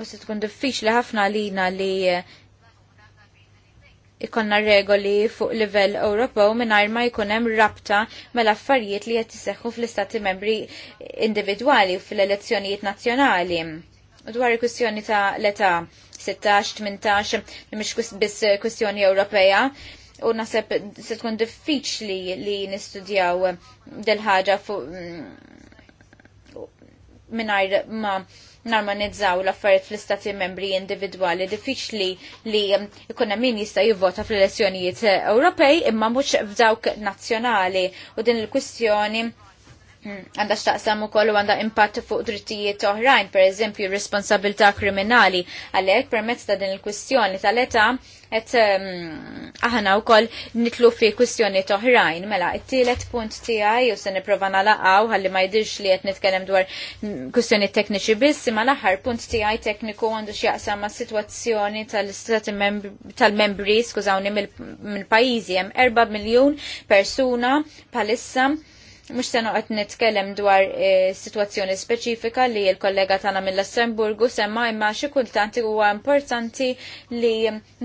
U se tkun diffiċli ħafna lina li ikonna regoli fuq livell Ewropew mingħajr ma jkun hemm rabta mal-affarijiet li qed iseħħu fl-istati membri individwali fil-elezzjonijiet nazzjonali. Dwar il-kwistjoni ta' l-età 16-18 li mhix biss kwistjoni Ewropea u naħseb se tkun diffiċli li nistudjaw del ħaġa fuq mm, minnajr ma' narmanizzaw l-affarijiet fl-istati membri individwali diffiċli li um, ikunna min jista' jivvota fl-elezzjonijiet Ewropej imma mhux f'dawk nazzjonali u din il-kwistjoni Għanda xtaqsam u kollu għanda impatt fuq drittijiet oħrajn, per eżempju, responsabilta kriminali. Għalek, permezz ta' din il-kwistjoni tal-eta, et ehm, aħna u koll nitlu fi kwistjoni toħrajn. Mela, it-tielet punt tijaj, u se niprofa nalaqaw, għalli ma jidirx li jett nitkellem dwar kwistjoni tekniċi biss, ma l-aħħar punt tijaj tekniku għandu xjaqsam ma situazzjoni tal-istati tal-membri, skużawni, mill-pajizi, jem 4 miljon persuna palissa Mux sena għat nitkellem dwar e, situazzjoni speċifika li l-kollega tana mill lassemburgu semma imma xi kultanti huwa importanti li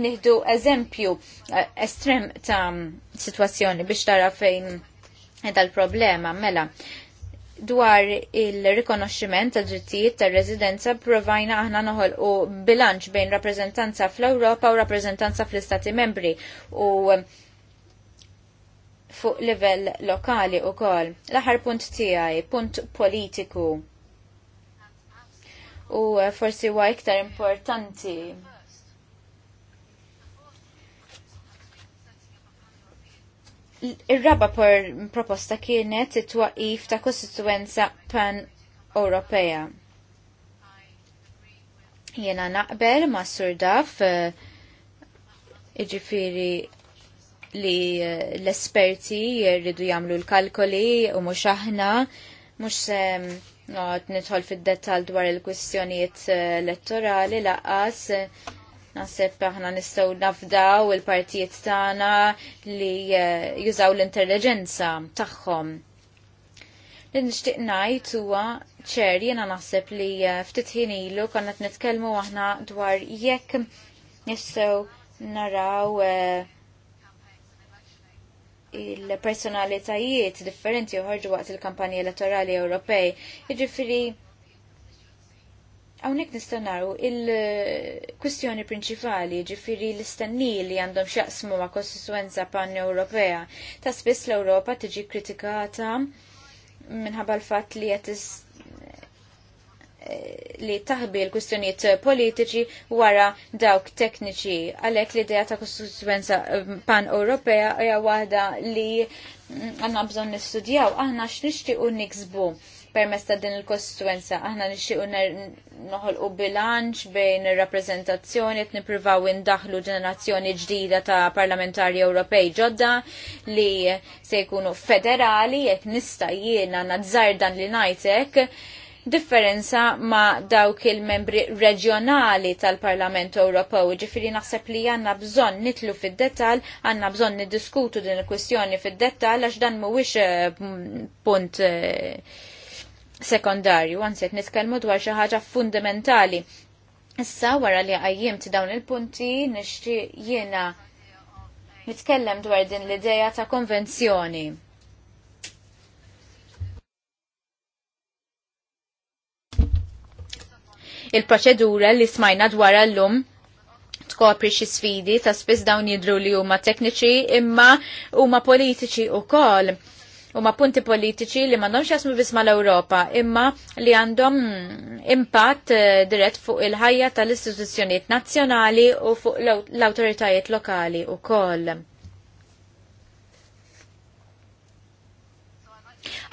nihdu eżempju e, estrem ta' situazzjoni biex tara fejn dal-problema mela dwar il-rikonoxximent ta' drittijiet ta' residenza provajna aħna noħol u bilanċ bejn rappreżentanza fl-Ewropa u rappreżentanza fl-Istati membri u fuq livell lokali u kol. L-aħar punt tijaj, punt politiku. U eh, forsi huwa iktar importanti. Ir-raba proposta kienet it-twaqif ta' kostituenza pan-Ewropea. Jena naqbel ma' surdaf, eh, iġifiri li l-esperti jirridu jagħmlu l-kalkoli u mhux aħna mhux se noqgħod ah, nidħol fid-dettall dwar il-kwistjonijiet eh, elettorali laqqas, naħseb aħna nistgħu nafdaw il-partijiet tagħna li eh, jużaw l-intelligenza tagħhom. Li nixtieq ngħid huwa ċer jiena naħseb li eh, ftit ħin ilu konna nitkellmu aħna dwar jekk nistgħu naraw uh, il-personalitajiet differenti uħarġu waqt il-kampanji elettorali Ewropej. Jiġifieri Għawnek nistanaru il-kwistjoni prinċipali ġifiri l-istanni li għandhom xaqsmu ma' konsistenza pan-Ewropea. Ta' spiss l-Ewropa tiġi kritikata minħabba l-fat li qed Eh, li taħbi l-kustjoniet politiċi wara dawk tekniċi. Għalek l-ideja ta' kostituenza eh, pan-Ewropea hija waħda li mm, għanna bżon nistudjaw, aħna x'nixtiequ niksbu permess ta' din il-kostituenza, aħna nixtiequ noħolqu bilanċ bejn ir-rappreżentazzjoni qed nippruvaw indaħlu ġenerazzjoni ġdida ta' parlamentari Ewropej ġodda li se jkunu federali jekk nista' jiena nazzar dan li ngħidlek differenza ma' dawk il-membri reġjonali tal-Parlament Ewropew. Ġifiri naħseb li għanna bżon nitlu fid-detal, għanna bżon niddiskutu din il-kwestjoni fid-detal, għax dan mhuwiex eh, punt eh, sekondarju, għanset nitkelmu dwar xi ħaġa fundamentali. Issa wara li għajjimt dawn il-punti nixtieq jiena nitkellem dwar din l-ideja ta' konvenzjoni. Il-proċedura li smajna dwar l-lum tkopri xi sfidi ta' spiss dawn jidru li huma tekniċi imma huma politiċi wkoll. Huma punti politiċi li m'għandhomx jasmu biss mal-Ewropa imma li għandhom mm, impatt eh, dirett fuq il-ħajja tal-istituzzjonijiet nazzjonali u fuq l-awtoritajiet lokali wkoll.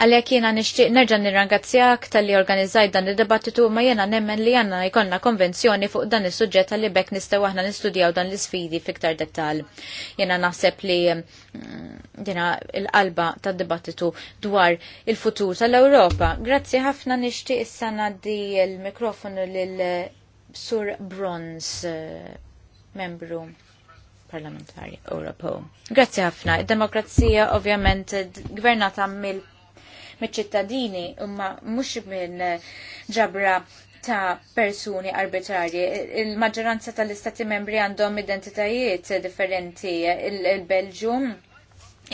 Għalhekk jiena nixtieq nerġa' nirrangazzjak tal-li organizzajt dan id-dibattitu ma jiena nemmen li għandna jkollna konvenzjoni fuq dan is-suġġett għalli bekk nistaw aħna nistudjaw dan l-isfidi fiktar dettal. Jiena naħseb li dina mm, il-qalba tad-dibattitu dwar il-futur tal-Ewropa. Grazzi ħafna nixtieq issa ngħaddi l-mikrofonu lil Sur Bronze, eh, membru parlamentari Ewropew. Grazzi ħafna. il demokrazija ovvjament gvernata mill miċ-ċittadini imma mhux minn ġabra ta' persuni arbitrarji. Il-maġġoranza tal-istati membri għandhom identitajiet differenti. Il-Belġum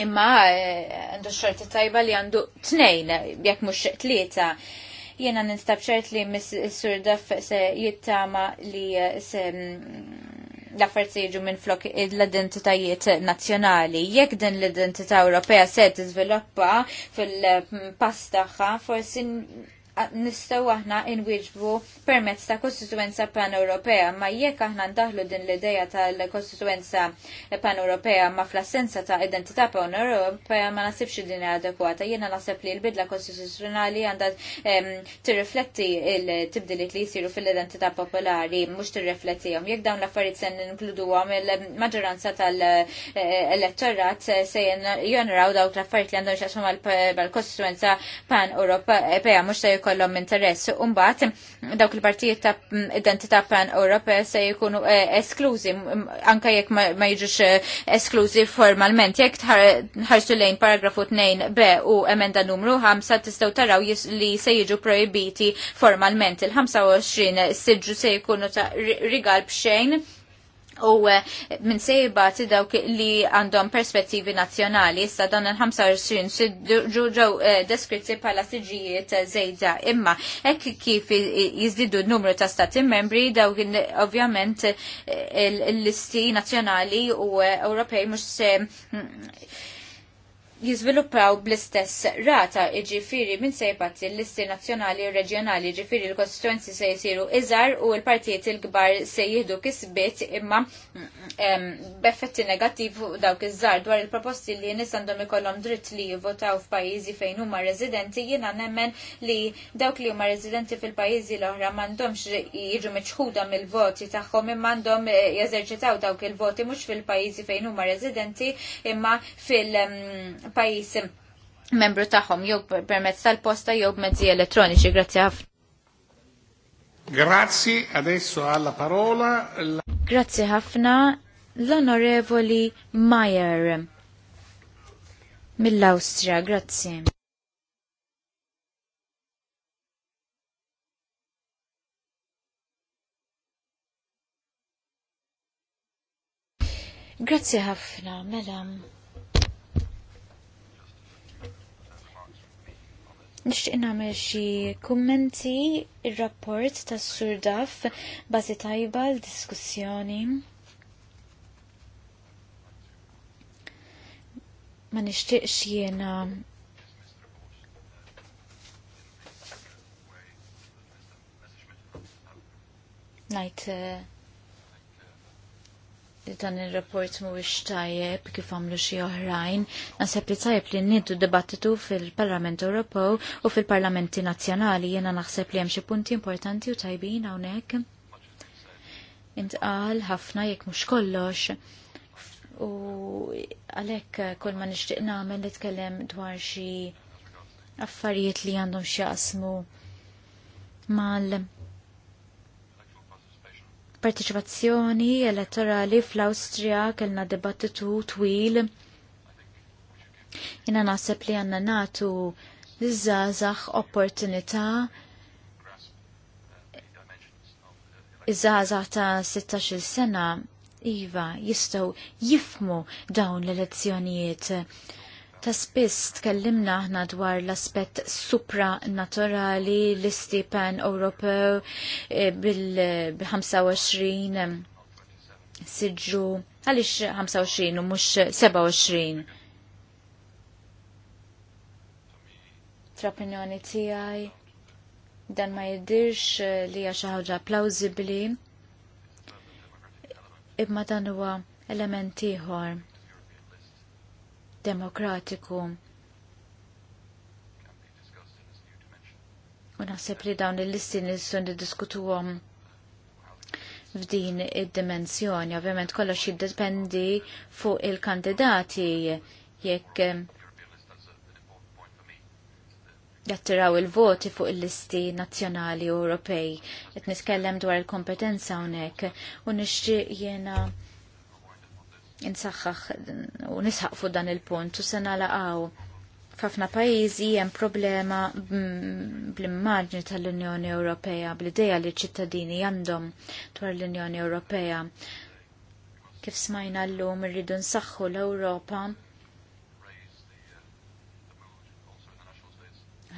imma eh, għandu xorti tajba li għandu tnejn, jekk mhux tlieta. Jiena nistab ċert li Miss Surdaf se jittama li se mm, l-affarijiet jiġu minn flok l-identitajiet nazzjonali. Jekk din l-identità Ewropea se tiżviluppa fil pastaħa forsi nistgħu aħna inwieġbu permezz ta' Kostituenza Pan-Ewropea, ma jekk aħna ndaħlu din l-idea tal-Kostituenza Pan-Ewropea ma fl-assenza ta' identità Pan-Ewropea ma nasibx din adekwata. Jiena naħseb li l-bidla kostituzzjonali għandha tirrifletti il-tibdiliet li jsiru fil-identità popolari, mhux tirriflettihom. Jekk dawn l-affarijiet se ninkluduhom il-maġġoranza tal-elettorat se jonraw dawk l-affarijiet li għandhom xaqshom għal-kostituenza Pan-Ewropea mhux se kollom interess. u mbagħad dawk il-partijiet ta' identità pan-Ewropea se jkunu eh, esklużi, anke jekk ma jiġux eh, esklużi formalment. Jekk ħarsu lejn paragrafu 2 B u emenda numru 5 tistgħu taraw li se jiġu projbiti formalment. Il-25 siġu se jkunu ta' rigal b'xejn u eh, minn sejba dawk li għandhom perspettivi nazjonali, issa dan il-25 ġew eh, deskritti pala siġijiet eh, zejda imma ek kif jizdidu n-numru ta' stati membri dawk ovvjament l-listi nazjonali u Ewropej mux jizviluppaw bl-istess rata iġifiri minn sejbat l-listi nazjonali u reġjonali iġifiri l-konstituenzi se jisiru iżar u l-partijiet il-gbar se jihdu kisbit imma beffetti negativ dawk iż-żar dwar il-proposti li nis għandhom ikollhom dritt li jivvotaw f'pajjiżi fejn huma residenti jiena nemmen li dawk li huma residenti fil-pajjiżi l-oħra m'għandhomx jiġu miċħuda mill-voti tagħhom imma għandhom eh, jeżerċitaw dawk il-voti mhux fil-pajjiżi fejn huma residenti imma fil- pajjiż membru tagħhom jew permezz tal-posta jew mezzi elettroniċi. Grazzi ħafna. Grazzi, adesso alla parola. Grazzi ħafna l-Onorevoli Meyer mill-Austria. Grazzi. Grazzi ħafna, madam. Nixtieq nagħmel xi kummenti ir-rapport tas-Sur Daf bażi tajba l-diskussjoni. ma nixtieqx jiena ngħid eh, dan il-rapport mhuwiex tajjeb kif għamlu xi oħrajn, naħseb li tajjeb li nintu dibattitu fil-Parlament Ewropew u fil-Parlamenti Nazzjonali jiena naħseb li hemm xi punti importanti u tajbin hawnhekk. Intqal ħafna jekk mhux kollox. U għalhekk kull ma nixtieq nagħmel nitkellem dwar xi affarijiet li għandhom xi jaqsmu mal Parteċipazzjoni elettorali fl-Awstrija kellna dibattitu twil. Jina naħseb li għanna natu l-żazax opportunità iż-żazax ta' 16 sena iva jistgħu jifmu dawn l-elezzjonijiet Ta' spiss tkellimna aħna dwar l-aspett supranaturali l-istipen Ewropew bil-25 siġu għaliex 25 u mhux 27. Trapinjoni tiegħi dan ma jiddirx eh, li hija xi ħaġa plawsibbli imma dan huwa elementi ieħor demokratiku. U naħseb li dawn il-listi nissu għom f'din id-dimensjoni. Ovvjament kollox jiddependi fuq il-kandidati jekk jattiraw il-voti fuq il-listi nazzjonali u Ewropej. Qed niskellem dwar il-kompetenza hawnhekk u nixtieq jiena insaxħax u nisħaq fuq dan il-punt u se nalaqgħu f'ħafna pajjiżi hemm problema bl-immaġni tal-Unjoni Ewropea, bl-idea li ċittadini għandhom dwar l-Unjoni Ewropea. Kif smajna llum irridu nsaħħu l-Ewropa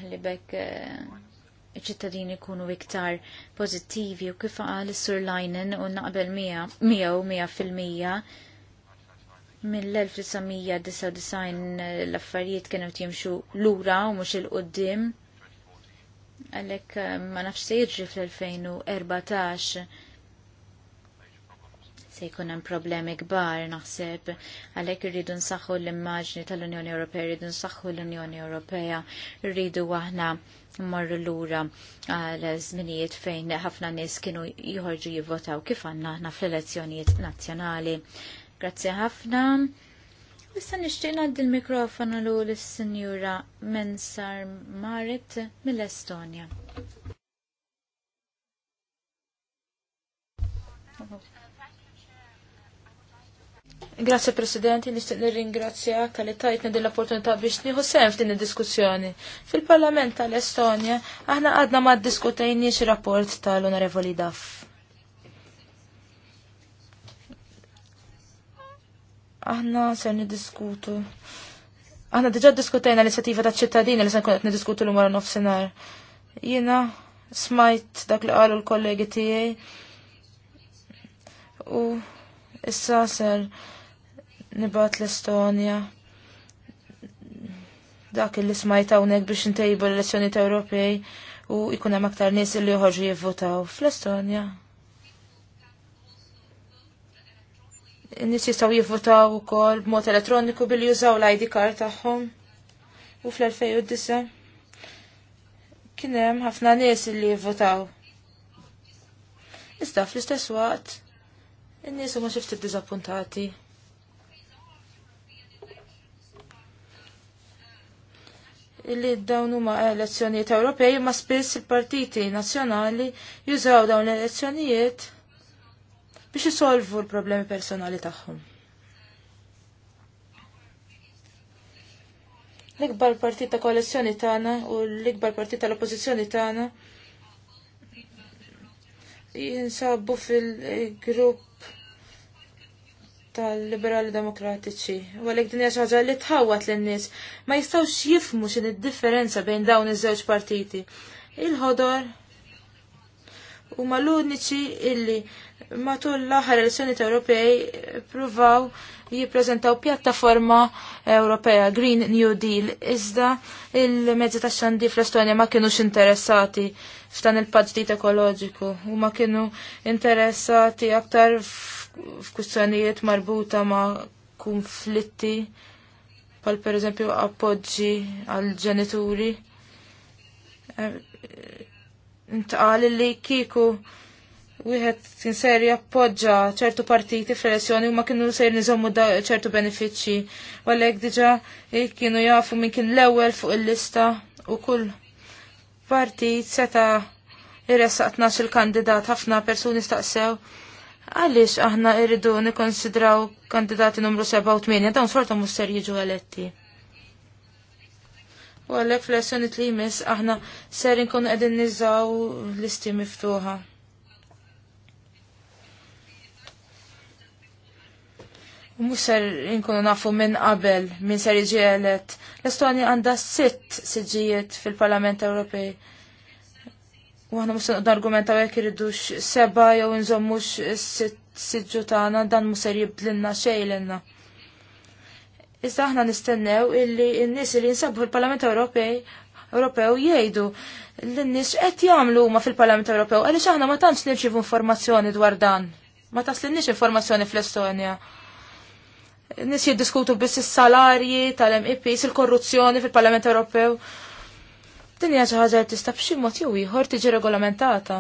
ħalli bekk eh, iċ-ċittadini jkunu iktar pożittivi u kif qal is-Sur Lajnen u naqbel miegħu mija fil-mija. mija mill-1999 l-affarijiet kienu jimxu lura u mhux il-qoddim. Għalhekk eh, ma nafx se jiġri fl-2014 se jkun hemm problemi kbar naħseb għalhekk irridu nsaħħu l-immaġni tal-Unjoni Ewropea, irridu nsaħħu l-Unjoni Ewropea, irridu aħna mmorru lura għal żminijiet fejn ħafna nies kienu jħorġu jivvotaw kif għandna aħna fl-elezzjonijiet nazzjonali. Grazzi ħafna. Issa nixtieq ngħaddi l-mikrofonu lu lis-Sinjura Mensar Marit mill-Estonja. Grazie Presidenti, nistaq nirringrazzja kalli tajtna din l-opportunità biex nieħu sehem f'din id-diskussjoni. Fil-Parlament tal-Estonja aħna għadna ma ddiskutejniex rapport tal-Onorevoli Daff. Aħna ser niddiskutu. Aħna diġa diskutajna l-inizjattiva ta' ċittadini li se nkun qed niddiskutu l wara nofsinhar. Jiena smajt dak li qalu l-kollegi tiegħi. U issa ser nibat l-Estonja. Dak li smajt hawnhekk biex intejbu l elezzjoni ta' Ewropej u jkun hemm aktar nies li joħorġu jivvotaw fl-Estonja. Nis jistaw jivvotaw u kol b'mod elettroniku billi jużaw l-ID card tagħhom. U fl-2009 kienem ħafna nies li jivvotaw. Iżda fl-istess waqt in-nies huma xi ftit diżappuntati. Illi dawn huma elezzjonijiet Ewropej ma spiss il-partiti nazzjonali jużaw dawn l-elezzjonijiet biex isolvu l-problemi personali tagħhom. L-ikbar partit ta' koalizjoni tagħna u l-ikbar partit tal-oppożizzjoni tagħna jinsabu fil-grupp tal-liberali demokratiċi. U għalek dinja ħaġa li tħawat l nies ma jistawx jifmu xin id-differenza bejn dawn iż-żewġ partiti. Il-ħodor u mal-uniċi illi matul l-aħħar elezzjonijiet Ewropej pruvaw jippreżentaw pjattaforma Ewropea Green New Deal iżda il-mezzi tax xandi fl-Estonja ma kienux interessati f'dan il-paġdit ekoloġiku u ma kienu interessati aktar f'kustjonijiet marbuta ma' konflitti pal per eżempju appoġġi għal ġenituri intqal li kiku wieħed kien ser jappoġġa ċertu partiti fl-elezzjoni u ma kienu ser niżommu ċertu benefiċċji. U għalhekk diġà eh, kienu jafu min kien l-ewwel fuq il-lista u kull partit seta irressaq il kandidat ħafna persuni staqsew. Għaliex aħna irridu nikkonsidraw kandidati numru 7 u 8, dawn sorta mhux ser jiġu eletti. U għallek fl-lessonit li jmiss aħna ser nkun għedin l listi miftuħa. U mux ser nkun nafu minn qabel, minn ser iġi għalet. L-Estonja għanda sitt siġijiet fil-Parlament Ewropej. U għahna mux sen argumenta għek irridux seba jew nżommux sitt siġu tagħna dan mux ser jibdlinna xejlinna. l Iżda aħna nistennew illi n-nies li jinsabu fil-Parlament Ewropej Ewropew jgħidu l-nies qed jagħmlu huma fil-Parlament Ewropew għaliex aħna ma tantx nirċivu informazzjoni dwar dan. Ma taslinniex informazzjoni fl-Estonja. Nis jiddiskutu biss is-salarji tal-MEPs, il-korruzzjoni fil-Parlament Ewropew. Din hija xi ħaġa li tista' b'xi mod jew ieħor tiġi regolamentata.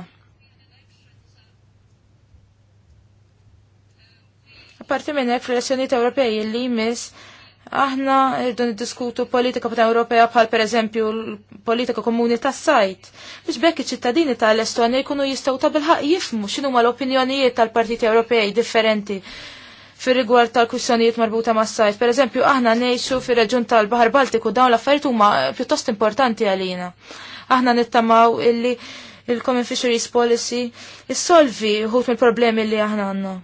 Apparti minn hekk fl-elezzjonijiet Ewropej li jmiss Aħna irdu niddiskutu politika pan Ewropea bħal pereżempju l-politika komuni tas-sajt. Biex bekk iċ-ċittadini tal-Estonja jkunu jistgħu ta' bilħaq jifmu x'inhuma l-opinjonijiet tal-partiti Ewropej differenti fir rigward tal-kwissjonijiet marbuta mas sajt Per eżempju, aħna nejxu fir reġun tal-Bahar Baltiku dawn l-affarijiet huma pjuttost importanti għalina. Aħna nittamaw illi il-Common Fisheries Policy issolvi ħut mill-problemi li aħna għandna.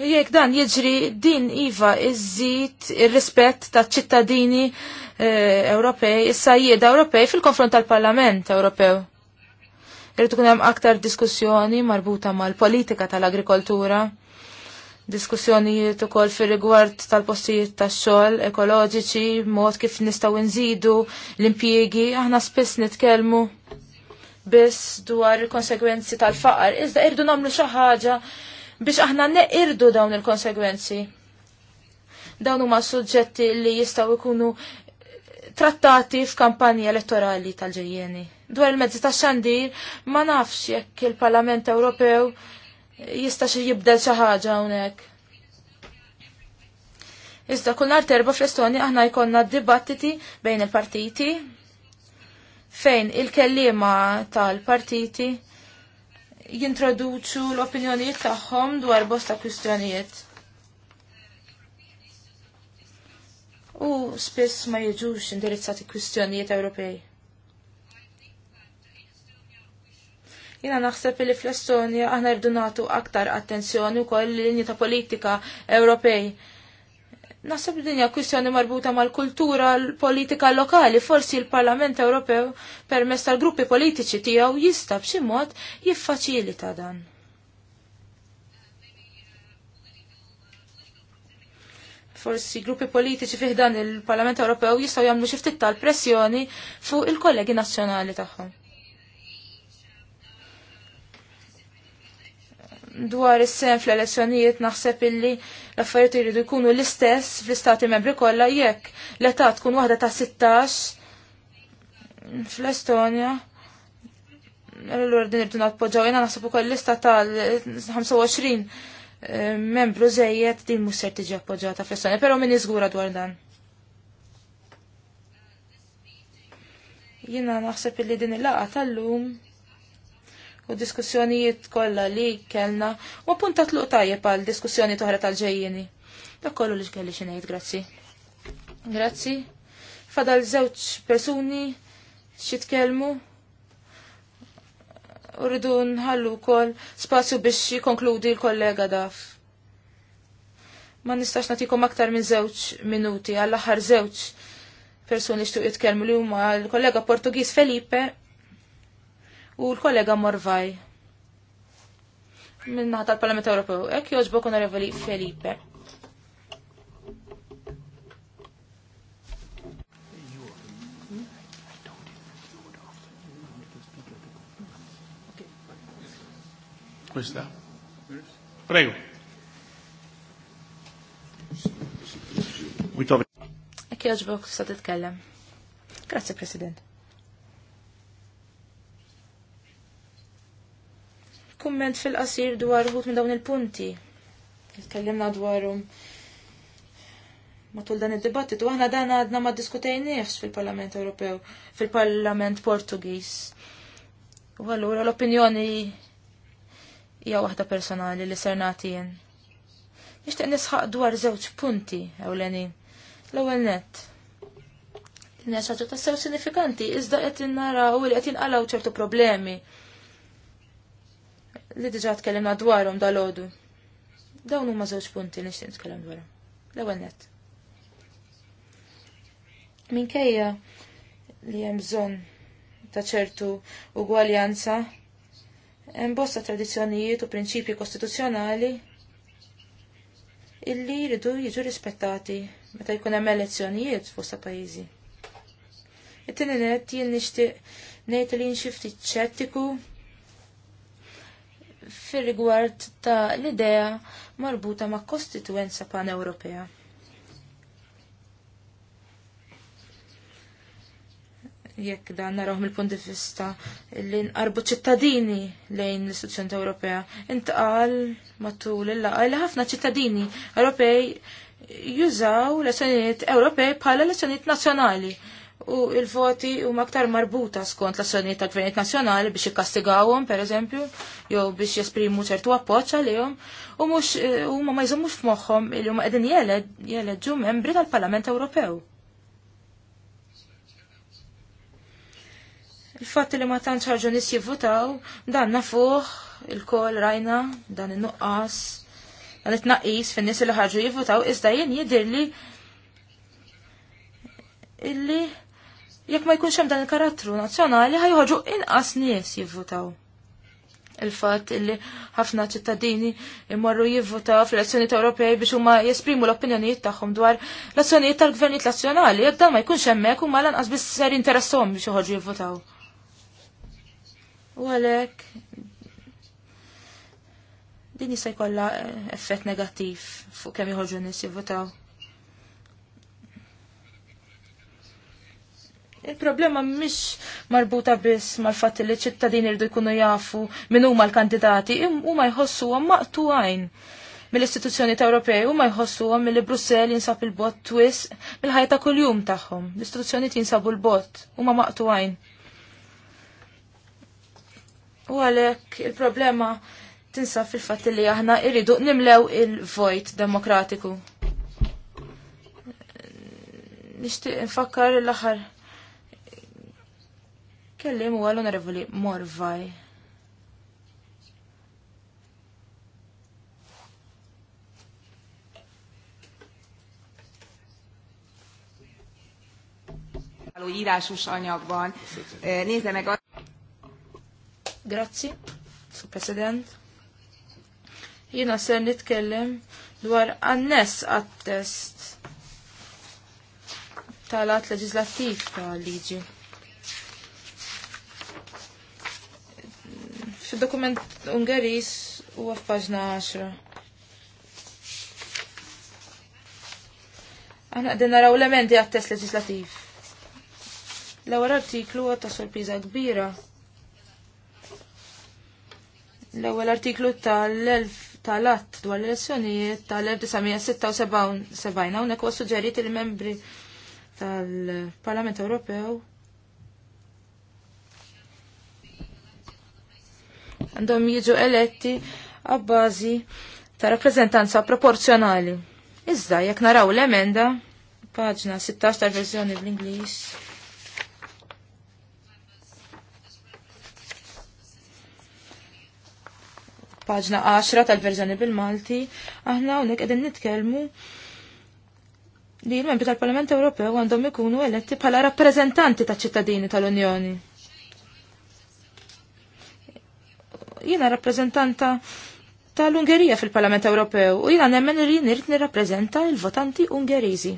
Jek dan jiġri din Iva iżżid ir-rispett ta' ċittadini eh, Ewropej, is-sajjieda Ewropej fil-konfront tal-Parlament Ewropew. Irrid ikun hemm aktar diskussjoni marbuta mal-politika tal-agrikoltura, diskussjonijiet ukoll fir-rigward tal-postijiet tax-xogħol ekoloġiċi, mod kif nistgħu nżidu l-impjiegi, aħna spiss nitkellmu biss dwar il-konsegwenzi tal-faqar, iżda irdu nagħmlu xi ħaġa biex aħna neqirdu dawn il-konsegwenzi. Dawn huma suġġetti li jistgħu jkunu trattati f'kampanji elettorali tal-ġejjeni. Dwar il-mezzi ta' xandir, ma nafx jekk il-Parlament Ewropew jista' xi jibdel xi ħaġa hawnhekk. Iżda kull nhar terba fl-Estonja aħna jkollna dibattiti bejn il-partiti fejn il-kellima tal-partiti jintroduċu l-opinjonijiet tagħhom dwar bosta kwistjonijiet. U spiss ma jiġux indirizzati kwistjonijiet Ewropej. Jina naħseb li fl-Estonja aħna rridu nagħtu aktar attenzjoni wkoll l-linji ta' politika Ewropej Nasib dinja kwistjoni marbuta mal-kultura l-politika lokali, forsi l-Parlament Ewropew permess tal-gruppi politiċi tiegħu jista' b'xi mod jiffaċilita dan. Forsi gruppi politiċi fih dan il-Parlament Ewropew jistgħu jagħmlu xi ftit tal-pressjoni fuq il-kollegi nazzjonali tagħhom. dwar is-sen fl-elezzjonijiet naħseb illi l-affarijiet jridu jkunu l-istess fl-istati membri kollha jekk l-età tkun waħda ta' 16 fl-Estonja. Allura din irdu nadpoġġaw jena naħseb ukoll l-ista ta 25 membru żejjed din mhux ser tiġi appoġġjata fl-Estonja, però min iżgura dwar dan. Jiena naħseb illi din il-laqgħa tal-lum u diskussjonijiet kollha li kellna u puntat luq tajjeb għal diskussjoni toħra tal-ġejjeni. Dak kollu li xkelli xi ngħid, grazzi. Grazzi. Fadal żewġ persuni xi tkellmu u nħallu wkoll spazju biex jikonkludi l-kollega daf. Ma nistax natikom aktar minn żewġ minuti għall-aħħar żewġ persuni xtuq jitkellmu li huma l-kollega Portugiż Felipe u l-kollega Morvaj minna tal-Parlament Ewropew. Ek joġbok onorevoli Felipe. Questa? Prego. Ek joġbok sa titkellem. Grazie, Presidente. Kumment fil-qasir dwar uħut minn dawn il-punti. Itkellimna dwarhom matul dan id-dibattitu, aħna dan għadna ma diskutejniex fil-Parlament Ewropew, fil-Parlament Portugiż. U allura l-opinjoni hija waħda personali li ser nagħtijen. Nixtieq nisħaq dwar żewġ punti ewlenin. L-ewwel nett. Dinja tassew sinifikanti, iżda qed innaraw li qed jinqalgħu ċertu problemi li diġa tkellimna dwarhom dal ħodu Dawn huma żewġ punti nixtieq nitkellem dwarhom. L-ewwel nett. Minkejja li hemm bżonn ta' ċertu ugwaljanza, hemm bosta tradizzjonijiet u prinċipji kostituzzjonali illi jridu jiġu rispettati meta jkun hemm elezzjonijiet fosta pajjiżi. It-tieni nett jien nixtieq ngħid li nxifti ftit ċettiku fir-rigward ta' l-idea marbuta ma' kostituenza pan-Ewropea. jekk dan naraw mill-punt di vista li nqarbu ċittadini lejn l-istituzzjoni Ewropea. Intqal matul il-laqgħa li ħafna ċittadini Ewropej jużaw l-elezzjonijiet Ewropej bħala elezzjonijiet nazzjonali u il-voti huma aktar marbuta skont l sonni tal-gvernijiet nazzjonali biex ikkastigawhom pereżempju jew biex jesprimu ċertu appoċċa għalihom u mhux e, huma ma jżommux f'moħħhom li huma qegħdin jeleġġu membri tal-Parlament Ewropew. Il-fatt li ma tantx ħarġu nies jivvutaw dan nafuh il-kol rajna dan in-nuqqas dan it-tnaqqis fin-nies li ħarġu jivvutaw iżda jien jidhirli illi jekk ma jkunx hemm dan il-karattru nazzjonali ħajħoġu inqas nies jivvutaw. Il-fatt li ħafna ċittadini imorru jivvutaw fl-elezzjoni ta' Ewropej biex huma jesprimu l-opinjonijiet tagħhom dwar l-azzjonijiet tal-gvernijiet nazzjonali, jekk dan ma jkunx hemmhekk huma lanqas biss ser interessom biex joħorġu jivvutaw. U għalhekk din jista' jkollha effett negattiv fuq kemm joħorġu nies jivvutaw. Il-problema mish marbuta biss mal-fatt li ċittadini rridu jkunu jafu minn huma l-kandidati, huma jħossuhom maqtu għajn mill-istituzzjoni ta' Ewropej huma jħossuhom milli Brussell jinsab il-bot twis mill-ħajja ta' kuljum tagħhom. L-istituzzjoni jinsabu l-bot, huma maqtu għajn. U għalhekk il-problema tinsab fil-fatt li aħna irridu nimlew il-vojt demokratiku. Nixtieq nfakkar l-aħħar kellim u għal-onorevoli Morvaj. írásos anyagban. Eh, nézze meg a... Grazzi, su president. Jina ser nitkellem dwar annes attest tal-att leġislattiv tal-liġi. Fil-dokument Ungaris u għaffaġna 10. Għana għedin naraw elementi għat-test leġislativ. L-ewwel artiklu għatta sorpriża kbira. L-ewwel artiklu tal-att dwar l-elezzjonijiet tal-1976 hawnhekk huwa suġġerit il-membri tal-Parlament Ewropew għandhom jiġu eletti għabbażi ta' rappreżentanza proporzjonali. Iżda, jekk naraw l-emenda, paġna 16 tal-verżjoni bl-Ingliż. Paġna 10 tal-verżjoni bil-Malti, aħna hawnhekk qegħdin nitkellmu li l-membri tal-Parlament Ewropew għandhom ikunu eletti bħala rappreżentanti taċ ċittadini tal-Unjoni. Jiena rappreżentanta tal-Ungerija fil-Parlament Ewropew u jiena nemmen li nirid nirrappreżenta l-votanti Ungeriżi.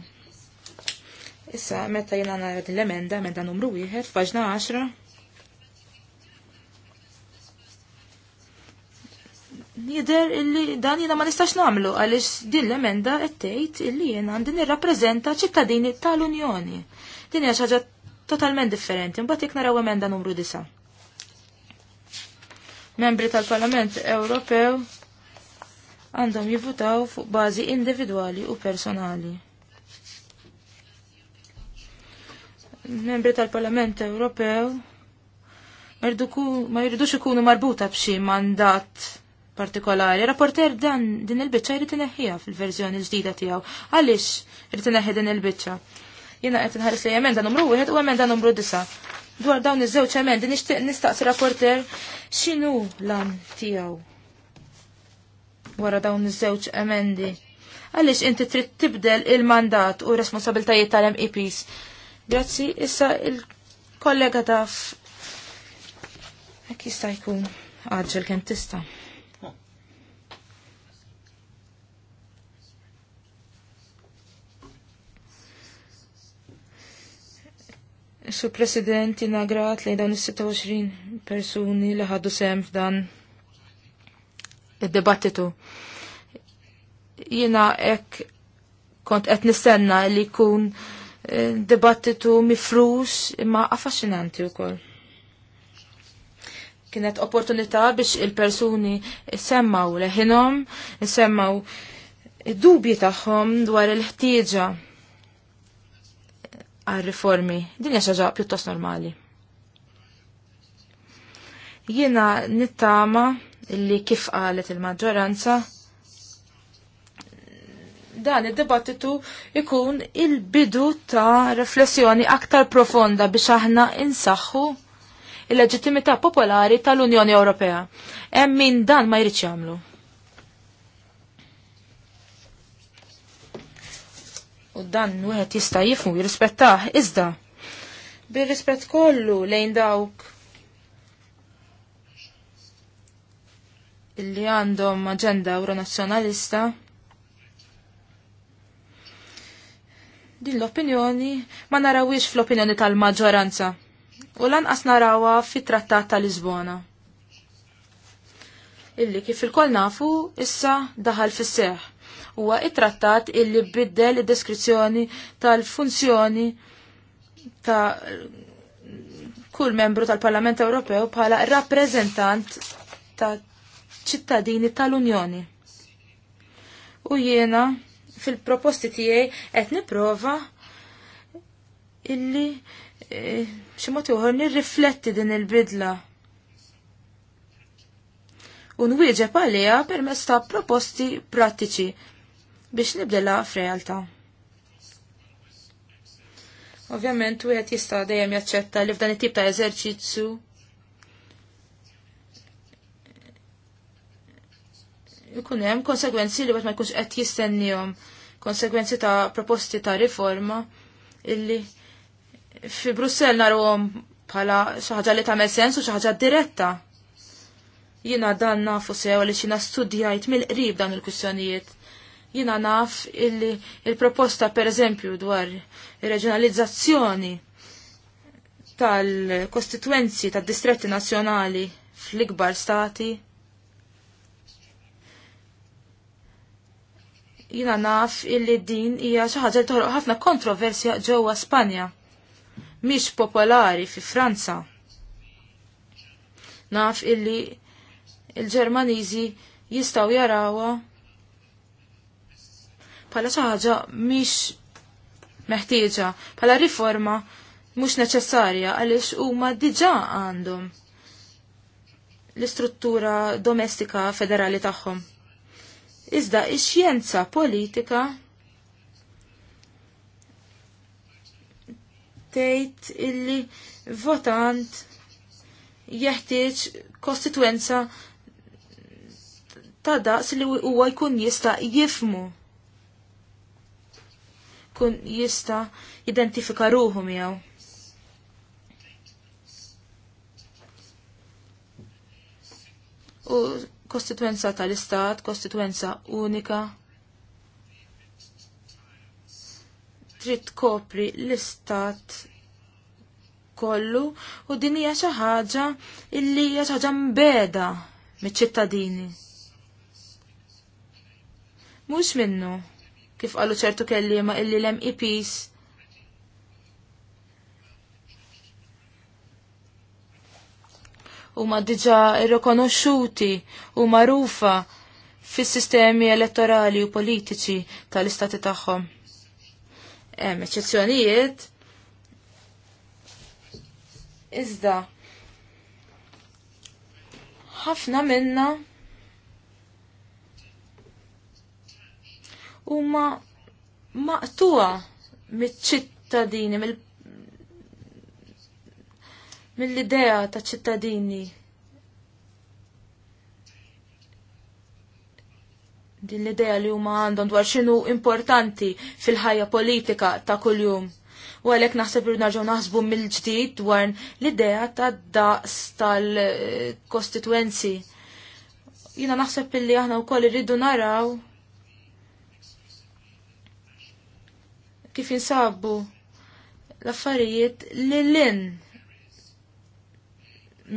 Issa, meta jiena nara l-emenda, emenda numru wieħed, faġna 10. Nider illi dan jiena ma nistax nagħmlu għaliex din l-emenda qed tgħid illi jiena għandi nirrappreżenta ċittadini tal-Unjoni. Din hija xi ħaġa totalment differenti, mbagħad jekk naraw emenda numru disa' membri tal-Parlament Ewropew għandhom jivutaw fuq bażi individwali u personali. Membri tal-Parlament Ewropew ma jirdux ikunu marbuta b'xi mandat partikolari. Rapporter dan din il-bicċa jrid ineħħiha fil-verżjoni l-ġdida tiegħu. Għaliex irid ineħħi din il-bicċa? Jiena qed inħares li emenda numru wieħed u emenda numru disa' dwar dawn iż-żewġ emendi nixtieq nistaqsi rapporter x'inhu lan tiegħu wara dawn iż-żewġ emendi. Għaliex inti trid tibdel il-mandat u responsabiltajiet tal-MEPs. Grazzi, issa il-kollega taf. Hekk jista' jkun għaġġel kemm tista'. Su President inagrat li dawn is-26 persuni li ħaddu sem f'dan id debattitu Jiena hekk kont qed nistenna li jkun eh, dibattitu mifrus imma affaxxinanti wkoll. Kienet opportunità biex il-persuni semmaw leħinhom, semmaw id-dubji tagħhom dwar il-ħtieġa għal-riformi. Din hija xaġa pjuttost normali. Jiena nittama illi kif qalet il-maġġoranza dan id-dibattitu ikun il-bidu ta' riflessjoni aktar profonda biex aħna insaħħu il-leġittimità popolari tal-Unjoni Ewropea. Hemm min dan ma jridx jagħmlu. u dan wieħed jista' jifhmu jirrispettah iżda bir-rispett kollu lejn dawk illi għandhom aġenda euronazzjonalista din l-opinjoni ma narawix fl-opinjoni tal-maġġoranza u lanqas narawha fit-trattat tal-Lisbona. Illi kif il-kol nafu issa daħal fis seħħ huwa it-trattat illi biddel id-deskrizzjoni tal-funzjoni ta' kull membru tal-Parlament Ewropew bħala rappreżentant ta' ċittadini tal-Unjoni. U jiena fil-proposti tiegħi qed nipprova illi e, xi mod ieħor nirrifletti din il-bidla. U nwieġeb għaliha permezz ta' proposti prattiċi biex nibdela f'realtà. Ovvjament, u għet jista dejjem jaċċetta li f'dan it-tip ta' eżerċizzu ikun hemm konsegwenzi li ma jkunx qed jistennihom, konsegwenzi ta' proposti ta' riforma illi fi Brussell narhom bħala xi ħaġa li tagħmel sens u xi ħaġa diretta. Jiena dan nafu sew li xina studjajt mill-qrib dan il-kwistjonijiet Jina naf il-proposta per eżempju dwar reġionalizzazzjoni tal-kostituenzi tad-distretti nazjonali fl-ikbar stati. Jina naf illi din hija xi ħaġa toħroq ħafna kontroversja ġewwa Spanja. Mhix popolari fi Franza. Naf illi il-Ġermaniżi jistaw jarawa pala xi ħaġa mhix meħtieġa bħala riforma mhux neċessarja għaliex huma diġà għandhom l-istruttura domestika federali tagħhom. Iżda ix-xjenza politika tgħid illi votant jeħtieġ kostituenza ta' daqs li huwa jkun jista' jifmu kun jista jidentifika ruħu miegħu. U kostituenza tal-istat, kostituenza unika. Trid kopri l-istat kollu u din hija xi ħaġa illi hija xi ħaġa mbeda miċ-ċittadini. Mhux minnu kif qalu ċertu kellima illi l-MEPs huma diġà irrikonoxxuti u magħrufa fis-sistemi elettorali u politiċi tal-istati tagħhom. Hemm eċċezzjonijiet iżda ħafna minna huma maqtuwa mit-ċittadini, mill-idea ta' ċittadini. Din l-idea li huma għandhom dwar xinu importanti fil-ħajja politika ta' kuljum u għalek naħseb li narġaw naħsbu mill-ġdid dwar l-idea ta' daqs tal-kostituenzi. Jina naħseb li aħna u koll irridu naraw kif jinsabu l-affarijiet l lin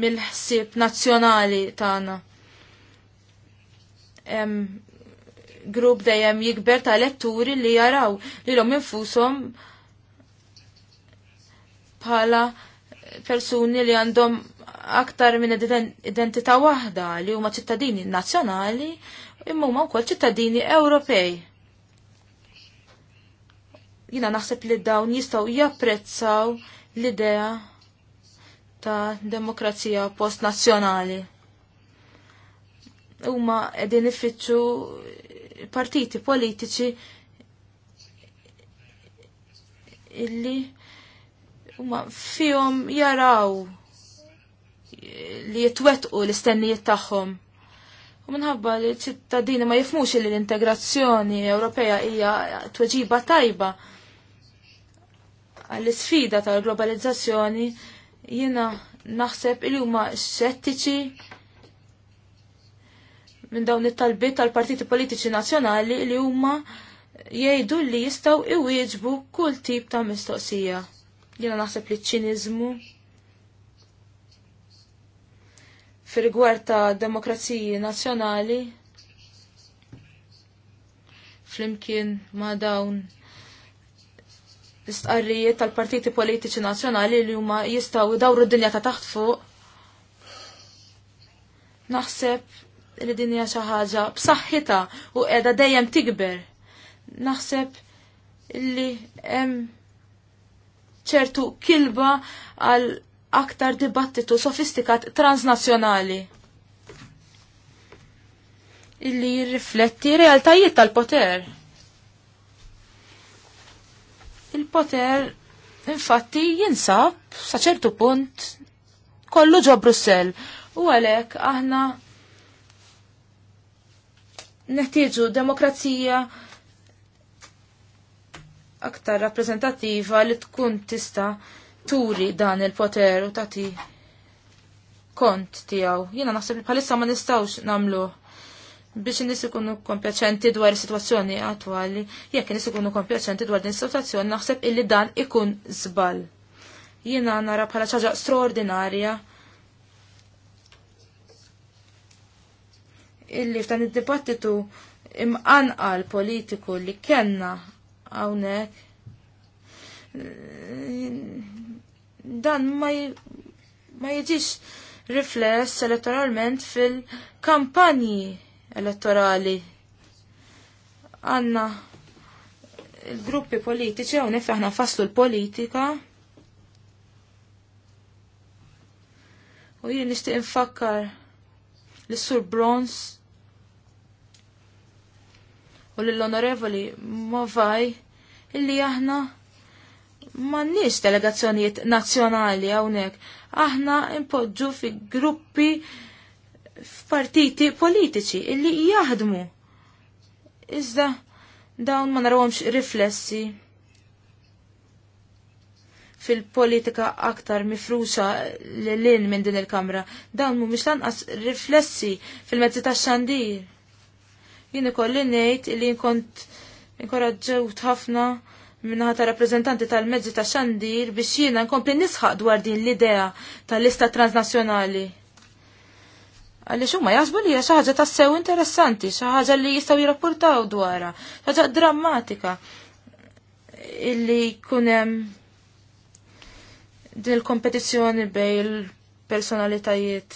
mill-ħsieb nazzjonali tagħna. Grupp dejjem jikber ta' letturi li jaraw li l-om infusom bħala persuni li għandhom aktar minn identità waħda li huma ċittadini nazzjonali imma huma wkoll ċittadini Ewropej jina naħseb li dawn jistaw japprezzaw l-idea ta' demokrazija post nazzjonali. Huma qegħdin ifittxu partiti politiċi illi huma fihom jaraw li jitwetqu l-istennijiet tagħhom. U minħabba li ċittadini ma jifmux li l-integrazzjoni Ewropea hija tweġiba tajba għall-sfida tal-globalizzazzjoni jiena naħseb il huma xettiċi minn dawn it-talbiet tal-partiti politiċi nazzjonali li huma jgħidu li jistgħu iwieġbu kull tip ta' mistoqsija. Jiena naħseb li ċinizmu ċiniżmu fir-rigward ta' demokraziji nazzjonali flimkien ma' dawn l-istqarrijiet tal-partiti politiċi nazzjonali li huma jistgħu jdawru d-dinja ta' taħt fuq. Naħseb li din hija xi ħaġa b'saħħitha u qiegħda dejjem tikber. Naħseb li hemm ċertu kilba għal aktar dibattitu sofistikat transnazzjonali illi jirrifletti realtajiet tal-poter. Il-poter infatti jinsab sa ċertu punt kollu ġo Brussell u għalhekk aħna neħtieġu demokrazija aktar rappresentativa li tkun tista turi dan il-poter u tati kont tijaw. Jena naħseb li bħalissa ma nistawx namlu biex nis ikunu kompjaċenti dwar is-sitwazzjoni attwali, jekk nis ikunu kompjaċenti dwar din is-sitwazzjoni naħseb illi dan ikun żball. Jiena nara bħala ċaġa straordinarja illi f'dan id-dibattitu imqanqal politiku li kenna hawnhekk dan ma, ma jiġix rifless elettoralment fil-kampanji elettorali. Għanna il-gruppi politiċi għu nifħna faslu l-politika. U jien nishtiq infakkar l-Sur Bronze u l-Onorevoli Movaj illi aħna nix delegazzjonijiet nazzjonali hawnhekk. Aħna impoġġu fi gruppi f'partiti politiċi illi jaħdmu. Iżda dawn ma narawomx riflessi fil-politika aktar mifruxa l-lin minn din il-kamra. Dawn mhumiex lanqas riflessi fil-mezzi tax-xandir. Jien ikolli ngħid li nkont inkoraġġewt ħafna minnaħa ta' rappresentanti tal-mezzi ta' xandir biex jiena nkompli nisħaq dwar din l-idea tal-lista transnazzjonali Għalli xumma jasbu li hija xi ħaġa tassew interessanti, xi ħaġa li jistgħu jirrapportaw dwarha, xi ħaġa drammatika illi kunem din il-kompetizzjoni bej il-personalitajiet.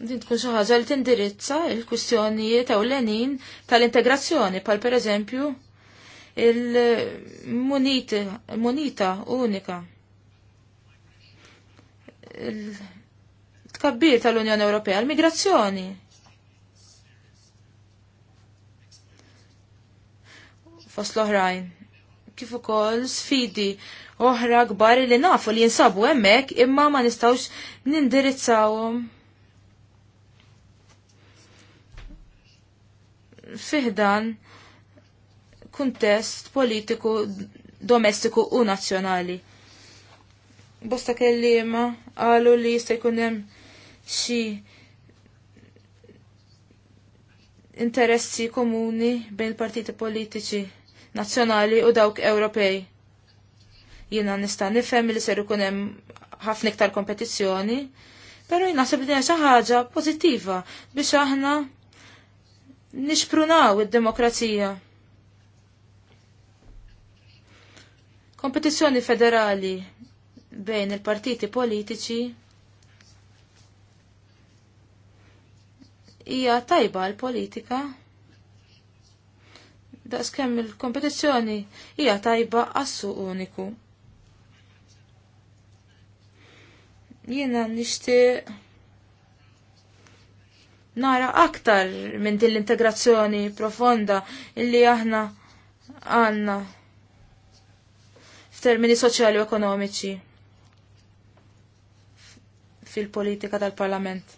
Din tkun xi ħaġa li tindirizza il-kwistjonijiet ewlenin tal-integrazzjoni pal pereżempju il-munita unika. Il tkabbir tal-Unjoni Ewropea, l-migrazzjoni. Fos l-oħrajn. Kif ukoll sfidi oħra kbar li nafu li jinsabu hemmhekk imma ma nistgħux nindirizzawhom. Fihdan kuntest politiku domestiku u nazzjonali bosta kelliema għalu li jista' jkun hemm xi interessi komuni bejn partiti politiċi nazzjonali u dawk Ewropej. Jiena nista' nifhem li ser ikun hemm ħafna iktar kompetizzjoni, però naħseb li xi ħaġa pożittiva biex aħna nixprunaw id-demokrazija. Kompetizzjoni federali bejn il-partiti politiċi hija tajba l-politika daqs kemm il-kompetizzjoni hija tajba assu uniku. Jiena nixtieq nara aktar minn din l-integrazzjoni profonda illi aħna għanna f'termini soċjali u ekonomiċi fil-politika tal-Parlament.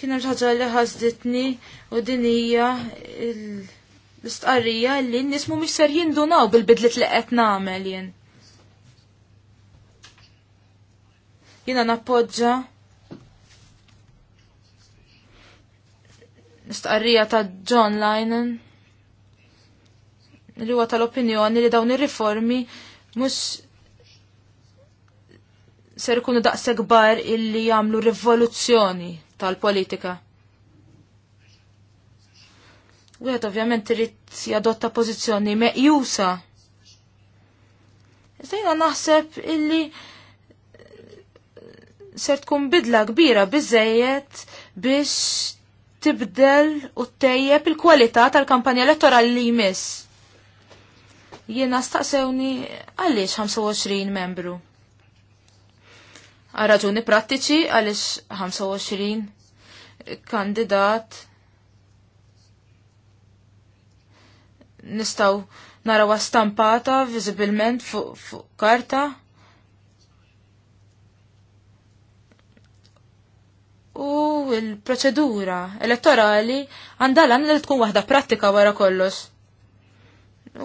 Kien ħaġa li ħazditni u din hija l-istqarrija li n-nies mhumiex ser jindunaw bil-bidlet li qed nagħmel jien. Jiena nappoġġa l-istqarrija ta' John Lennon li huwa tal-opinjoni li dawn ir-riformi mhux ser ikunu daqs kbar illi jagħmlu rivoluzzjoni tal-politika. Wieħed ovvjament irid jadotta pożizzjoni meqjusa. Iżdejna naħseb illi ser tkun bidla kbira biżejjed biex tibdel u tejjeb il-kwalità tal-kampanja elettorali li jmiss. Jiena staqsewni għaliex 25 membru għal raġuni prattiċi għaliex 25 kandidat nistaw narawa stampata viżibilment fuq fu karta. U il-proċedura elettorali għandala li tkun waħda pratika wara kollox.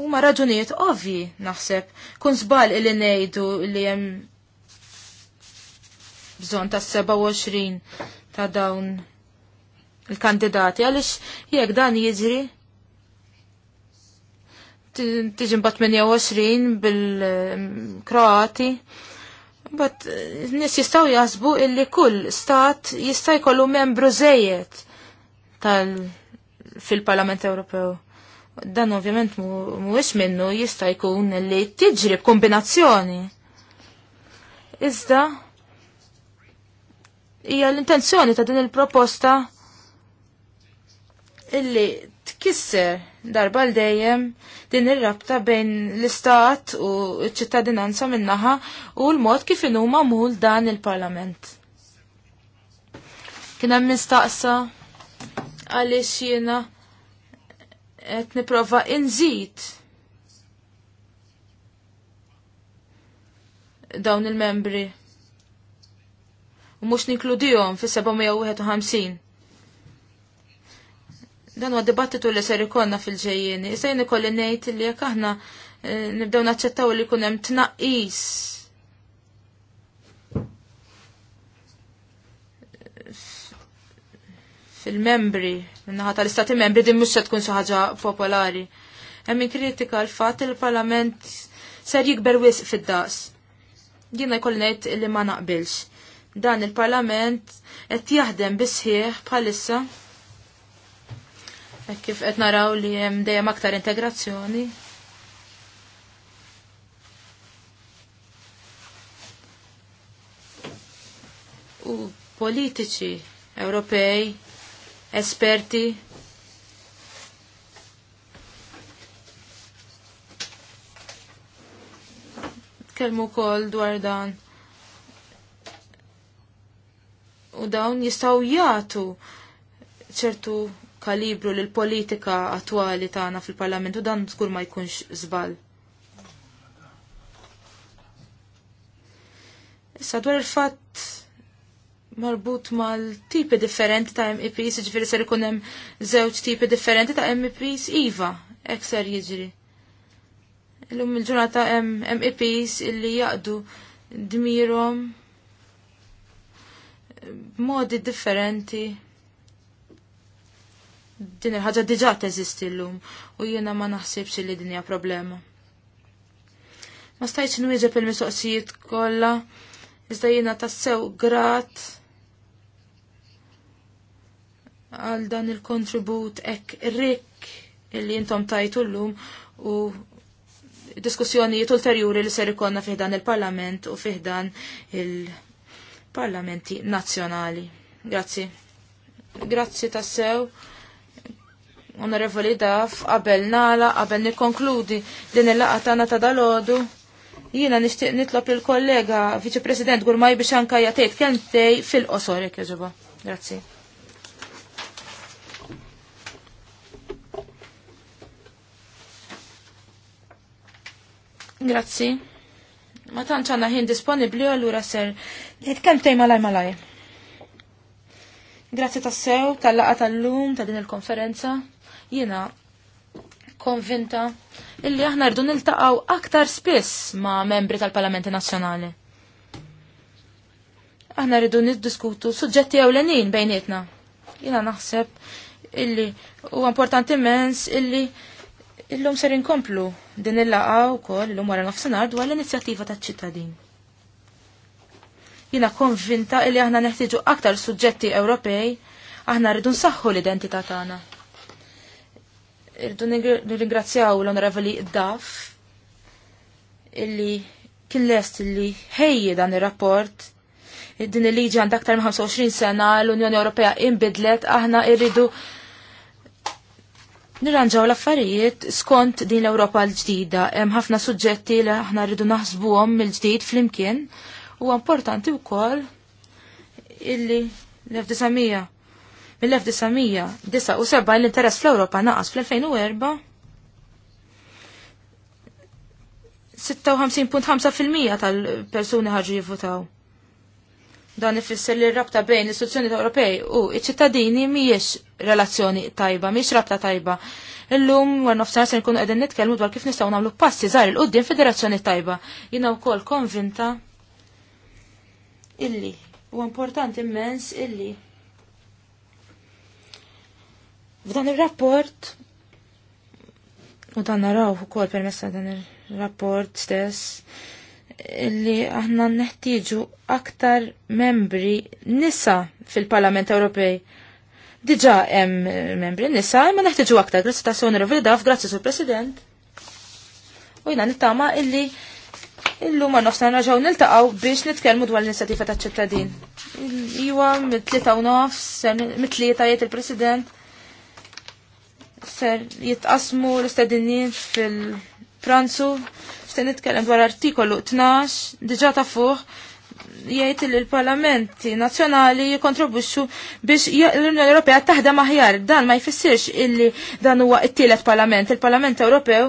U ma raġunijiet ovvi naħseb, kun zbal il-li nejdu li jem bżon ta' 27 ta' dawn il-kandidati għalix jekk dan jiġri tiġin bat 28 bil-Kroati Bat, nis jistaw jasbu illi kull stat jista' jkollu membru zejiet tal fil-Parlament Ewropew. Dan ovvjament mhuwiex mu minnu jista' jkun illi tiġri kombinazzjoni Iżda hija l-intenzjoni ta' din il-proposta illi tkisser darba l dejjem din ir-rabta bejn l-istat u ċ-ċittadinanza minnaħa u l-mod kif huma mul dan il-Parlament. Kien hemm mistaqsa għaliex jiena qed nipprova inżid dawn il-membri u mux ninkludijom fi 751 Dan huwa dibattitu li ser ikollna fil-ġejjeni. Sejni kolli ikolli ngħid li jekk aħna eh, nibdew naċċettaw li jkun hemm tnaqqis fil-membri, minnaħa tal-istati membri din mhux tkun xi ħaġa popolari. Hemm kritika l-fatt il-Parlament ser jikber wisq fid-daqs. Jiena jkolli ngħid li ma naqbilx. Dan il-Parlament qed jaħdem bisħieħ bħalissa. Hekk kif qed naraw li hemm dejjem aktar integrazzjoni. U politiċi Ewropej, esperti, tkellmu kol dwar dan. u dawn jistaw jgħatu ċertu kalibru l politika attwali tagħna fil-Parlament u dan żgur ma jkunx żball. Issa dwar il-fatt marbut mal-tipi differenti ta' MEPs, ġifieri ser ikun hemm żewġ tipi differenti ta' MEPs iva, hekk ser jiġri. Illum il-ġurnata hemm MEPs illi jaqdu dmirhom modi differenti din il-ħagġa diġa teżisti l-lum u jiena ma naħsibx li dinja problema. Ma stajċ nwieġeb il-mistoqsijiet kollha, iżda jiena tassew grat għal dan il-kontribut ek rik illi jintom tajtu l-lum u diskussjonijiet ulterjuri li ser ikonna fiħdan il-parlament u fiħdan il-parlament parlamenti nazzjonali. Grazzi. Grazzi tassew. Onorevoli Daf, qabel nala, qabel nikkonkludi din il-laqa tagħna ta' dalodu. Jiena nixtieq nitlob il-kollega Viċi President Gurmaj biex anka jatejt kemtej fil qosorek jekk Grazzi. Grazzi. Ma tanċana għandna ħin disponibbli allura ser kem tej malaj malaj. Grazzi tassew, tal-laqa tal-lum, ta' din il-konferenza. Jena konvinta illi aħna rdu taqaw aktar spiss ma' membri tal-Parlamenti Nazzjonali. Aħna rridu niddiskutu suġġetti ewlenin bejnietna. Jena naħseb illi u importanti immens illi illum ser inkomplu din il laqaw kol illum wara nofsinhar dwar l-inizjattiva taċ-ċittadin. Jina konvinta illi aħna neħtiġu aktar suġġetti Ewropej, aħna rridu nsaħħu l-identità tagħna. Irridu nirringrazzjaw l-Onorevoli Daf illi kien lest illi ħejji dan ir-rapport din il-liġi għandak aktar minn 25 sena l-Unjoni Ewropea imbidlet aħna irridu Nirranġaw l-affarijiet skont din l-Ewropa l-ġdida, hemm ħafna suġġetti li aħna rridu naħsbuhom mill-ġdid flimkien U importanti wkoll illi l-1900 mill seba' l-interess fl-Ewropa naqas fl-2004 56.5% tal-persuni ħarġu jivvotaw. Dan ifisser li rabta bejn l-istituzzjoni Ewropej u iċ-ċittadini mhijiex relazzjoni tajba, mhijiex rabta tajba. Illum war nofsinhar se nkunu qegħdin nitkellmu dwar kif nistgħu nagħmlu passi żgħar il qudiem federazzjoni tajba. Jiena wkoll konvinta illi u importanti immens illi f'dan ir-rapport u dan naraw ukoll permessa dan ir-rapport stess illi aħna neħtieġu aktar membri nisa fil-Parlament Ewropej. Diġà hemm membri nisa, imma neħtieġu aktar. Grazzi ta' Sony Vidaf, grazzi sur President. U jina nittama illi Illum ma nofsna raġaw niltaqaw biex nitkellmu dwar l-inizjattiva ta' ċittadin. Iwa mit-tlieta u nofs, mit-tlieta jgħid il-President ser jitqasmu l istadinin fil-pranzu, se nitkellem dwar artikolu 12, diġa ta' fuq, jgħid li l-parlamenti nazzjonali jikontribwixxu biex l-Unjoni Ewropea taħdem aħjar. Dan ma jfissirx illi dan huwa t-tielet parlament. Il-Parlament Ewropew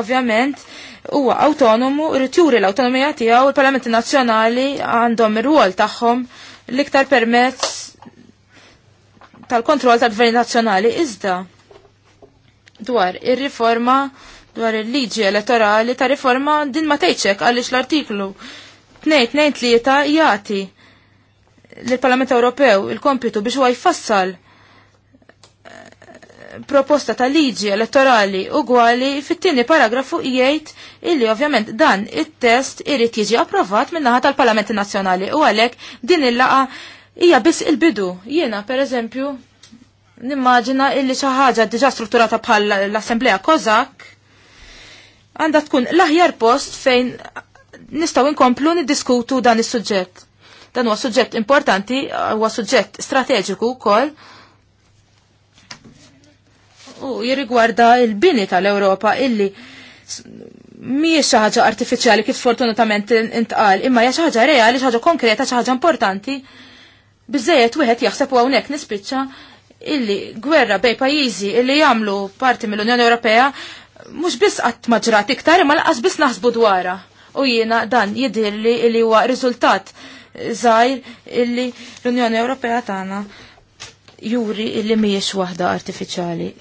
ovvjament huwa autonomu, irid juri l-awtonomija tiegħu il parlamenti Nazzjonali għandhom ir-rwol tagħhom l-iktar permezz tal-kontroll tal-Gvern Nazzjonali iżda dwar ir-riforma dwar il-liġi elettorali ta' riforma din ma tgħidx għaliex l-artiklu 2-2-3 jati l-Parlament Ewropew il-kompitu biex għaj jfassal eh, proposta ta' liġi elettorali ugwali fit-tieni paragrafu jgħid illi ovvjament dan it-test irid jiġi approvat min-naħa tal parlament Nazzjonali u għalhekk din il-laqa hija biss il-bidu. Jiena pereżempju nimmaġina illi xi ħaġa diġà strutturata bħal l-Assemblea Kozak għandha tkun l-aħjar post fejn nistgħu inkomplu niddiskutu dan is-suġġett. Dan huwa suġġett importanti, huwa suġġett strateġiku wkoll u jirrigwarda il-bini tal-Ewropa illi mhijiex xi ħaġa artifiċjali kif sfortunatament intqal, imma hija xi ħaġa reali, xi ħaġa konkreta, xi ħaġa importanti. Biżejjed wieħed jaħseb hawnhekk nispiċċa illi gwerra bej pajjiżi illi jagħmlu parti mill-Unjoni Ewropea mhux biss qatt ma ġrat iktar imma laqas biss naħsbu dwarha u jiena dan jidilli li huwa riżultat żgħir illi l-Unjoni Ewropea tagħna juri illi mhijiex waħda artifiċjali.